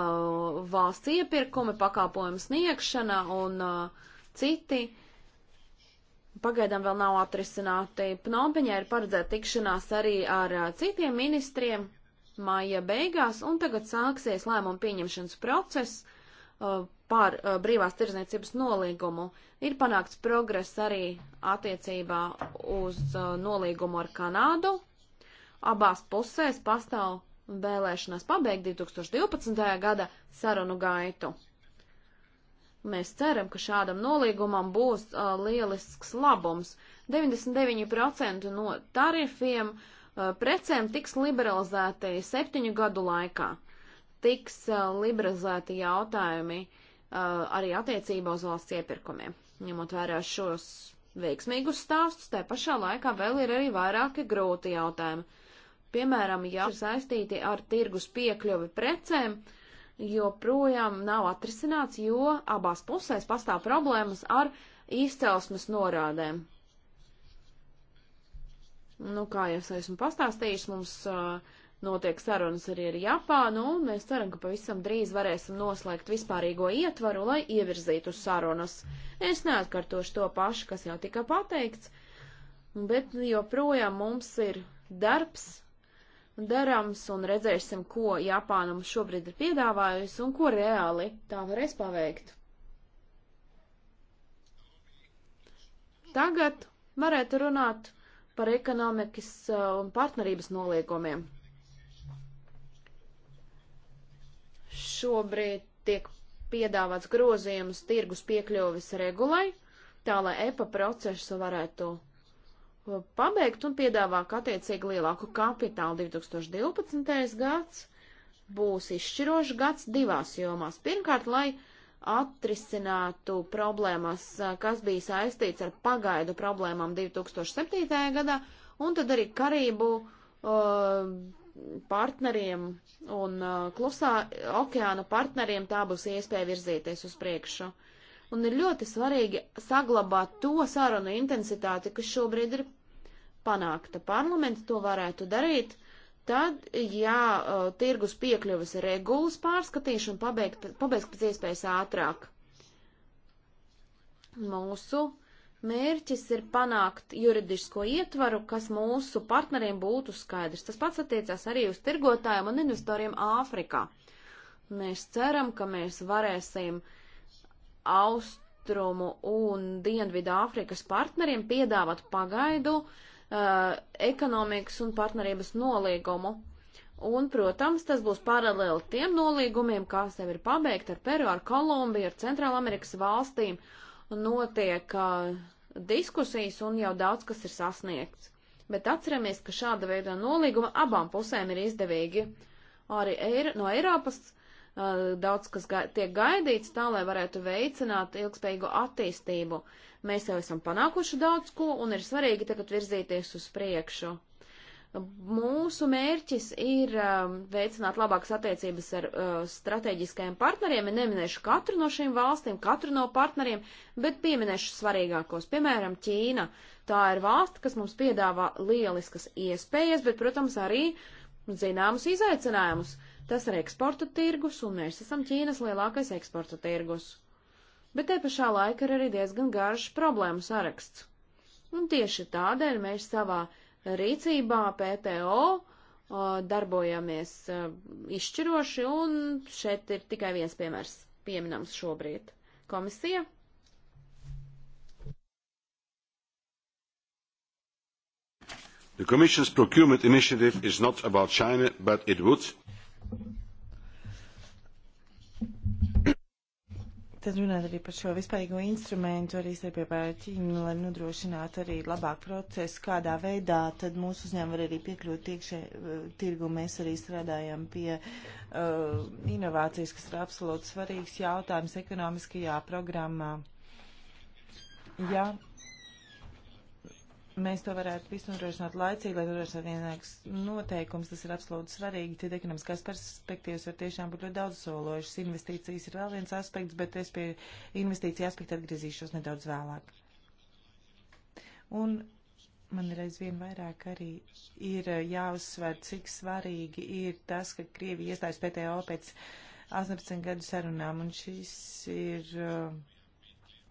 valsts iepirkumi, pakāpojumu sniegšana un uh, citi pagaidām vēl nav atrisināti. Pnompeņā ir paredzēta tikšanās arī ar uh, citiem ministriem māja beigās, un tagad sāksies lēmumu pieņemšanas process. Uh, par uh, brīvās tirzniecības nolīgumu. Ir panākts progress arī attiecībā uz uh, nolīgumu ar Kanādu. Abās pusēs pastāv vēlēšanās pabeigt 2012. gada sarunu gaitu. Mēs ceram, ka šādam nolīgumam būs uh, lielisks labums. 99% no tarifiem uh, precēm tiks liberalizēti septiņu gadu laikā. Tiks uh, liberalizēti jautājumi uh, Uh, arī attiecībā uz valsts iepirkumiem. Ņemot vērā šos veiksmīgus stāstus, te pašā laikā vēl ir arī vairāki grūti jautājumi. Piemēram, ja ir saistīti ar tirgus piekļuvi precēm, joprojām nav atrisināts, jo abās pusēs pastāv problēmas ar izcelsmes norādēm. Nu, kā jau es esmu pastāstījis, mums uh, notiek sarunas arī ar Japānu, un mēs ceram, ka pavisam drīz varēsim noslēgt vispārīgo ietvaru, lai ievirzītu sarunas. Es neatkārtošu to pašu, kas jau tika pateikts, bet joprojām mums ir darbs darams un redzēsim, ko Japāna mums šobrīd ir piedāvājusi un ko reāli tā varēs paveikt. Tagad varētu runāt par ekonomikas uh, un partnerības noliegumiem. Šobrīd tiek piedāvāts grozījums tirgus piekļuvis regulai, tā lai EPA procesu varētu uh, pabeigt un piedāvāk attiecīgi lielāku kapitālu 2012. gads būs izšķirošs gads divās jomās. Pirmkārt, lai atrisinātu problēmas, uh, kas bija saistīts ar pagaidu problēmām 2007. gadā, un tad arī karību uh, partneriem un uh, klusā okeānu partneriem tā būs iespēja virzīties uz priekšu. Un ir ļoti svarīgi saglabāt to sarunu intensitāti, kas šobrīd ir panākta. Parlaments to varētu darīt, tad, ja uh, tirgus piekļuvas regulas pārskatīšana pabeigts pēc iespējas ātrāk. Mūsu Mērķis ir panākt juridisko ietvaru, kas mūsu partneriem būtu skaidrs. Tas pats attiecās arī uz tirgotājiem un investoriem Āfrikā. Mēs ceram, ka mēs varēsim austrumu un dienvidu Āfrikas partneriem piedāvāt pagaidu uh, ekonomikas un partnerības nolīgumu. Un, protams, tas būs paralēli tiem nolīgumiem, kas jau ir pabeigti ar Peru, ar Kolumbiju, ar Centrālamerikas valstīm. Uh, notiek uh, diskusijas un jau daudz kas ir sasniegts. Bet atceramies, ka šāda veida nolīguma abām pusēm ir izdevīgi. Arī Eir no Eiropas uh, daudz kas ga tiek gaidīts tā, lai varētu veicināt ilgspējīgu attīstību. Mēs jau esam panākuši daudz ko un ir svarīgi tagad virzīties uz priekšu. Mūsu mērķis ir um, veicināt labākas attiecības ar uh, strateģiskajiem partneriem. Es neminēšu katru no šīm valstīm, katru no partneriem, bet pieminēšu svarīgākos. Piemēram, Ķīna. Tā ir valsts, kas mums piedāvā lieliskas iespējas, bet, protams, arī zināmus izaicinājumus. Tas ir eksporta tirgus, un mēs esam Ķīnas lielākais eksporta tirgus. Bet te pašā laikā ir arī diezgan garš problēmu saraksts. Un tieši tādēļ mēs savā uh, rīcībā, PTO uh, darbojamies uh, izšķiroši, un šeit ir tikai viens piemērs pieminams šobrīd. Komisija. The Commission's procurement initiative is not about China, but it would Tad runāt arī par šo vispārīgo instrumentu, arī starpībā ar Ķīnu, lai nodrošinātu arī labāk procesu, kādā veidā tad mūsu uzņēmumi var arī piekļūt iekšē eh, tirgu. Mēs arī strādājam pie uh, inovācijas, kas ir absolūti svarīgs jautājums ekonomiskajā programmā. Jā. Ja mēs to varētu visu nodrošināt laicīgi, lai nodrošinātu vienāks noteikums. Tas ir absolūti svarīgi. Tad ekonomiskās perspektīvas var tiešām būt ļoti daudz sološas. Investīcijas ir vēl viens aspekts, bet es pie investīcija aspekta atgriezīšos nedaudz vēlāk. Un man ir aizvien vairāk arī ir eh, jāuzsver, cik svarīgi ir tas, ka Krievija iestājas PTO pēc 18 gadu sarunām, un šis ir. Uh,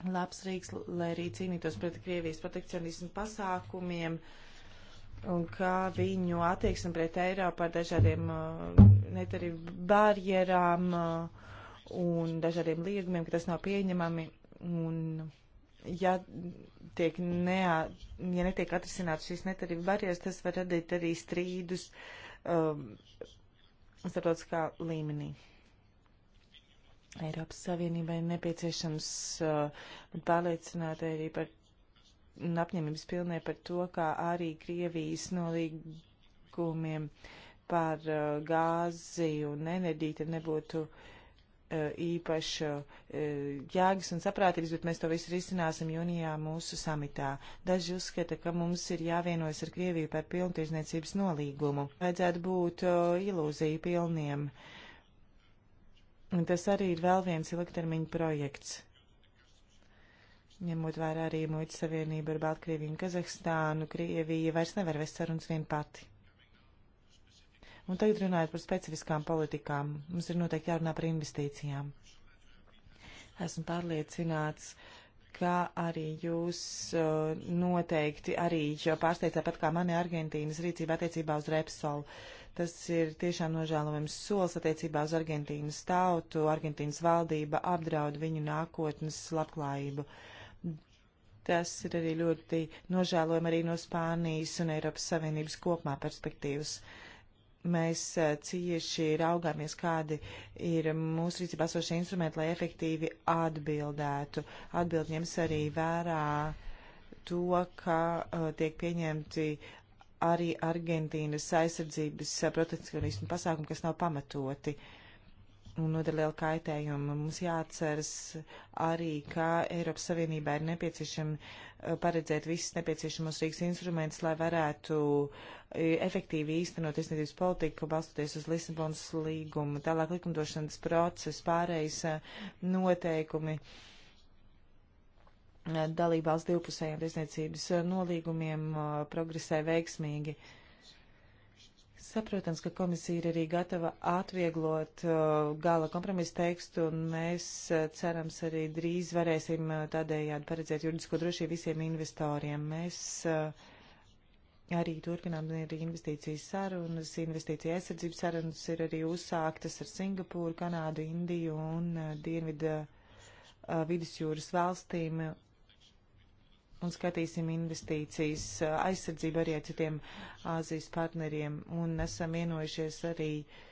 labs rīks, lai arī cīnītos pret Krievijas protekcionismu pasākumiem un kā viņu attieksme pret Eiropu ar dažādiem uh, netarību barjerām uh, un dažādiem liegumiem, ka tas nav pieņemami. Un, ja, tiek neā, ja netiek atrisināts šīs netarību barjeras, tas var radīt arī strīdus um, starptautiskā līmenī. Eiropas Savienībai nepieciešams uh, pārliecināt arī par un apņemības pilnē par to, kā arī Krievijas nolīgumiem par uh, gāzi un enerģiju te nebūtu uh, īpaši uh, jēgas un saprātības, bet mēs to visu risināsim jūnijā mūsu samitā. Daži uzskata, ka mums ir jāvienojas ar Krieviju par pilntiesniecības nolīgumu. Vajadzētu būt uh, ilūziju pilniem. Uh, Un tas arī ir vēl viens ilgtermiņa projekts. Ņemot vērā arī muitas savienību ar Baltkrieviju un Kazahstānu, Krievija vairs nevar vest sarunas vien pati. Un tagad runājot par specifiskām politikām, mums ir noteikti jārunā par investīcijām. Esmu pārliecināts, ka arī jūs uh, noteikti arī pārsteidzāt pat kā mani Argentīnas rīcība attiecībā uz Repsolu. Uh, Tas ir tiešām nožēlojams solis attiecībā uz Argentīnas tautu. Argentīnas valdība apdraud viņu nākotnes labklājību. Tas ir arī ļoti nožēlojami arī no Spānijas un Eiropas Savienības kopumā perspektīvas. Mēs eh, cieši raugāmies, kādi ir mūsu rīcībā esošie instrumenti, lai efektīvi atbildētu. Atbild ņems arī vērā to, ka uh, tiek pieņemti arī Argentīnas aizsardzības eh, protekcionismu pasākumu, kas nav pamatoti un nodara lielu kaitējumu. Mums jāatceras arī, ka Eiropas Savienībā ir nepieciešama eh, paredzēt visas nepieciešamos rīks instrumentus, lai varētu eh, efektīvi īstenot tiesniecības politiku, balstoties uz Lisabonas līgumu, tālāk likumdošanas procesu, pārējais noteikumi. Uh, dalībās divpusējiem tiesniecības nolīgumiem uh, progresē veiksmīgi. Saprotams, ka komisija ir arī gatava atvieglot uh, gala kompromisu tekstu, un mēs uh, cerams arī drīz varēsim tādējādi paredzēt juridisko drošību visiem investoriem. Mēs arī turpinām arī investīcijas sarunas, investīcija aizsardzības sarunas ir arī uzsāktas ar Singapūru, Kanādu, Indiju un Dienvidu vidusjūras valstīm un skatīsim investīcijas aizsardzību arī ar citiem Āzijas partneriem un esam vienojušies arī uh,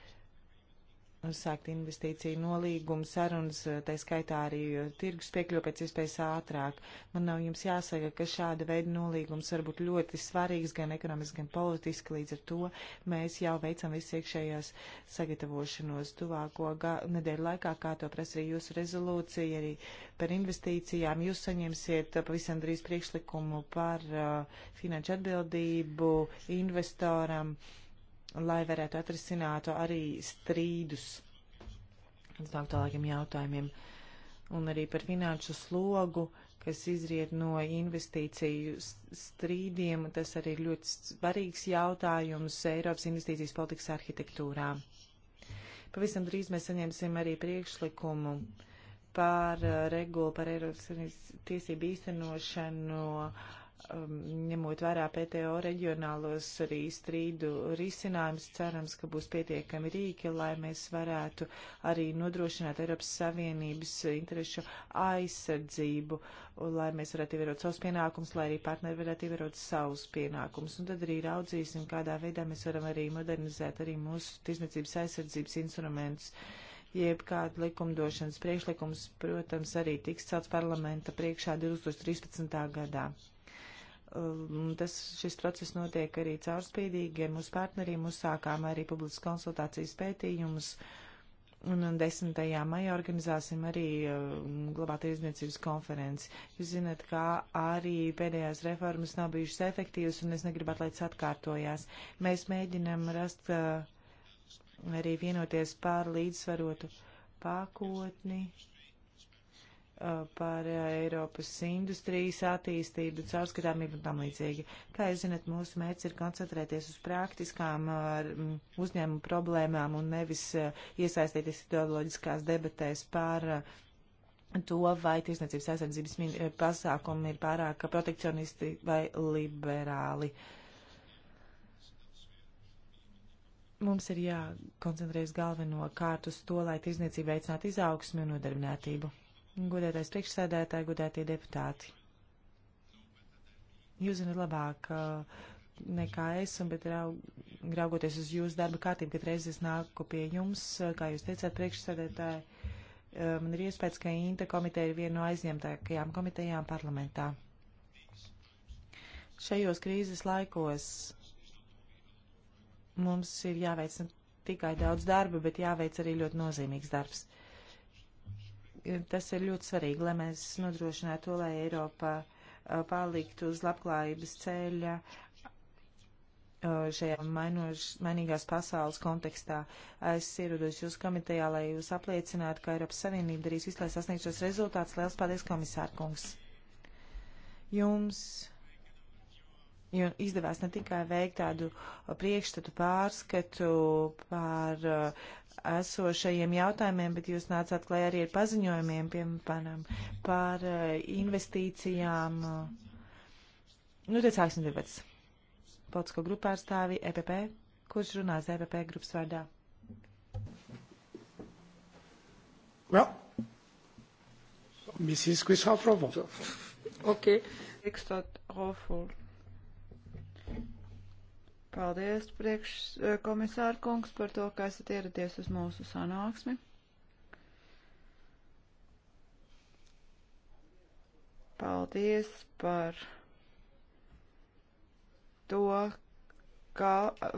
uzsākt investīciju nolīgumu sarunas, eh, tā skaitā arī eh, tirgus piekļuvi pēc iespējas ātrāk. Man nav jums jāsaka, ka šāda veida nolīgums var būt ļoti svarīgs gan ekonomiski, gan politiski, līdz ar to mēs jau veicam visu iekšējās sagatavošanos tuvāko nedēļu laikā, kā to prasīja jūsu rezolūcija arī par investīcijām. Jūs saņemsiet eh, pavisam drīz priekšlikumu par uh, finanšu atbildību investoram. Uh, lai varētu atrisināt arī strīdus uz aktuālākiem jautājumiem. Un arī par finanšu slogu, kas izriet no investīciju strīdiem, tas arī ir ļoti svarīgs jautājums Eiropas investīcijas politikas arhitektūrā. Pavisam drīz mēs saņemsim arī priekšlikumu par uh, regulu par Eiropas tiesību īstenošanu um, ņemot vērā PTO reģionālos arī strīdu risinājumus, cerams, ka būs pietiekami rīki, lai mēs varētu arī nodrošināt Eiropas Savienības interešu aizsardzību, lai mēs varētu ievērot savus pienākumus, lai arī partneri varētu ievērot savus pienākumus. Un tad arī raudzīsim, kādā veidā mēs varam arī modernizēt arī mūsu tirsniecības aizsardzības instrumentus jeb kāda likumdošanas priekšlikums, protams, arī tiks celts parlamenta priekšā 2013. gadā. Um, tas, šis process notiek arī caurspīdīgi ar mūsu partneriem. Uzsākām arī publiskas konsultācijas pētījumus. Un 10. maijā organizāsim arī um, globāta izniecības konferenci. Jūs zināt, kā arī pēdējās reformas nav bijušas efektīvas, un es negribētu, lai tas atkārtojās. Mēs mēģinam rast uh, arī vienoties pār līdzsvarotu pakotni Uh, par uh, Eiropas industrijas attīstību, caurskatāmību un tam līdzīgi. Kā jūs zinat, mūsu mērķis ir koncentrēties uz praktiskām uh, uzņēmumu problēmām un nevis iesaistīties ideoloģiskās debatēs par to, vai tiesniecības aizsardzības pasākumi ir pārāk protekcionisti vai liberāli. Mums ir jākoncentrējas galvenokārt uz to, lai tirzniecība veicinātu izaugsmi un nodarbinātību. Godētais priekšsēdētāji, godētie deputāti. Jūs zināt labāk uh, nekā es, un bet raugoties uz jūsu darba kārtību, kad reiz es nāku pie jums, uh, kā jūs teicāt, priekšsēdētāji, uh, man ir iespējas, ka Inta komiteja ir viena no aizņemtākajām komitejām parlamentā. Šajos krīzes laikos mums ir jāveic ne tikai daudz darba, bet jāveic arī ļoti nozīmīgs darbs. Tas ir ļoti svarīgi, lai mēs nodrošinātu to, lai Eiropa paliktu uz labklājības ceļa šajā mainoš, mainīgās pasaules kontekstā. Es ierados jūs komitejā, lai jūs apliecinātu, ka Eiropas Savienība darīs visu, lai sasniegtu šos rezultātus. Liels paldies, komisārkungs! Jums! Jo izdevās ne tikai veikt tādu uh, priekšstatu pārskatu par uh, esošajiem jautājumiem, bet jūs nācāt klajā arī ar paziņojumiem, piemēram, par uh, investīcijām. Uh, nu, te sāksim debats. Politisko grupu pārstāvi EPP. Kurš runās EPP grupas vārdā? Well, Mrs. Christophe Rovo. Okay. Christophe Rovo. Paldies, priekškomisāra eh, kungs, par to, ka esat ieradies uz mūsu sanāksmi. Paldies par to, ka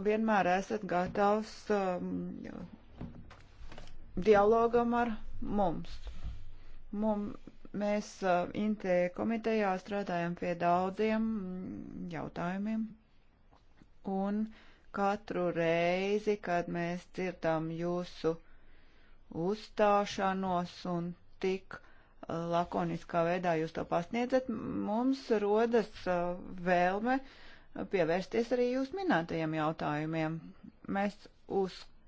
vienmēr esat gatavs um, dialogam ar mums. Mum, mēs uh, Intē komitejā strādājam pie daudziem mm, jautājumiem un katru reizi, kad mēs dzirdam jūsu uzstāšanos un tik uh, lakoniskā veidā jūs to pasniedzat, mums rodas uh, vēlme pievērsties arī jūs minētajiem jautājumiem. Mēs uzskatām,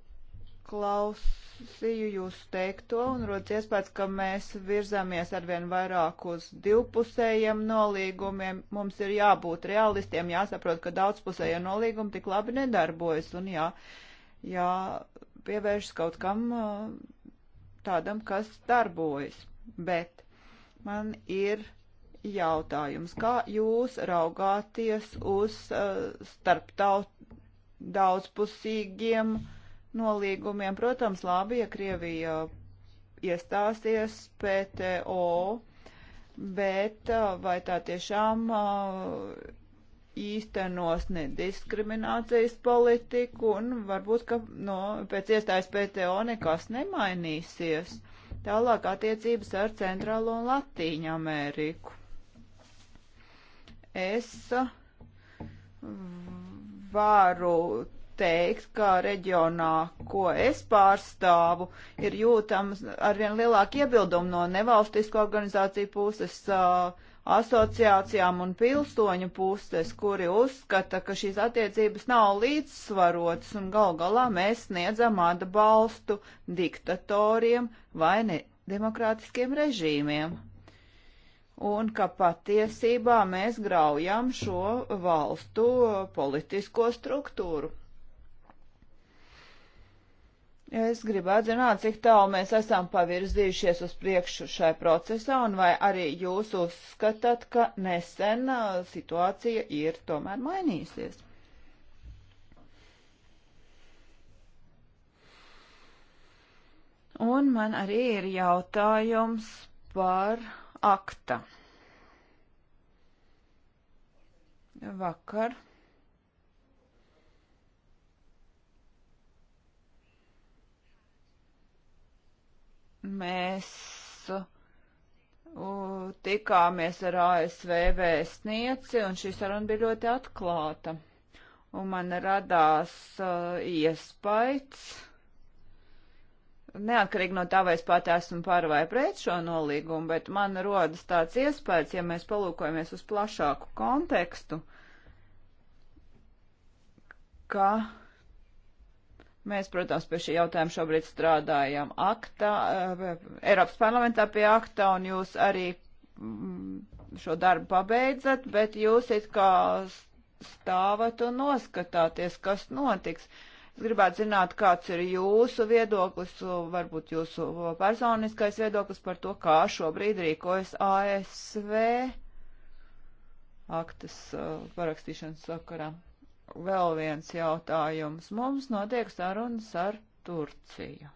uzklausīju jūs teikto un rodas iespējas, ka mēs virzāmies arvien vairāk uz divpusējiem nolīgumiem. Mums ir jābūt realistiem, jāsaprot, ka daudzpusējie nolīgumi tik labi nedarbojas un jā, jā pievēršas kaut kam uh, tādam, kas darbojas. Bet man ir jautājums, kā jūs raugāties uz uh, starptaut daudzpusīgiem uh, nolīgumiem. Protams, labi, ja Krievija iestāsies PTO, bet uh, vai tā tiešām uh, īstenos nediskriminācijas politiku un varbūt, ka no, nu, pēc iestājas PTO nekas nemainīsies. Tālāk attiecības ar Centrālo un Latīņu Ameriku. Es uh, varu teikt, ka reģionā, ko es pārstāvu, ir jūtams arvien lielāki iebildumi no nevalstisko organizāciju puses, asociācijām un pilsoņu puses, kuri uzskata, ka šīs attiecības nav līdzsvarotas un gal galā mēs sniedzam atbalstu diktatoriem vai nedemokrātiskiem režīmiem. Un ka patiesībā mēs graujam šo valstu politisko struktūru. Es gribētu zināt, cik tālu mēs esam pavirzījušies uz priekšu šai procesā, un vai arī jūs uzskatāt, ka nesen uh, situācija ir tomēr mainīsies. Un man arī ir jautājums par akta. Vakar mēs uh, tikāmies ar ASV vēstnieci, un šī saruna bija ļoti atklāta. Un man radās uh, iespējas, neatkarīgi no tā, vai es pat esmu par vai pret šo nolīgumu, bet man rodas tāds iespējas, ja mēs palūkojamies uz plašāku kontekstu, ka Mēs, protams, pie šī jautājuma šobrīd strādājam aktā, eh, Eiropas parlamentā pie aktā, un jūs arī mm, šo darbu pabeidzat, bet jūs it kā stāvat un noskatāties, kas notiks. Es gribētu zināt, kāds ir jūsu viedoklis, varbūt jūsu personiskais viedoklis par to, kā šobrīd rīkojas ASV aktas parakstīšanas sakarā vēl viens jautājums. Mums notiek sarunas ar Turciju.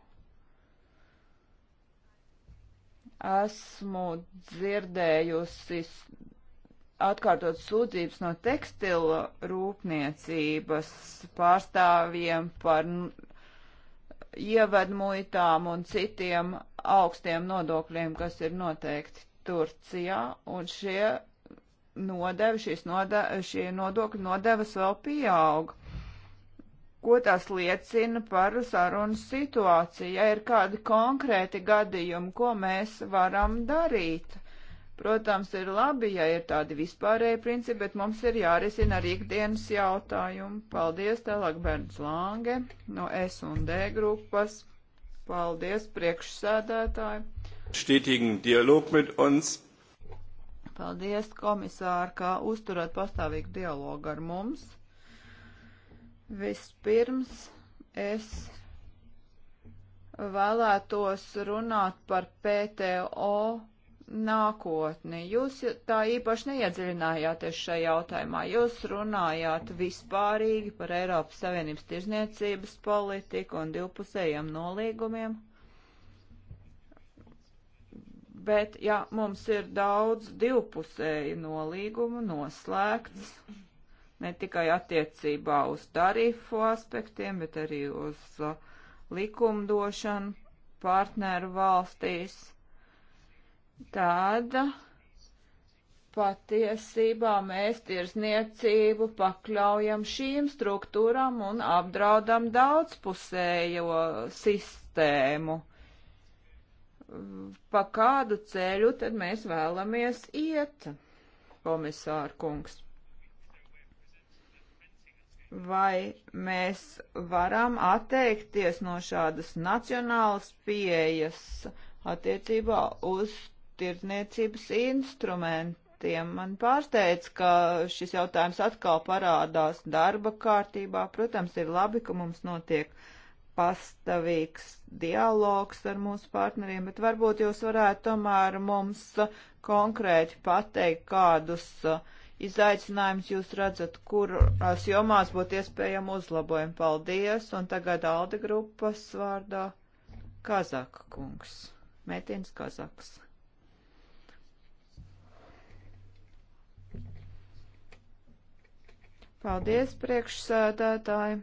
Esmu dzirdējusi atkārtot sūdzības no tekstila rūpniecības pārstāvjiem par ievedmuitām un citiem augstiem nodokļiem, kas ir noteikti Turcijā, un šie nodevi, šīs node, šie nodokļu nodevas vēl pieaug. Ko tas liecina par sarunas situāciju? Ja ir kādi konkrēti gadījumi, ko mēs varam darīt? Protams, ir labi, ja ir tādi vispārēji principi, bet mums ir jārisina arī ikdienas jautājumi. Paldies, tālāk Bērns Lānge no S un D grupas. Paldies, priekšsēdētāji. Stētīgen dialogu mit uns Paldies, komisāri, kā uzturēt pastāvīgu dialogu ar mums. Vispirms es vēlētos runāt par PTO nākotni. Jūs tā īpaši neiedziļinājāties šajā jautājumā. Jūs runājāt vispārīgi par Eiropas Savienības tirzniecības politiku un divpusējiem nolīgumiem bet ja mums ir daudz divpusēju nolīgumu noslēgts, ne tikai attiecībā uz tarifu aspektiem, bet arī uz uh, likumdošanu partneru valstīs, tad patiesībā mēs tirsniecību pakļaujam šīm struktūram un apdraudam daudzpusējo sistēmu. Uh, pa kādu ceļu tad mēs vēlamies iet, komisāra kungs. Vai mēs varam atteikties no šādas nacionālas pieejas attiecībā uz tirdzniecības instrumentiem? Man pārsteidz, ka šis jautājums atkal parādās darba kārtībā. Protams, ir labi, ka mums notiek uh, pastāvīgs dialogs ar mūsu partneriem, bet varbūt jūs varētu tomēr mums konkrēti pateikt, kādus uh, izaicinājumus jūs redzat, kurās jomās būtu iespējama uzlabojuma. Paldies! Un tagad Alde grupas vārdā Kazaka kungs. Mētins Kazaks. Paldies, priekšsēdētāji!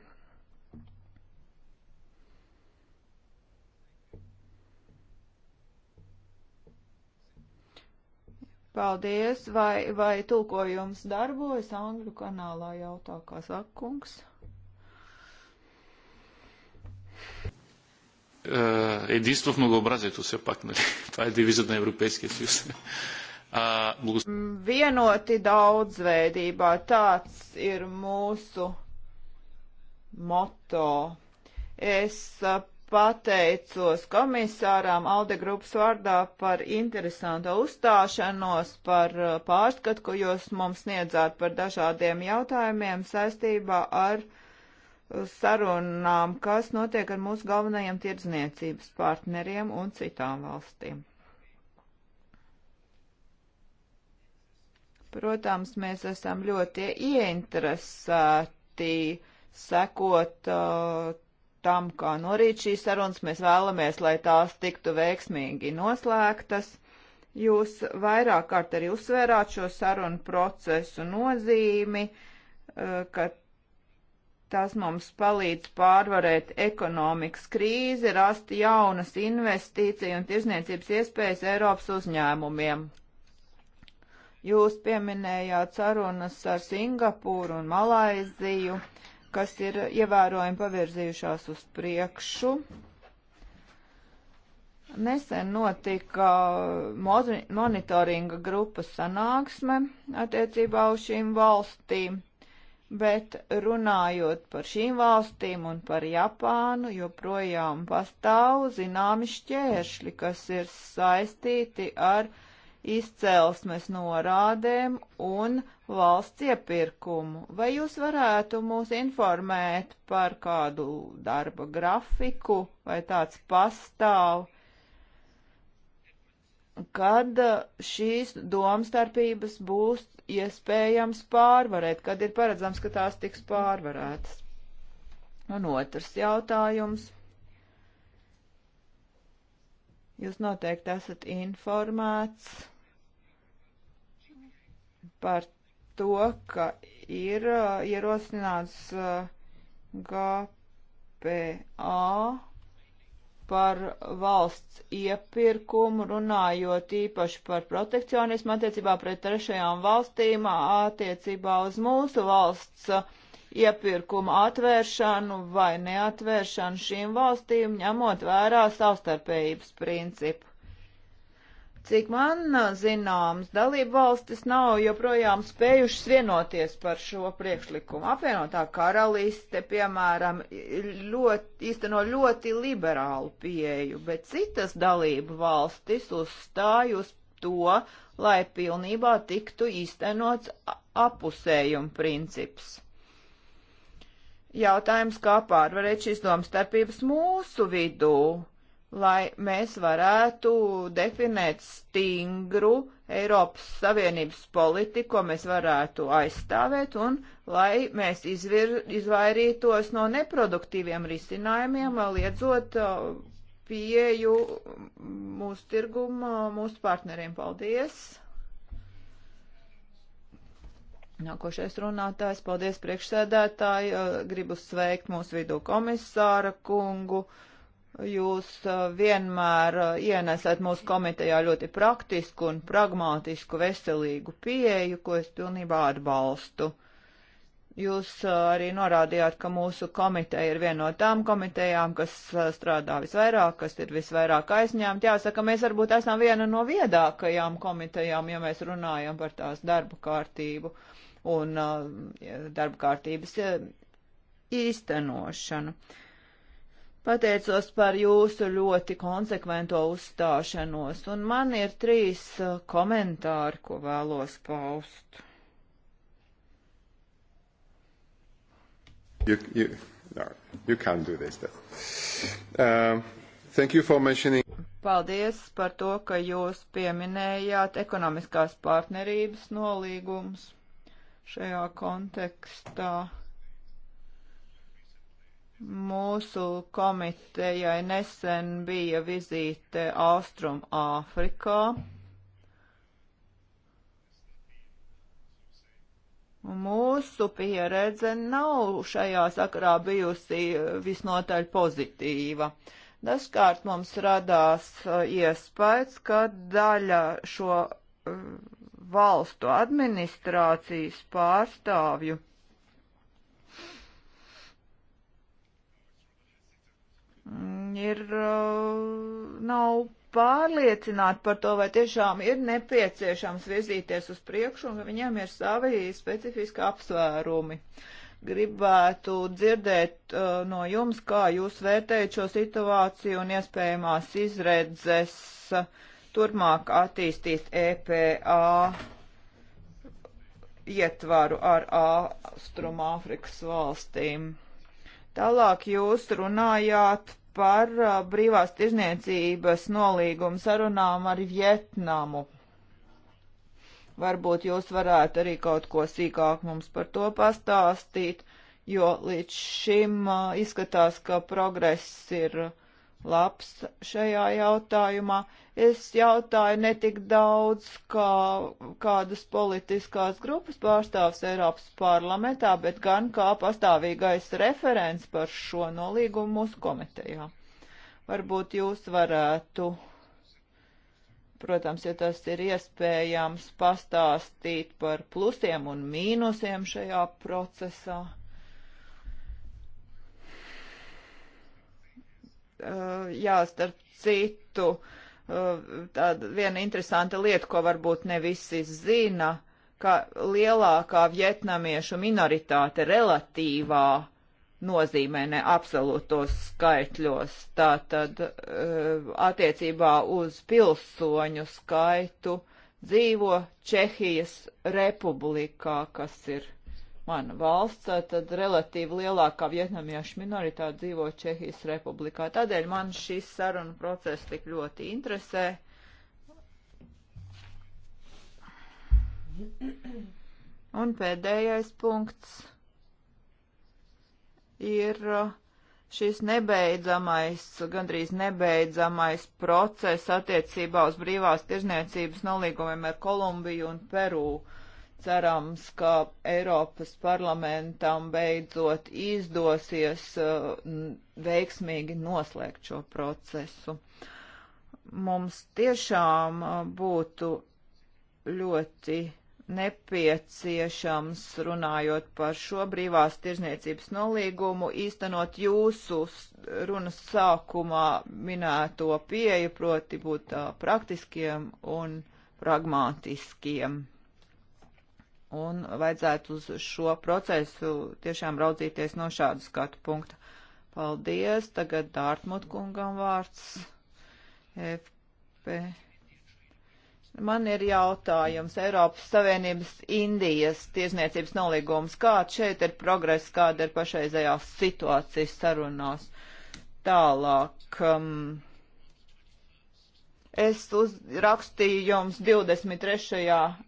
Paldies, vai, vai tulkojums darbojas Angļu kanālā jautā, kā sakungs? Единство в многообразието все пак, нали? Това е девизът на Европейския съюз. Vienoti daudzveidībā tāds ir mūsu moto. Es pateicos komisārām Alde grupas vārdā par interesantu uzstāšanos, par uh, pārskatu, ko jūs mums sniedzāt par dažādiem jautājumiem saistībā ar uh, sarunām, kas notiek ar mūsu galvenajiem tirdzniecības partneriem un citām valstīm. Protams, mēs esam ļoti ieinteresēti sekot uh, tam, kā norīt šīs sarunas. Mēs vēlamies, lai tās tiktu veiksmīgi noslēgtas. Jūs vairāk kārt arī uzsvērāt šo sarunu procesu nozīmi, eh, ka tas mums palīdz pārvarēt ekonomikas krīzi, rast jaunas investīciju un tirzniecības iespējas Eiropas uzņēmumiem. Jūs pieminējāt sarunas ar Singapūru un Malaiziju. Uh, kas ir ievērojami pavirzījušās uz priekšu. Nesen notika monitoringa grupas sanāksme attiecībā uz šīm valstīm, bet runājot par šīm valstīm un par Japānu, joprojām pastāv zināmi šķēršļi, kas ir saistīti ar uh, izcelsmes norādēm un valsts iepirkumu. Vai jūs varētu mūs informēt par kādu darba grafiku vai tāds pastāv, kad uh, šīs domstarpības būs iespējams pārvarēt, kad ir paredzams, ka tās tiks pārvarētas? Un otrs jautājums. Jūs noteikti esat informēts par to, ka ir uh, ierosināts uh, GPA par valsts iepirkumu, runājot īpaši par protekcionismu attiecībā pret trešajām valstīm, attiecībā uz mūsu valsts uh, iepirkumu atvēršanu vai neatvēršanu šīm valstīm, ņemot vērā savstarpējības principu. Cik man zināms, dalību valstis nav joprojām spējušas vienoties par šo priekšlikumu. Apvienotā karaliste, piemēram, ļoti, īsteno ļoti liberālu pieeju, bet citas dalību valstis uzstāj uz to, lai pilnībā tiktu īstenots apusējuma princips. Jautājums, kā pārvarēt šīs domstarpības mūsu vidū? lai mēs varētu definēt stingru Eiropas Savienības politiku, ko mēs varētu aizstāvēt, un lai mēs izvir, izvairītos no neproduktīviem risinājumiem, liedzot uh, pieju mūsu tirgumu, uh, mūsu partneriem. Paldies! Nākošais runātājs, paldies priekšsēdētāji, uh, gribu sveikt mūsu vidū komisāra kungu. Uh, Jūs uh, vienmēr uh, ienesat mūsu komitejā ļoti praktisku un pragmātisku veselīgu pieeju, ko es pilnībā atbalstu. Jūs uh, arī norādījāt, ka mūsu komiteja ir viena no tām komitejām, kas strādā visvairāk, kas ir visvairāk aizņēmta. Jāsaka, mēs varbūt esam viena no viedākajām komitejām, ja mēs runājam par tās darba kārtību un darba kārtības īstenošanu. Uh, Pateicos par jūsu ļoti konsekvento uzstāšanos, un man ir trīs uh, komentāri, ko vēlos paust. You, you, no, you can't do this. Uh, thank you for mentioning. Paldies par to, ka jūs pieminējāt ekonomiskās partnerības nolīgumus šajā kontekstā. Mūsu komitejai nesen bija vizīte Austrum Āfrikā. Mūsu pieredze nav šajā sakarā bijusi visnotaļ pozitīva. Dažkārt mums radās uh, iespējas, ka daļa šo uh, valstu administrācijas pārstāvju Mm, ir, uh, nav pārliecināti par to, vai tiešām ir nepieciešams virzīties uz priekšu un ka viņiem ir savi specifiski apsvērumi. Gribētu dzirdēt uh, no jums, kā jūs vērtējat šo situāciju un iespējamās izredzes uh, turpmāk attīstīt EPA ietvaru ar Austrumāfrikas valstīm. Tālāk jūs runājāt par uh, brīvās tirzniecības nolīgumu sarunām ar Vietnamu. Varbūt jūs varētu arī kaut ko sīkāk mums par to pastāstīt, jo līdz šim uh, izskatās, ka progress ir labs šajā jautājumā. Es jautāju ne tik daudz kā kādas politiskās grupas pārstāvs Eiropas parlamentā, bet gan kā pastāvīgais referents par šo nolīgumu mūsu komitejā. Varbūt jūs varētu, protams, ja tas ir iespējams, pastāstīt par plusiem un mīnusiem šajā procesā. Uh, jā, starp citu. Uh, Eh, tāda viena interesanta lieta, ko varbūt ne visi zina, ka lielākā vietnamiešu minoritāte relatīvā nozīmē ne absolūtos skaitļos, tātad eh, attiecībā uz pilsoņu skaitu dzīvo Čehijas republikā, kas ir mana valsts, tad relatīvi lielākā vietnamiešu minoritāte dzīvo Čehijas republikā. Tādēļ man šis saruna process tik ļoti interesē. Un pēdējais punkts ir uh, šis nebeidzamais, gandrīz nebeidzamais process attiecībā uz brīvās tirzniecības nolīgumiem ar Kolumbiju un Peru. Uh, cerams, ka Eiropas parlamentam beidzot izdosies uh, veiksmīgi noslēgt šo procesu. Mums tiešām uh, būtu ļoti nepieciešams, runājot par šo brīvās tirzniecības nolīgumu, īstenot jūsu runas sākumā minēto pieeju, proti būt uh, praktiskiem un pragmātiskiem un vajadzētu uz šo procesu tiešām raudzīties no šāda skatu punkta. Paldies, tagad Dārtmut kungam vārds. FP. Man ir jautājums Eiropas Savienības Indijas tiesniecības nolīgums. Kāds šeit ir progress, kāda ir pašreizējā situācija sarunās? Tālāk. Um, Es uz, rakstīju jums 23.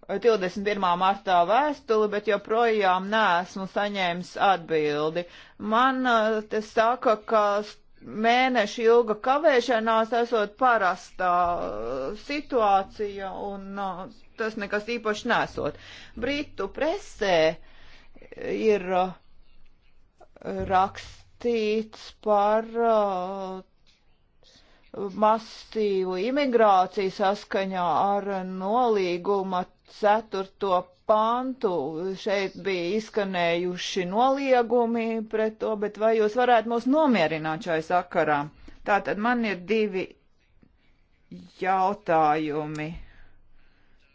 21. Eh, martā vēstuli, bet joprojām neesmu saņēmis atbildi. Man eh, te saka, ka mēneša ilga kavēšanās esot parastā eh, situācija un tas nekas īpaši nesot. Britu presē ir rakstīts par masīvu imigrāciju saskaņā ar nolīguma ceturto pantu. Šeit bija izskanējuši noliegumi pret to, bet vai jūs varētu mūs nomierināt šai sakarā? Tātad man ir divi jautājumi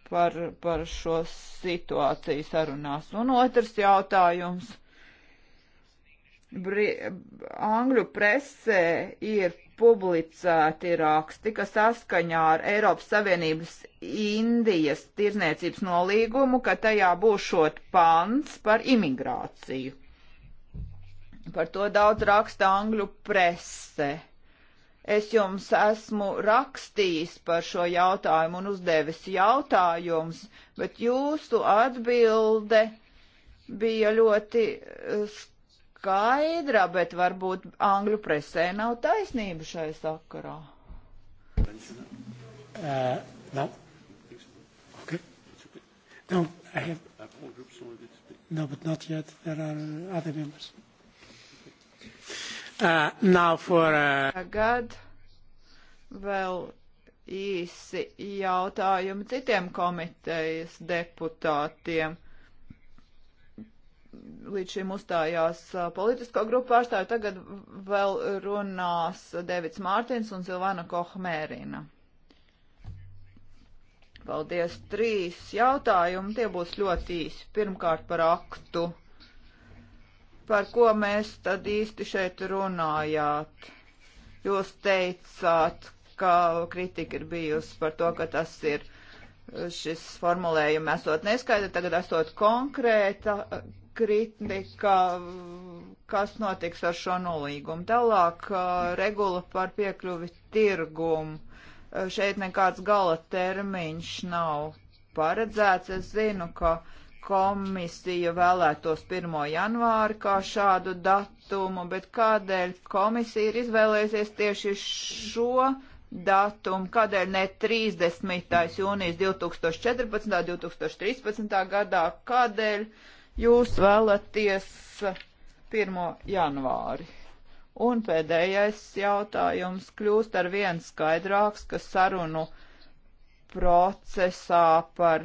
par, par šo situāciju sarunās. Un otrs jautājums Bri Angļu presē ir publicēti raksti, ka saskaņā ar Eiropas Savienības Indijas tirzniecības nolīgumu, ka tajā būšot pants par imigrāciju. Par to daudz raksta Angļu presē. Es jums esmu rakstījis par šo jautājumu un uzdevis jautājumus, bet jūsu atbilde bija ļoti eh, skaidra, bet varbūt angļu presē nav taisnība šai sakarā. Uh, no. Okay. No, I have. No, but not yet. There are other members. Uh, now for. Uh... Tagad vēl īsi jautājumi citiem komitejas deputātiem. Uh, līdz šim uzstājās politisko grupu pārstāvi, tagad vēl runās Devits Mārtins un Silvana Kohmērina. Paldies. Trīs jautājumi, tie būs ļoti īsi. Pirmkārt par aktu. Par ko mēs tad īsti šeit runājāt? Jūs teicāt, ka kritika ir bijusi par to, ka tas ir šis formulējums esot neskaidri, tagad esot konkrēta, kritika, kas notiks ar šo nolīgumu. Tālāk uh, regula par piekļuvi tirgumu. Uh, šeit nekāds gala termiņš nav paredzēts. Es zinu, ka komisija vēlētos 1. janvāri kā šādu datumu, bet kādēļ komisija ir izvēlējusies tieši šo datumu, kādēļ ne 30. jūnijas 2014. 2013. gadā, kādēļ Jūs vēlaties 1. janvāri. Un pēdējais jautājums kļūst ar vien skaidrāks, ka sarunu procesā par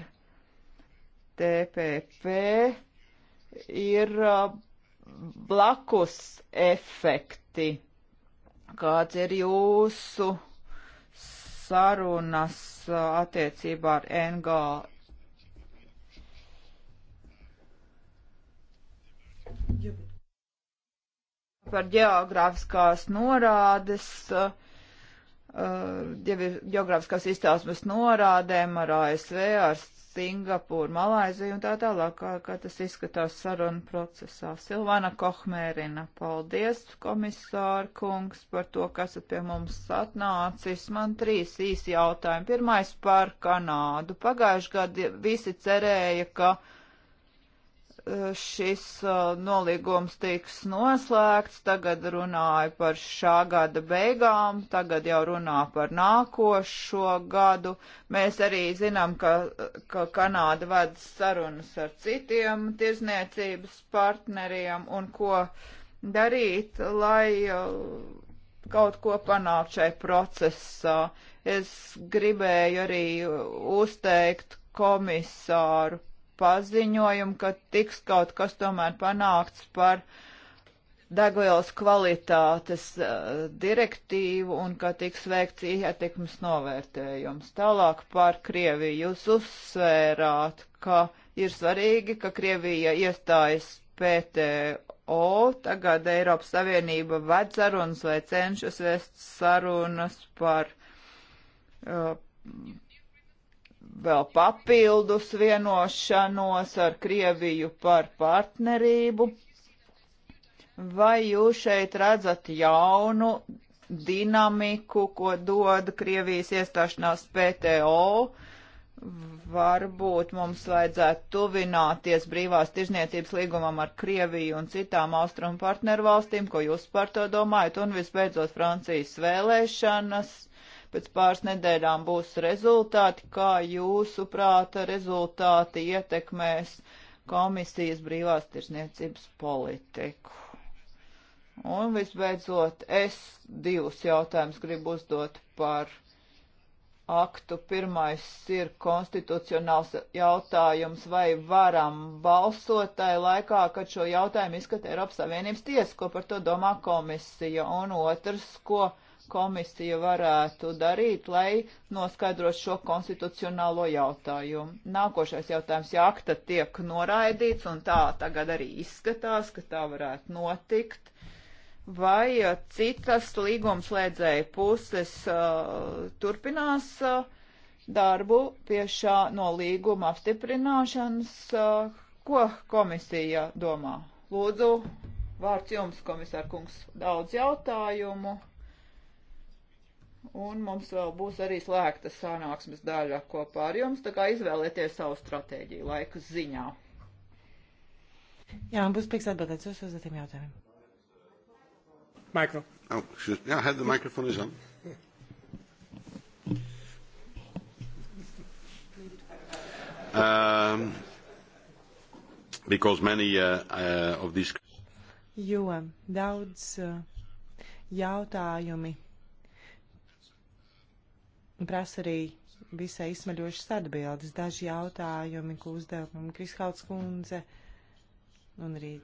TPP ir uh, blakus efekti. Kāds ir jūsu sarunas uh, attiecībā ar NGO par geogrāfiskās norādes, uh, uh, geogrāfiskās izcelsmes norādēm ar ASV, ar Singapūru, Malaiziju un tā tālāk, kā, kā tas izskatās sarunu procesā. Silvana Kohmērina, paldies, komisāra kungs, par to, kas pie mums atnācis. Man trīs īsi jautājumi. Pirmais par Kanādu. Pagājuši gadu visi cerēja, ka Eh, šis eh, nolīgums tiks noslēgts, tagad runāja par šā gada beigām, tagad jau runā par nākošo gadu. Mēs arī zinām, ka, ka Kanāda ved sarunas ar citiem tirzniecības partneriem un ko darīt, lai eh, kaut ko panākt šai procesā. Es gribēju arī uzteikt komisāru paziņojumu, ka tiks kaut kas tomēr panākts par degvielas kvalitātes uh, direktīvu un ka tiks veikts ietekmes novērtējums. Tālāk par Krieviju jūs uzsvērāt, ka ir svarīgi, ka Krievija iestājas PTO, tagad Eiropas Savienība ved sarunas vai cenšas vest sarunas par uh, vēl papildus vienošanos ar Krieviju par partnerību. Vai jūs šeit redzat jaunu dinamiku, ko dod Krievijas iestāšanās PTO? Varbūt mums vajadzētu tuvināties brīvās tirzniecības līgumam ar Krieviju un citām austrumu partneru valstīm, ko jūs par to domājat, un visbeidzot Francijas vēlēšanas. Uh, pēc pāris nedēļām būs rezultāti, kā jūsu prāta rezultāti ietekmēs komisijas brīvās tirsniecības politiku. Un visbeidzot, es divus jautājumus gribu uzdot par aktu. Pirmais ir konstitucionāls jautājums, vai varam balsot tai laikā, kad šo jautājumu izskata Eiropas Savienības tiesa, ko par to domā komisija, un otrs, ko komisija varētu darīt, lai noskaidrot šo konstitucionālo jautājumu. Nākošais jautājums, ja akta tiek noraidīts, un tā tagad arī izskatās, ka tā varētu notikt, vai uh, citas līgumslēdzēja puses uh, turpinās uh, darbu pie šā nolīguma apstiprināšanas, uh, ko komisija domā? Lūdzu, vārds jums, komisārkungs, daudz jautājumu un mums vēl būs arī slēgta sanāksmes daļa kopā ar jums, tā kā izvēlieties savu stratēģiju laikas ziņā. Jā, man būs prieks atbildēt uz uzdotiem jautājumiem. Micro. Oh, excuse me. I had the microphone is on. Um, because many uh, uh, of these. Jo daudz uh, jautājumi prasa arī visai izsmaļošas atbildes. Daži jautājumi, ko uzdeva Kriskauts kundze un arī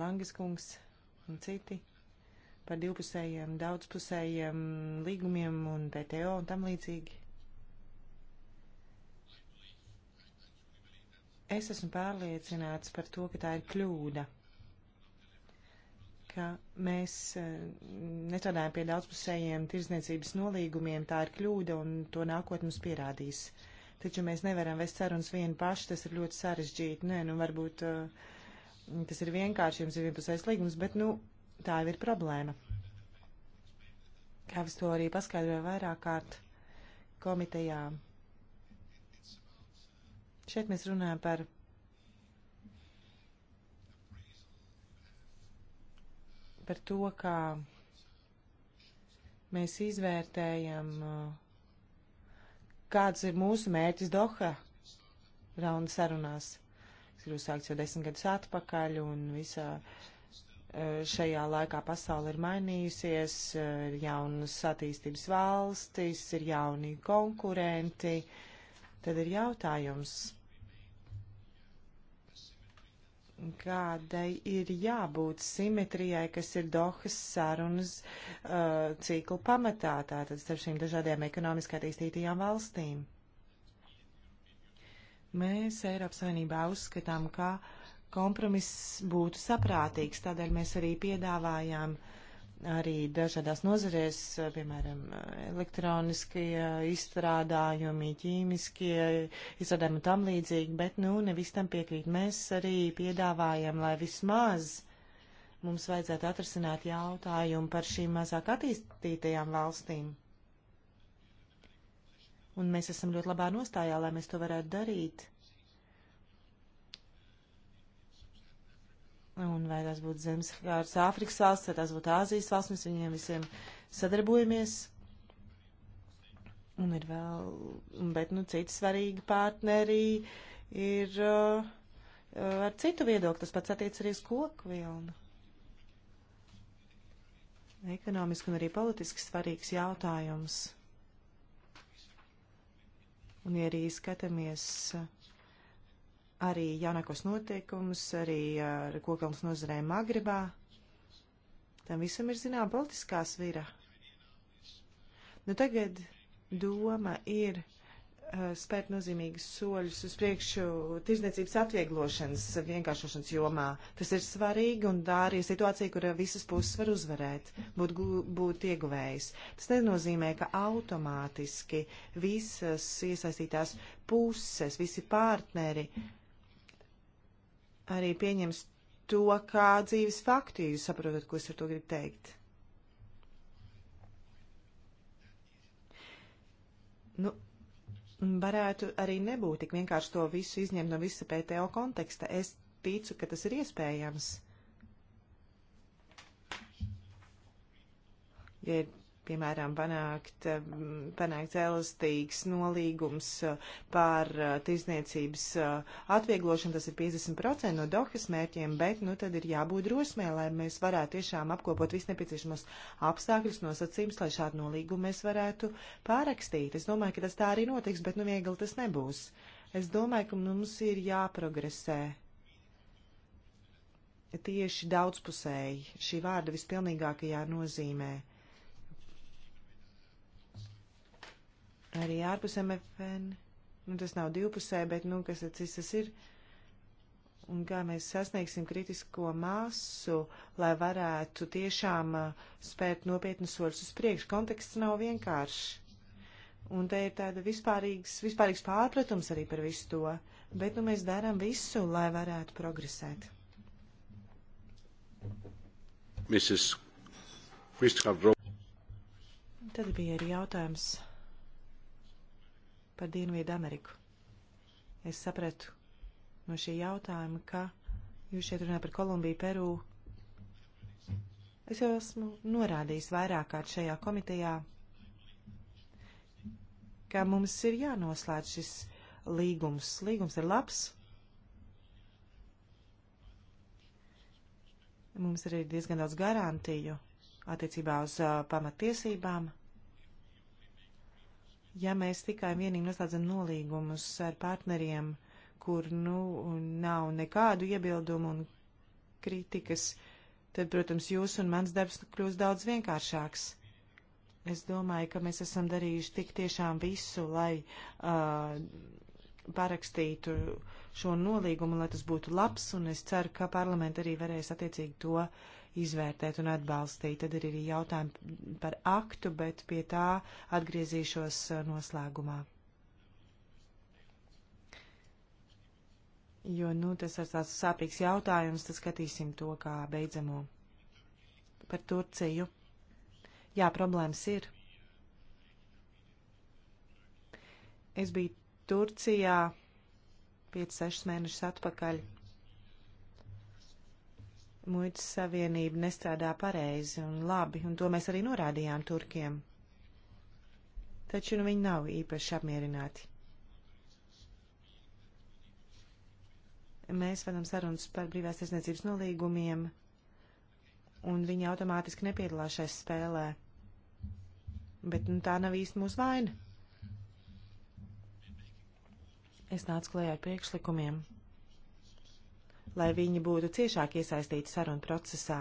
Langas kungs un citi par divpusējiem, daudzpusējiem līgumiem un PTO un tam līdzīgi. Es esmu pārliecināts par to, ka tā ir kļūda ka mēs eh, nestrādājam pie daudzpusējiem tirzniecības nolīgumiem, tā ir kļūda un to nākotnē mums pierādīs. Taču mēs nevaram vest sarunas vieni paši, tas ir ļoti sarežģīti. Nē, nu varbūt eh, tas ir vienkārši, jums ir vienpusējs līgums, bet nu, tā jau ir problēma. Kā es to arī paskaidroju vairāk kārt komitejā. Šeit mēs runājam par par to, kā mēs izvērtējam, kāds ir mūsu mērķis Doha raunda sarunās. Es gribu sākt jau desmit gadus atpakaļ un visā e, šajā laikā pasauli ir mainījusies, e, ir jaunas attīstības valstis, ir jauni konkurenti. Tad ir jautājums, kādai ir jābūt simetrijai, kas ir Dohas sarunas uh, ciklu pamatā, tātad starp šīm dažādajām ekonomiski attīstītajām valstīm. Mēs Eiropas Savienībā uzskatām, ka kompromiss būtu saprātīgs, tādēļ mēs arī piedāvājām uh, arī dažādās nozarēs, eh, piemēram, elektroniskie izstrādājumi, ķīmiskie izstrādājumi un tam līdzīgi, bet, nu, nevis tam piekrīt. Mēs arī piedāvājam, lai vismaz mums vajadzētu atrasināt jautājumu par šīm mazāk attīstītajām valstīm. Un mēs esam ļoti labā nostājā, lai mēs to varētu darīt. Un vai tas būtu Zemeskārtas Āfrikas valsts, vai tās būtu Āzijas valsts, mēs viņiem visiem sadarbojamies. Un ir vēl, bet, nu, citi svarīgi partneri ir uh, ar citu viedokli. Tas pats attiec arī uz koku vilnu. Ekonomiski un arī politiski svarīgs jautājums. Un, ja arī skatāmies. Uh, arī jaunākos notiekumus, arī ar kokvilnas nozarēm Magribā. Tam visam ir zinām politiskā svira. Nu tagad doma ir uh, spērt nozīmīgus soļus uz priekšu tirzniecības atvieglošanas, vienkāršošanas jomā. Tas ir svarīgi un tā arī situācija, kur visas puses var uzvarēt, būt, būt ieguvējis. Tas nenozīmē, ka automātiski visas iesaistītās puses, visi partneri uh, arī pieņems to kā dzīves faktu, ja jūs saprotat, ko es ar to gribu teikt. Nu, varētu arī nebūt tik vienkārši to visu izņemt no visa PTO konteksta. Es ticu, ka tas ir iespējams. Ja ir piemēram, panākt, panākt elastīgs nolīgums uh, pār uh, tirzniecības uh, atvieglošanu, tas ir 50% no dohas mērķiem, bet, nu, tad ir jābūt drosmē, lai mēs varētu tiešām apkopot visu nepieciešamos apstākļus, nosacījums, lai šādu nolīgumu mēs varētu pārakstīt. Es domāju, ka tas tā arī notiks, bet, nu, viegli tas nebūs. Es domāju, ka mums ir jāprogresē tieši daudzpusēji šī vārda vispilnīgākajā nozīmē. arī ārpus MFN. Nu, tas nav divpusē, bet, nu, kas tas ir? Un kā mēs sasniegsim kritisko masu, lai varētu tiešām spērt nopietnus soļus uz priekšu. Konteksts nav vienkāršs. Un te ir tāda vispārīgs, vispārīgs pārpratums arī par visu to. Bet, nu, mēs darām visu, lai varētu progresēt. Mrs. Christopher Tad bija arī jautājums par Dienvidu Ameriku. Es sapratu no šī jautājuma, ka jūs šeit runājat par Kolumbiju, Peru. Es jau esmu norādījis vairāk kārt šajā komitejā, ka mums ir jānoslēdz šis līgums. Līgums ir labs. Mums arī ir diezgan daudz garantiju attiecībā uz uh, pamatiesībām. Ja mēs tikai vienīgi noslēdzam nolīgumus ar partneriem, kur nu, nav nekādu iebildumu un kritikas, tad, protams, jūs un mans darbs kļūs daudz vienkāršāks. Es domāju, ka mēs esam darījuši tik tiešām visu, lai uh, parakstītu šo nolīgumu, lai tas būtu labs, un es ceru, ka parlamenti arī varēs attiecīgi to uh, izvērtēt un atbalstīt. Tad ir arī jautājumi par aktu, bet pie tā atgriezīšos uh, noslēgumā. Jo, nu, tas ir tāds sāpīgs jautājums, tad skatīsim to kā beidzamo. Par Turciju. Jā, problēmas ir. Es biju Turcijā 5-6 mēnešus atpakaļ. Mm muitas savienība nestrādā pareizi un labi, un to mēs arī norādījām turkiem. Taču nu viņi nav īpaši apmierināti. Mēs vadām sarunas par brīvās tiesniecības nolīgumiem, un viņi automātiski nepiedalās šajā spēlē. Bet nu, tā nav īsti mūsu vaina. Es nācu klajā ar priekšlikumiem lai viņi būtu ciešāk iesaistīti sarunu procesā.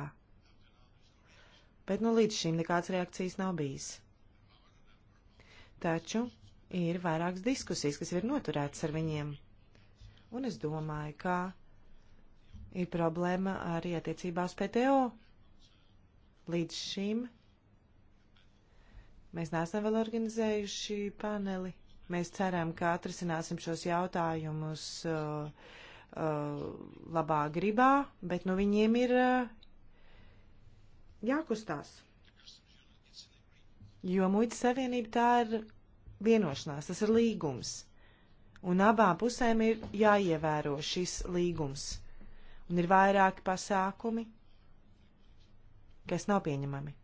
Bet nu līdz šim nekādas reakcijas nav bijis. Taču ir vairākas diskusijas, kas ir noturētas ar viņiem. Un es domāju, ka ir problēma arī attiecībās PTO. Līdz šim mēs neesam vēl organizējuši paneli. Mēs ceram, ka atrisināsim šos jautājumus uh, Uh, labā gribā, bet nu viņiem ir uh, jākustās. Jo muitas savienība tā ir vienošanās, tas ir līgums. Un abām pusēm ir jāievēro šis līgums. Un ir vairāki pasākumi, kas nav pieņemami.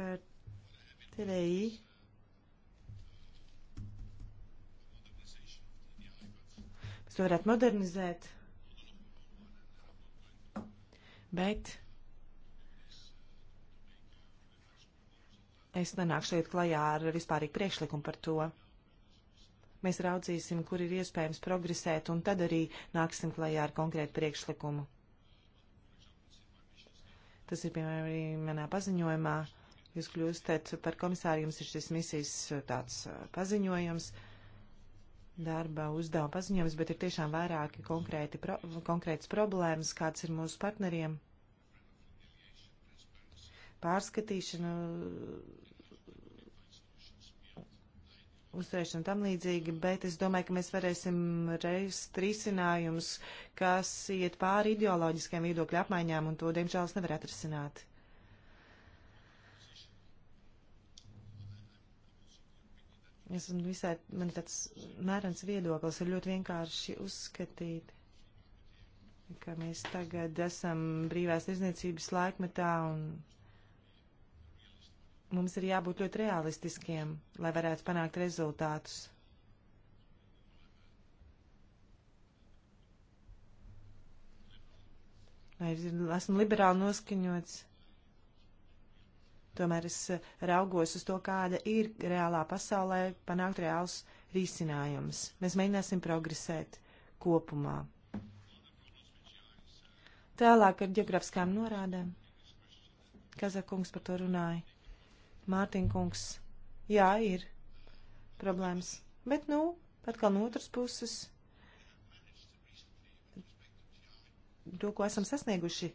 Par TVI to varētu modernizēt. Bet es nenāku šeit klajā ar vispārīgu priekšlikumu par to. Mēs raudzīsim, kur ir iespējams progresēt, un tad arī nāksim klajā ar konkrētu priekšlikumu. Tas ir, piemēram, arī manā paziņojumā. Jūs kļūstat par komisāru, jums ir šis misijas tāds uh, paziņojums. Uh, darba uzdevuma paziņojums, bet ir tiešām vairāki konkrēti pro, konkrētas problēmas, kāds ir mūsu partneriem. Pārskatīšana, uzturēšana tam līdzīgi, bet es domāju, ka mēs varēsim reist risinājumus, kas iet pāri ideoloģiskiem viedokļu apmaiņām, un to, diemžēl, es nevaru atrisināt. Es un visai, man ir tāds mērens viedoklis, ir ļoti vienkārši uzskatīt, ka mēs tagad esam brīvās izniecības laikmetā un mums ir jābūt ļoti realistiskiem, lai varētu panākt rezultātus. Esmu liberāli noskaņots. Tomēr es eh, raugos uz to, kāda ir reālā pasaulē panākt reāls risinājums. Mēs mēģināsim progresēt kopumā. Tālāk ar geogrāfiskām norādēm. Kazakungs par to runāja. Mārtiņkungs. Jā, ir problēmas. Bet, nu, atkal no otras puses, to, ko esam sasnieguši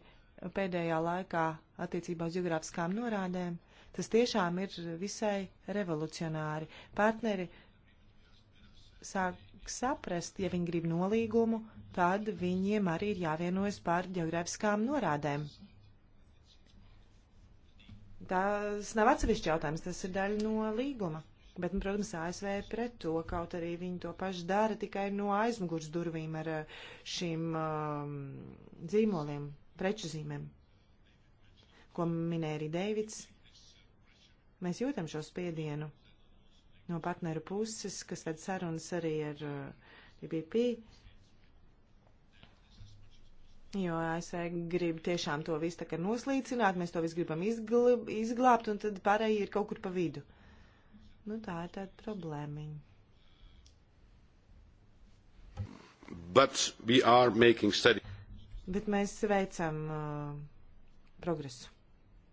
pēdējā laikā attiecībā uz geogrāfiskām norādēm, tas tiešām ir visai revolucionāri. Partneri sāk saprast, ja viņi grib nolīgumu, tad viņiem arī ir jāvienojas par geogrāfiskām norādēm. Tas nav atsevišķi jautājums, tas ir daļa no līguma. Bet, nu, protams, ASV ir pret to, kaut arī viņi to paši dara tikai no aizmugurs durvīm ar eh, šīm um, ehm, dzīmoliem, preču zīmēm, ko minēja arī Deivids. Mēs jūtam šo spiedienu no partneru puses, kas ved sarunas arī ar uh, DPP, jo ASV grib tiešām to visu tā kā noslīcināt, mēs to visu gribam izglib, izglābt, un tad pārējie ir kaut kur pa vidu. Nu, tā ir tāda problēmiņa. But we are making study. Bet mēs veicam uh, progresu.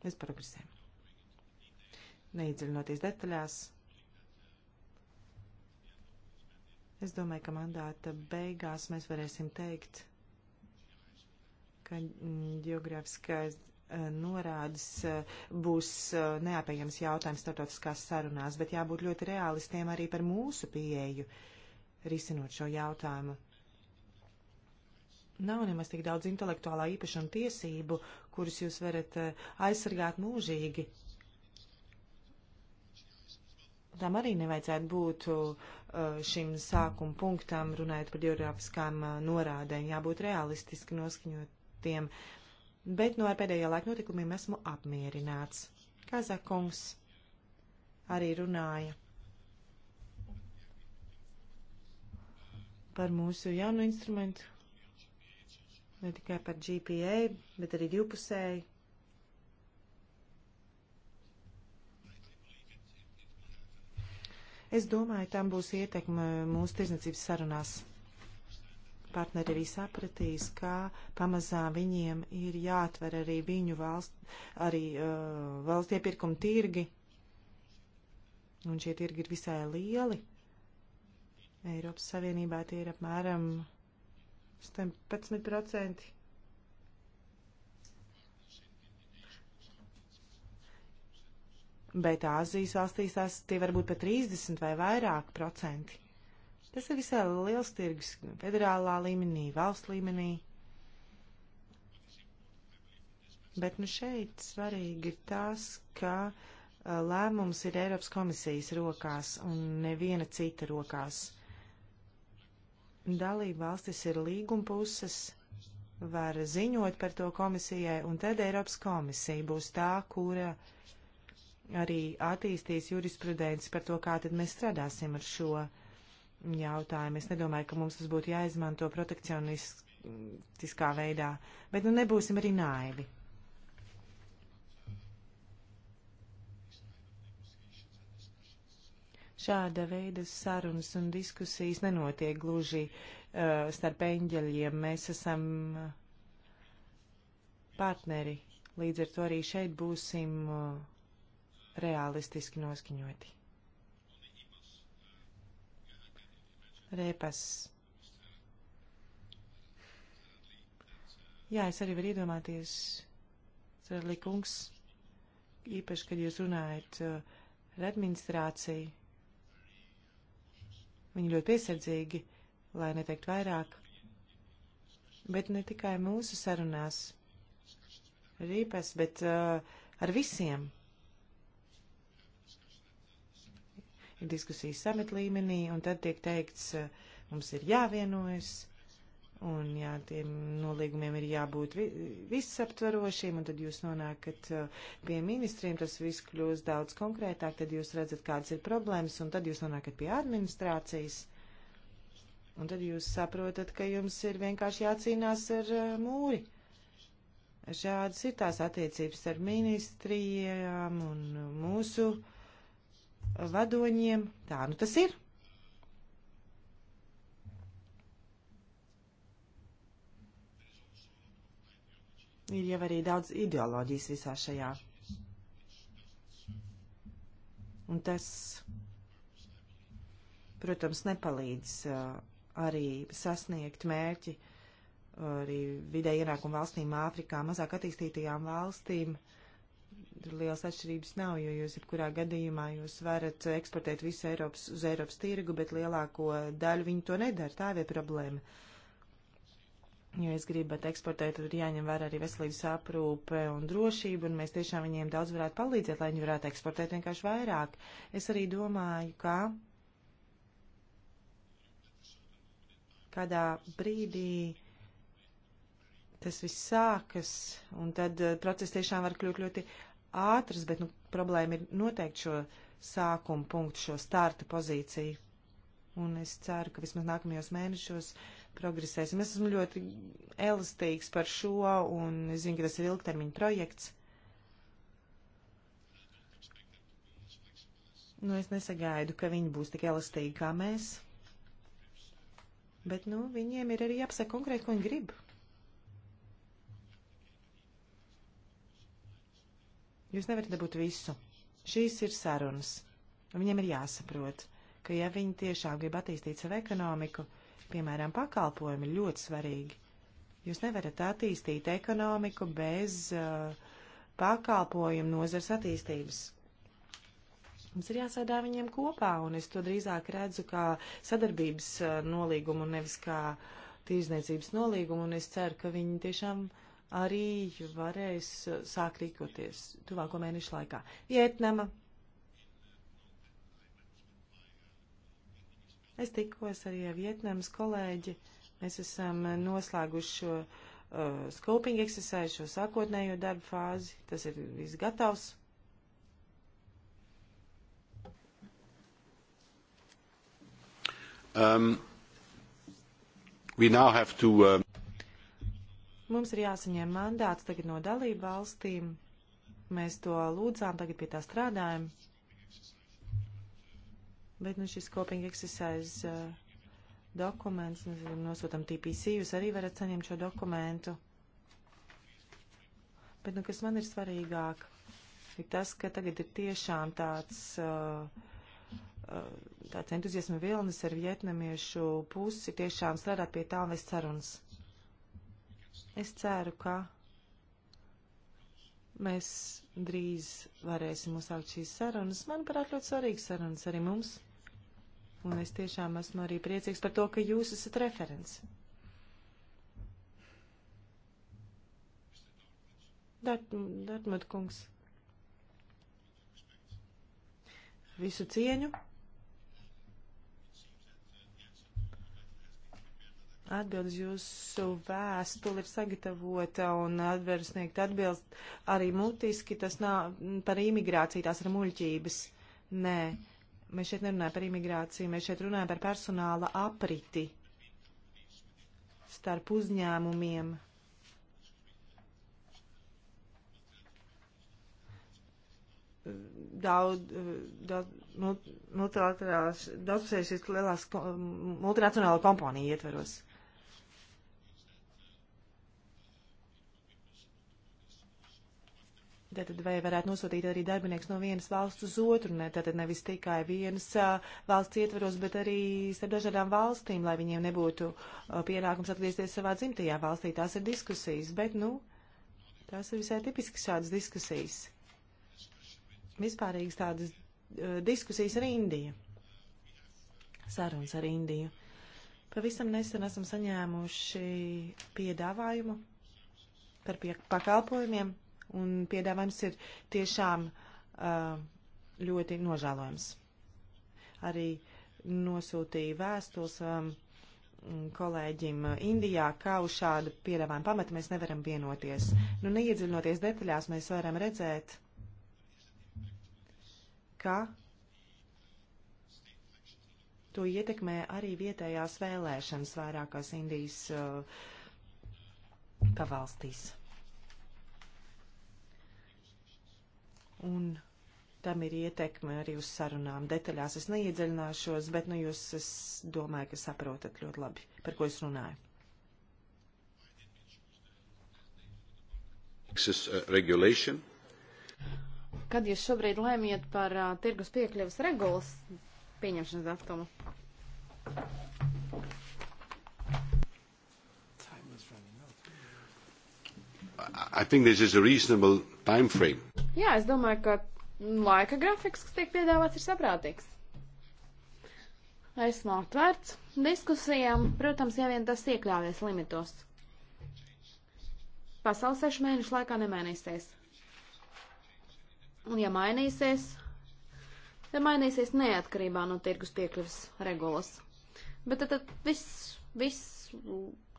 Mēs progresējam. Neiedziļinoties detaļās. Es domāju, ka mandāta beigās mēs varēsim teikt, ka mm, geogrāfiskais uh, norādes uh, būs uh, neapējams jautājums starptautiskās sarunās, bet jābūt ļoti realistiem arī par mūsu pieeju risinot šo jautājumu nav nemaz tik daudz intelektuālā īpašuma tiesību, kuras jūs varat eh, aizsargāt mūžīgi. Tam arī nevajadzētu būt eh, šim sākuma punktam, runājot par geogrāfiskām eh, norādēm, jābūt realistiski noskaņotiem. Bet no nu, pēdējā laika notikumiem esmu apmierināts. Kazakungs arī runāja par mūsu jaunu instrumentu ne tikai par GPA, bet arī divpusēji. Es domāju, tam būs ietekme mūsu tirzniecības sarunās. Partneri arī sapratīs, kā pamazām viņiem ir jāatver arī viņu valsts, arī uh, valsts iepirkuma tirgi. Un šie tirgi ir visai lieli. Eiropas Savienībā tie ir apmēram 17%. Bet Āzijas valstīs tās tie var būt pat 30 vai vairāk procenti. Tas ir visai liels tirgus federālā līmenī, valsts līmenī. Bet nu šeit svarīgi ir tas, ka uh, lēmums ir Eiropas komisijas rokās un neviena cita rokās. Dalība valstis ir līguma puses, var ziņot par to komisijai, un tad Eiropas komisija būs tā, kura arī attīstīs jurisprudenci par to, kā tad mēs strādāsim ar šo jautājumu. Es nedomāju, ka mums tas būtu jāizmanto protekcionistiskā veidā, bet nu nebūsim arī naivi. Šāda veida sarunas un diskusijas nenotiek gluži uh, starp eņģeļiem. Mēs esam uh, partneri. Līdz ar to arī šeit būsim uh, realistiski noskaņoti. Rēpas. Jā, es arī varu iedomāties, Srelikungs, īpaši, kad jūs runājat uh, ar administrāciju Viņi ļoti piesardzīgi, lai neteikt vairāk. Bet ne tikai mūsu sarunās, rīpēs, bet uh, ar visiem. Ir diskusijas samit līmenī, un tad tiek teikts, uh, mums ir jāvienojas Un, jā, tiem nolīgumiem ir jābūt vi visaptvarošiem, un tad jūs nonākat uh, pie ministriem, tas viss kļūst daudz konkrētāk, tad jūs redzat, kādas ir problēmas, un tad jūs nonākat pie administrācijas. Un tad jūs saprotat, ka jums ir vienkārši jācīnās ar uh, mūri. Šādas ir tās attiecības ar ministrijām un mūsu vadoņiem. Tā nu tas ir. ir jau arī daudz ideoloģijas visā šajā. Un tas, protams, nepalīdz uh, arī sasniegt mērķi uh, arī vidē ienākumu valstīm Āfrikā, mazāk attīstītajām valstīm. Tur liels atšķirības nav, jo jūs jebkurā gadījumā jūs varat eksportēt visu Eiropas uz Eiropas tirgu, bet lielāko daļu viņi to nedara. Tā ir problēma. Uh, Jo, ja gribat eksportēt, tad ir jāņem vērā arī veselības aprūpe un drošība, un mēs tiešām viņiem daudz varētu palīdzēt, lai viņi varētu eksportēt vienkārši vairāk. Es arī domāju, ka kādā brīdī tas viss sākas, un tad eh, process tiešām var kļūt ļoti ātrs, bet nu, problēma ir noteikt šo sākumu punktu, šo starta pozīciju. Un es ceru, ka vismaz nākamajos mēnešos uh, progresēsim. Es esmu ļoti elastīgs par šo, un es zinu, ka tas ir ilgtermiņa projekts. Nu, es nesagaidu, ka viņi būs tik elastīgi kā mēs. Bet, nu, viņiem ir arī jāpasaka konkrēti, ko viņi grib. Jūs nevarat dabūt visu. Šīs ir sarunas. Viņiem ir jāsaprot, ka ja viņi tiešām grib attīstīt savu ekonomiku, Piemēram, pakalpojumi ir ļoti svarīgi. Jūs nevarat attīstīt ekonomiku bez uh, pakalpojumu nozars attīstības. Mums ir jāsēdā viņiem kopā, un es to drīzāk redzu kā sadarbības uh, nolīgumu, nevis kā tīrzniecības nolīgumu, un es ceru, ka viņi tiešām arī varēs uh, sākt rīkoties tuvāko mēnešu laikā. Vietnama, Es tikos arī ar Vietnamas kolēģi. Mēs esam noslēguši šo uh, scoping exercise, šo sākotnējo darbu fāzi. Tas ir viss gatavs. Um, we now have to. Um... Mums ir jāsaņem mandāts tagad no dalību valstīm. Mēs to lūdzām, tagad pie tā strādājam. Bet nu, šis coping exercise uh, dokuments, nezinu, nosūtam TPC, jūs arī varat saņemt šo dokumentu. Bet nu, kas man ir svarīgāk, ir tas, ka tagad ir tiešām tāds, uh, uh, tāds entuziasma vilnis ar vietnamiešu pusi tiešām strādāt pie tā un vest sarunas. Es ceru, ka mēs drīz varēsim uzsākt šīs sarunas. Manuprāt, ļoti svarīgas sarunas arī mums. Un es tiešām esmu arī priecīgs par to, ka jūs esat referents. Dartmut kungs. Visu cieņu. Atbildes jūsu vēstuli ir sagatavota un atver sniegt atbilst arī mutiski. Tas nav par imigrāciju, tās ir muļķības. Nē, Mēs šeit nerunājam par imigrāciju, mēs šeit runājam par personāla apriti starp uzņēmumiem. Daudz, daudz multilaterālās, daudzpusējas lielās multinacionāla kompanija ietveros. Tātad vai varētu nosūtīt arī darbinieks no vienas valsts uz otru, ne, tātad nevis tikai vienas uh, valsts ietveros, bet arī starp dažādām valstīm, lai viņiem nebūtu uh, pienākums atgriezties savā dzimtajā valstī. Tās ir diskusijas, bet, nu, tās ir visai tipiski šādas diskusijas. Vispārīgas tādas uh, diskusijas ar Indiju. Sarunas ar Indiju. Pavisam nesen esam saņēmuši piedāvājumu par pie pakalpojumiem un piedāvājums ir tiešām uh, ļoti nožēlojams. Arī nosūtīja vēstules um, kolēģim Indijā, kā uz šādu piedāvājumu pamatu mēs nevaram vienoties. Nu, neiedziļinoties detaļās, mēs varam redzēt, ka to ietekmē arī vietējās vēlēšanas vairākās Indijas uh, pavalstīs. un tam ir ietekme arī uz sarunām. Detaļās es neiedziļināšos, bet, nu, jūs, es domāju, ka saprotat ļoti labi, par ko es runāju. Uh, Kad jūs šobrīd lēmiet par uh, tirgus piekļuvas regulas pieņemšanas datumu? I think this is a reasonable time frame. Jā, es domāju, ka laika grafiks, kas tiek piedāvāts, ir saprātīgs. Esmu atvērts diskusijām, protams, ja vien tas iekļāvies limitos. Pasaules sešu mēnešu laikā nemainīsies. Un ja mainīsies, ja mainīsies neatkarībā no tirgus piekļuvas regulas. Bet tad, tad viss, viss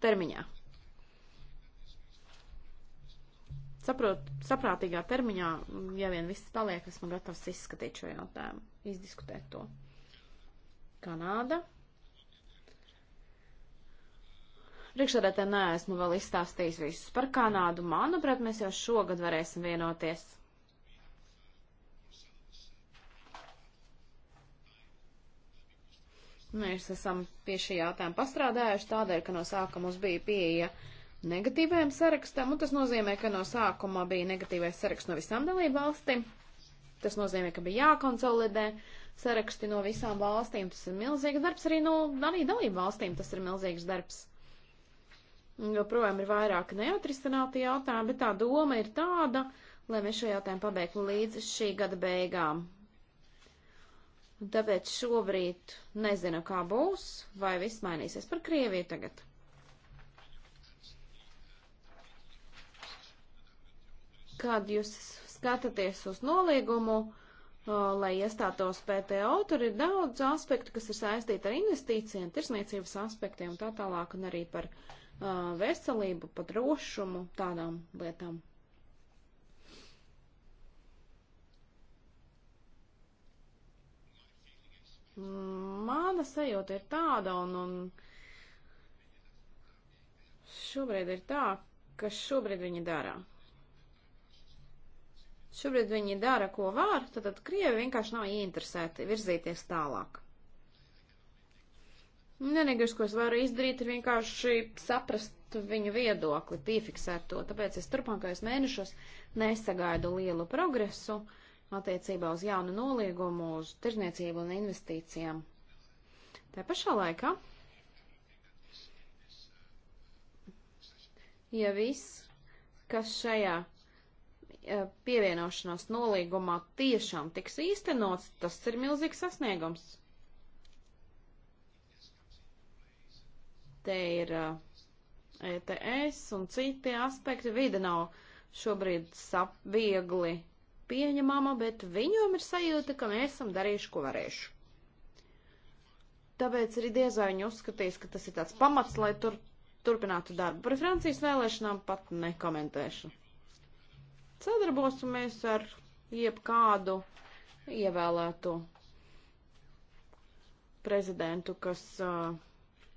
termiņā. saprot, saprātīgā termiņā, mm, ja vien viss paliek, esmu gatavs izskatīt šo jautājumu, izdiskutēt to. Kanāda. Priekšsēdētē neesmu vēl izstāstījis visus par Kanādu. Manuprāt, mēs jau šogad varēsim vienoties. Mēs esam pie šī jautājuma pastrādājuši tādēļ, ka no sākuma mums bija pieeja uh, negatīvajam sarakstam, un tas nozīmē, ka no sākuma bija negatīvais saraksts no visām dalību valstīm. Tas nozīmē, ka bija jākonsolidē saraksti no visām valstīm. Tas ir milzīgs darbs arī no arī dalību valstīm. Tas ir milzīgs darbs. Joprojām ir vairāk neatrisināti jautājumi, bet tā doma ir tāda, lai mēs šo jautājumu pabeigtu līdz šī gada beigām. Tāpēc šobrīd nezinu, kā būs, vai viss mainīsies par Krieviju tagad. kad jūs skatāties uz nolīgumu, uh, lai iestātos PTO, tur ir daudz aspektu, kas ir saistīti ar investīcijiem, tirsniecības aspektiem un tā tālāk, un arī par uh, veselību, par drošumu, tādām lietām. Mana sajūta ir tāda, un, un šobrīd ir tā, ka šobrīd viņi darā. Šobrīd viņi dara, ko var, tad, tad Krievi vienkārši nav ieinteresēti virzīties tālāk. Vienīgais, ko es varu izdarīt, ir vienkārši saprast viņu viedokli, piefiksēt to. Tāpēc es turpmākajos mēnešos nesagaidu lielu progresu attiecībā uz jaunu noliegumu, uz tirzniecību un investīcijām. Tā pašā laikā, ja viss, kas šajā E, pievienošanās nolīgumā tiešām tiks īstenots, tas ir milzīgs sasniegums. Te ir ETS e un citi aspekti. Vide nav šobrīd sap viegli pieņemama, bet viņiem ir sajūta, ka mēs esam darījuši, ko varēšu. Tāpēc arī diezāņi uzskatīs, ka tas ir tāds pamats, lai tur, turpinātu darbu. Par Francijas vēlēšanām pat nekomentēšu sadarbosimies ar jebkādu ievēlētu prezidentu, kas uh,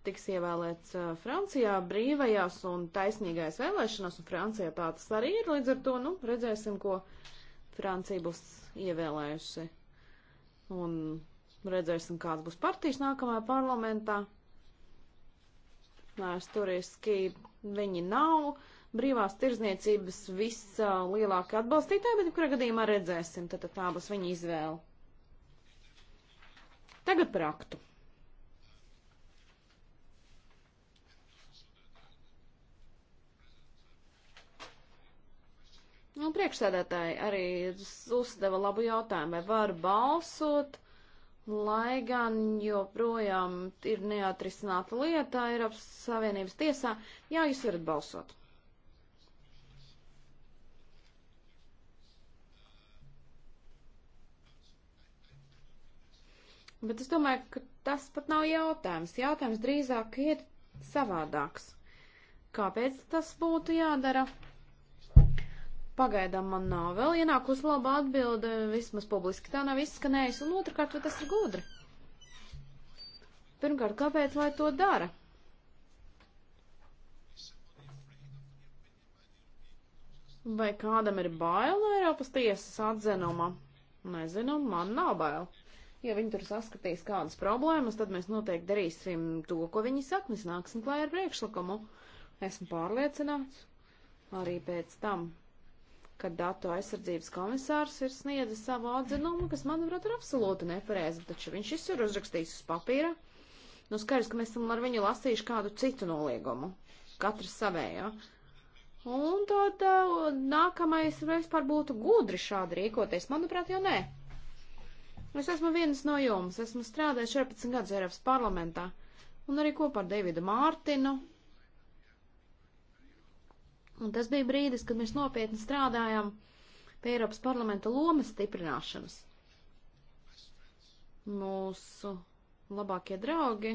tiks ievēlēts uh, Francijā brīvajās un taisnīgais vēlēšanās, un Francijā tā tas arī ir, līdz ar to, nu, redzēsim, ko Francija būs ievēlējusi. Un redzēsim, kāds būs partijas nākamajā parlamentā. Vēsturiski viņi nav brīvās tirzniecības vislielākie atbalstītāji, bet kurā gadījumā redzēsim, tad, tad tā būs viņa izvēle. Tagad par aktu. Nu, priekšsēdētāji arī uzdeva labu jautājumu, vai var balsot, lai gan joprojām ir neatrisināta lieta Eiropas Savienības tiesā. Jā, jūs varat balsot. Bet es domāju, ka tas pat nav jautājums. Jautājums drīzāk ir savādāks. Kāpēc tas būtu jādara? Pagaidām man nav vēl ienākusi laba atbilde, vismaz publiski tā nav izskanējusi, un otrkārt, vai tas ir gudri? Pirmkārt, kāpēc lai to dara? Vai kādam ir bail no Eiropas tiesas atzinuma? Nezinu, man nav bail. Ja viņi tur saskatīs kādas problēmas, tad mēs noteikti darīsim to, ko viņi saka. Mēs nāksim klāj ar priekšlikumu. Esmu pārliecināts. Arī pēc tam, kad datu aizsardzības komisārs ir sniedzis savu atzinumu, kas, manuprāt, ir absolūti nepareizi, taču viņš visu ir uzrakstījis uz papīra. Nu, skaidrs, ka mēs esam ar viņu lasījuši kādu citu noliegumu, katrs savējo. Un tad nākamais vispār būtu gudri šādi rīkoties. Manuprāt, jau nē. Es esmu viens no jums, esmu strādājis 14 gadus Eiropas parlamentā un arī kopā ar Davidu Mārtinu. Un tas bija brīdis, kad mēs nopietni strādājām pie Eiropas parlamenta lomas stiprināšanas. Mūsu labākie draugi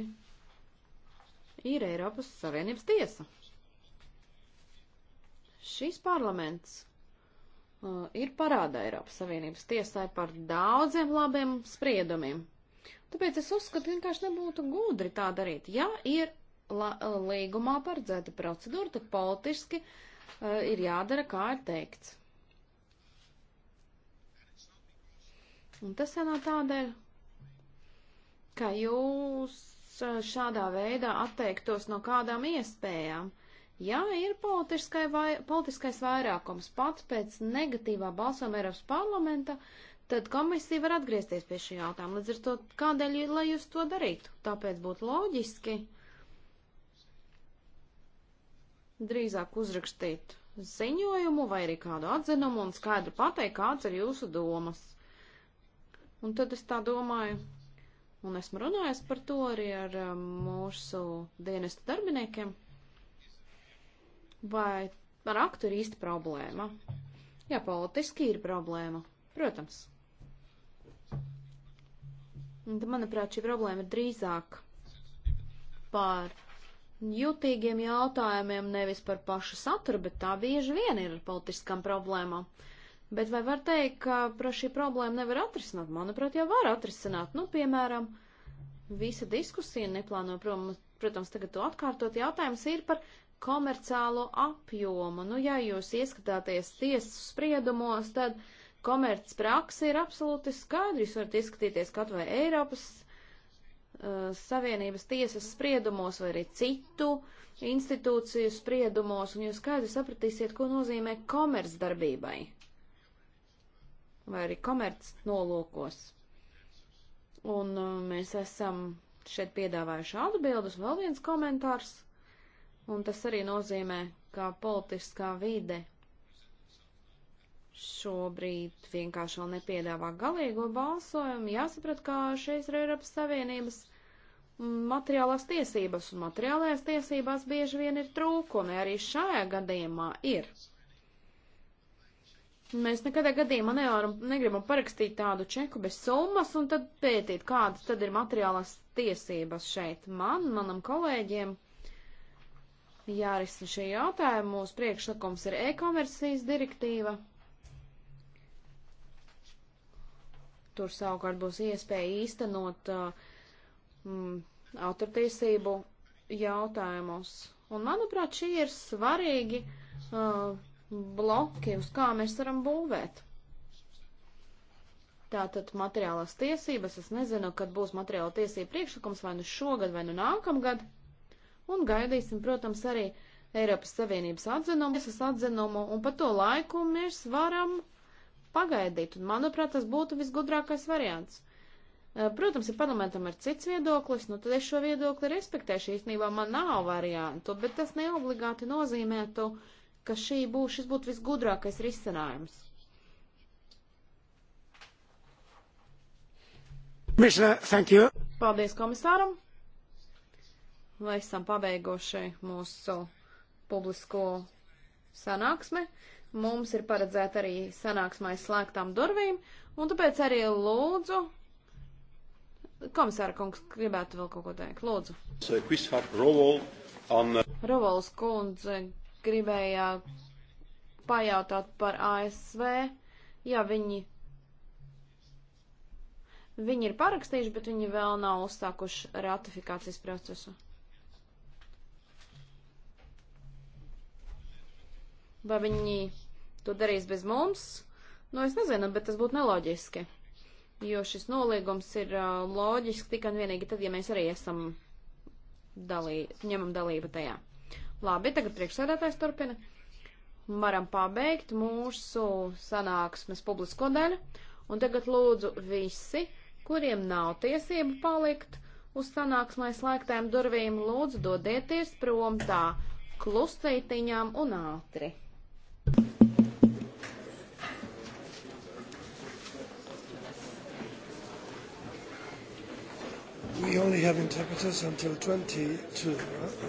ir Eiropas Savienības tiesa. Šis parlaments uh, ir parādā Eiropas Savienības tiesai par daudziem labiem spriedumiem. Tāpēc es uzskatu, vienkārši nebūtu gudri tā darīt. Ja ir la, līgumā paredzēta procedūra, tad politiski uh, ir jādara, kā ir teikts. Un tas jau nav tādēļ, ka jūs uh, šādā veidā atteiktos no kādām iespējām. Uh, Ja ir politiskai vai, politiskais vairākums pats pēc negatīvā balsojuma Eiropas parlamenta, tad komisija var atgriezties pie šī jautājuma. Līdz ar to, kādēļ, lai jūs to darītu? Tāpēc būtu loģiski drīzāk uzrakstīt ziņojumu vai arī kādu atzinumu un skaidri pateikt, kāds ir jūsu domas. Un tad es tā domāju, un esmu runājis par to arī ar eh, mūsu dienestu darbiniekiem. Vai ar aktu ir īsta problēma? Jā, politiski ir problēma, protams. Un, manuprāt, šī problēma ir drīzāk par jutīgiem jautājumiem, nevis par pašu saturu, bet tā bieži vien ir politiskām problēmām. Bet vai var teikt, ka šī problēma nevar atrisināt? Manuprāt, jau var atrisināt. Nu, piemēram, visa diskusija neplāno, prom, protams, tagad to atkārtot. Jautājums ir par komerciālo apjomu. Nu, ja jūs ieskatāties tiesas spriedumos, tad komerc praksa ir absolūti skaidra. Jūs varat ieskatīties kaut vai Eiropas uh, Savienības tiesas spriedumos vai arī citu institūciju spriedumos, un jūs skaidri sapratīsiet, ko nozīmē komerc darbībai vai arī komerc nolūkos. Un uh, mēs esam šeit piedāvājuši atbildus, vēl viens komentārs – Un tas arī nozīmē, ka politiskā vide šobrīd vienkārši vēl nepiedāvā galīgo balsojumu. Jāsaprot, kā šīs ir Eiropas Savienības materiālās tiesības, un materiālajās tiesībās bieži vien ir trūkumi, arī šajā gadījumā ir. Mēs nekadā gadījumā nevaram, negribam parakstīt tādu čeku bez summas un tad pētīt, kādas tad ir materiālās tiesības šeit man, manam kolēģiem jārisina šie jautājumi. Mūsu priekšlikums ir e-komercijas direktīva. Tur savukārt būs iespēja īstenot uh, mm, autortiesību jautājumus. Un, manuprāt, šie ir svarīgi uh, bloki, uz kā mēs varam būvēt. Tātad materiālās tiesības, es nezinu, kad būs materiāla tiesība priekšlikums, vai nu šogad, vai nu nākamgad un gaidīsim, protams, arī Eiropas Savienības atzinumu, es atzinumu, un pa to laiku mēs varam pagaidīt, un manuprāt, tas būtu visgudrākais variants. Eh, protams, ja parlamentam ir cits viedoklis, nu tad es šo viedokli respektēšu. Īstenībā man nav variantu, bet tas neobligāti nozīmētu, ka šī būs, šis būtu visgudrākais risinājums. Mišana, thank you. Paldies komisāram. Vai esam pabeiguši mūsu publisko sanāksmi. Mums ir paredzēta arī sanāksmai slēgtām durvīm, un tāpēc arī lūdzu, komisāra kungs, gribētu vēl kaut ko teikt. Lūdzu. Rovols kundze gribēja pajautāt par ASV, ja viņi, viņi ir parakstījuši, bet viņi vēl nav uzsākuši ratifikācijas procesu. Vai viņi to darīs bez mums? Nu, es nezinu, bet tas būtu neloģiski. Jo šis noliegums ir uh, loģisks tikai un vienīgi tad, ja mēs arī esam dalī, ņemam dalību tajā. Labi, tagad priekšsēdētājs turpina. Varam pabeigt mūsu sanāksmes publisko daļu. Un tagad lūdzu visi, kuriem nav tiesību palikt uz sanāksmai slēgtēm durvīm, lūdzu dodieties prom tā klusītiņām un ātri. we only have interpreters until 22. Huh?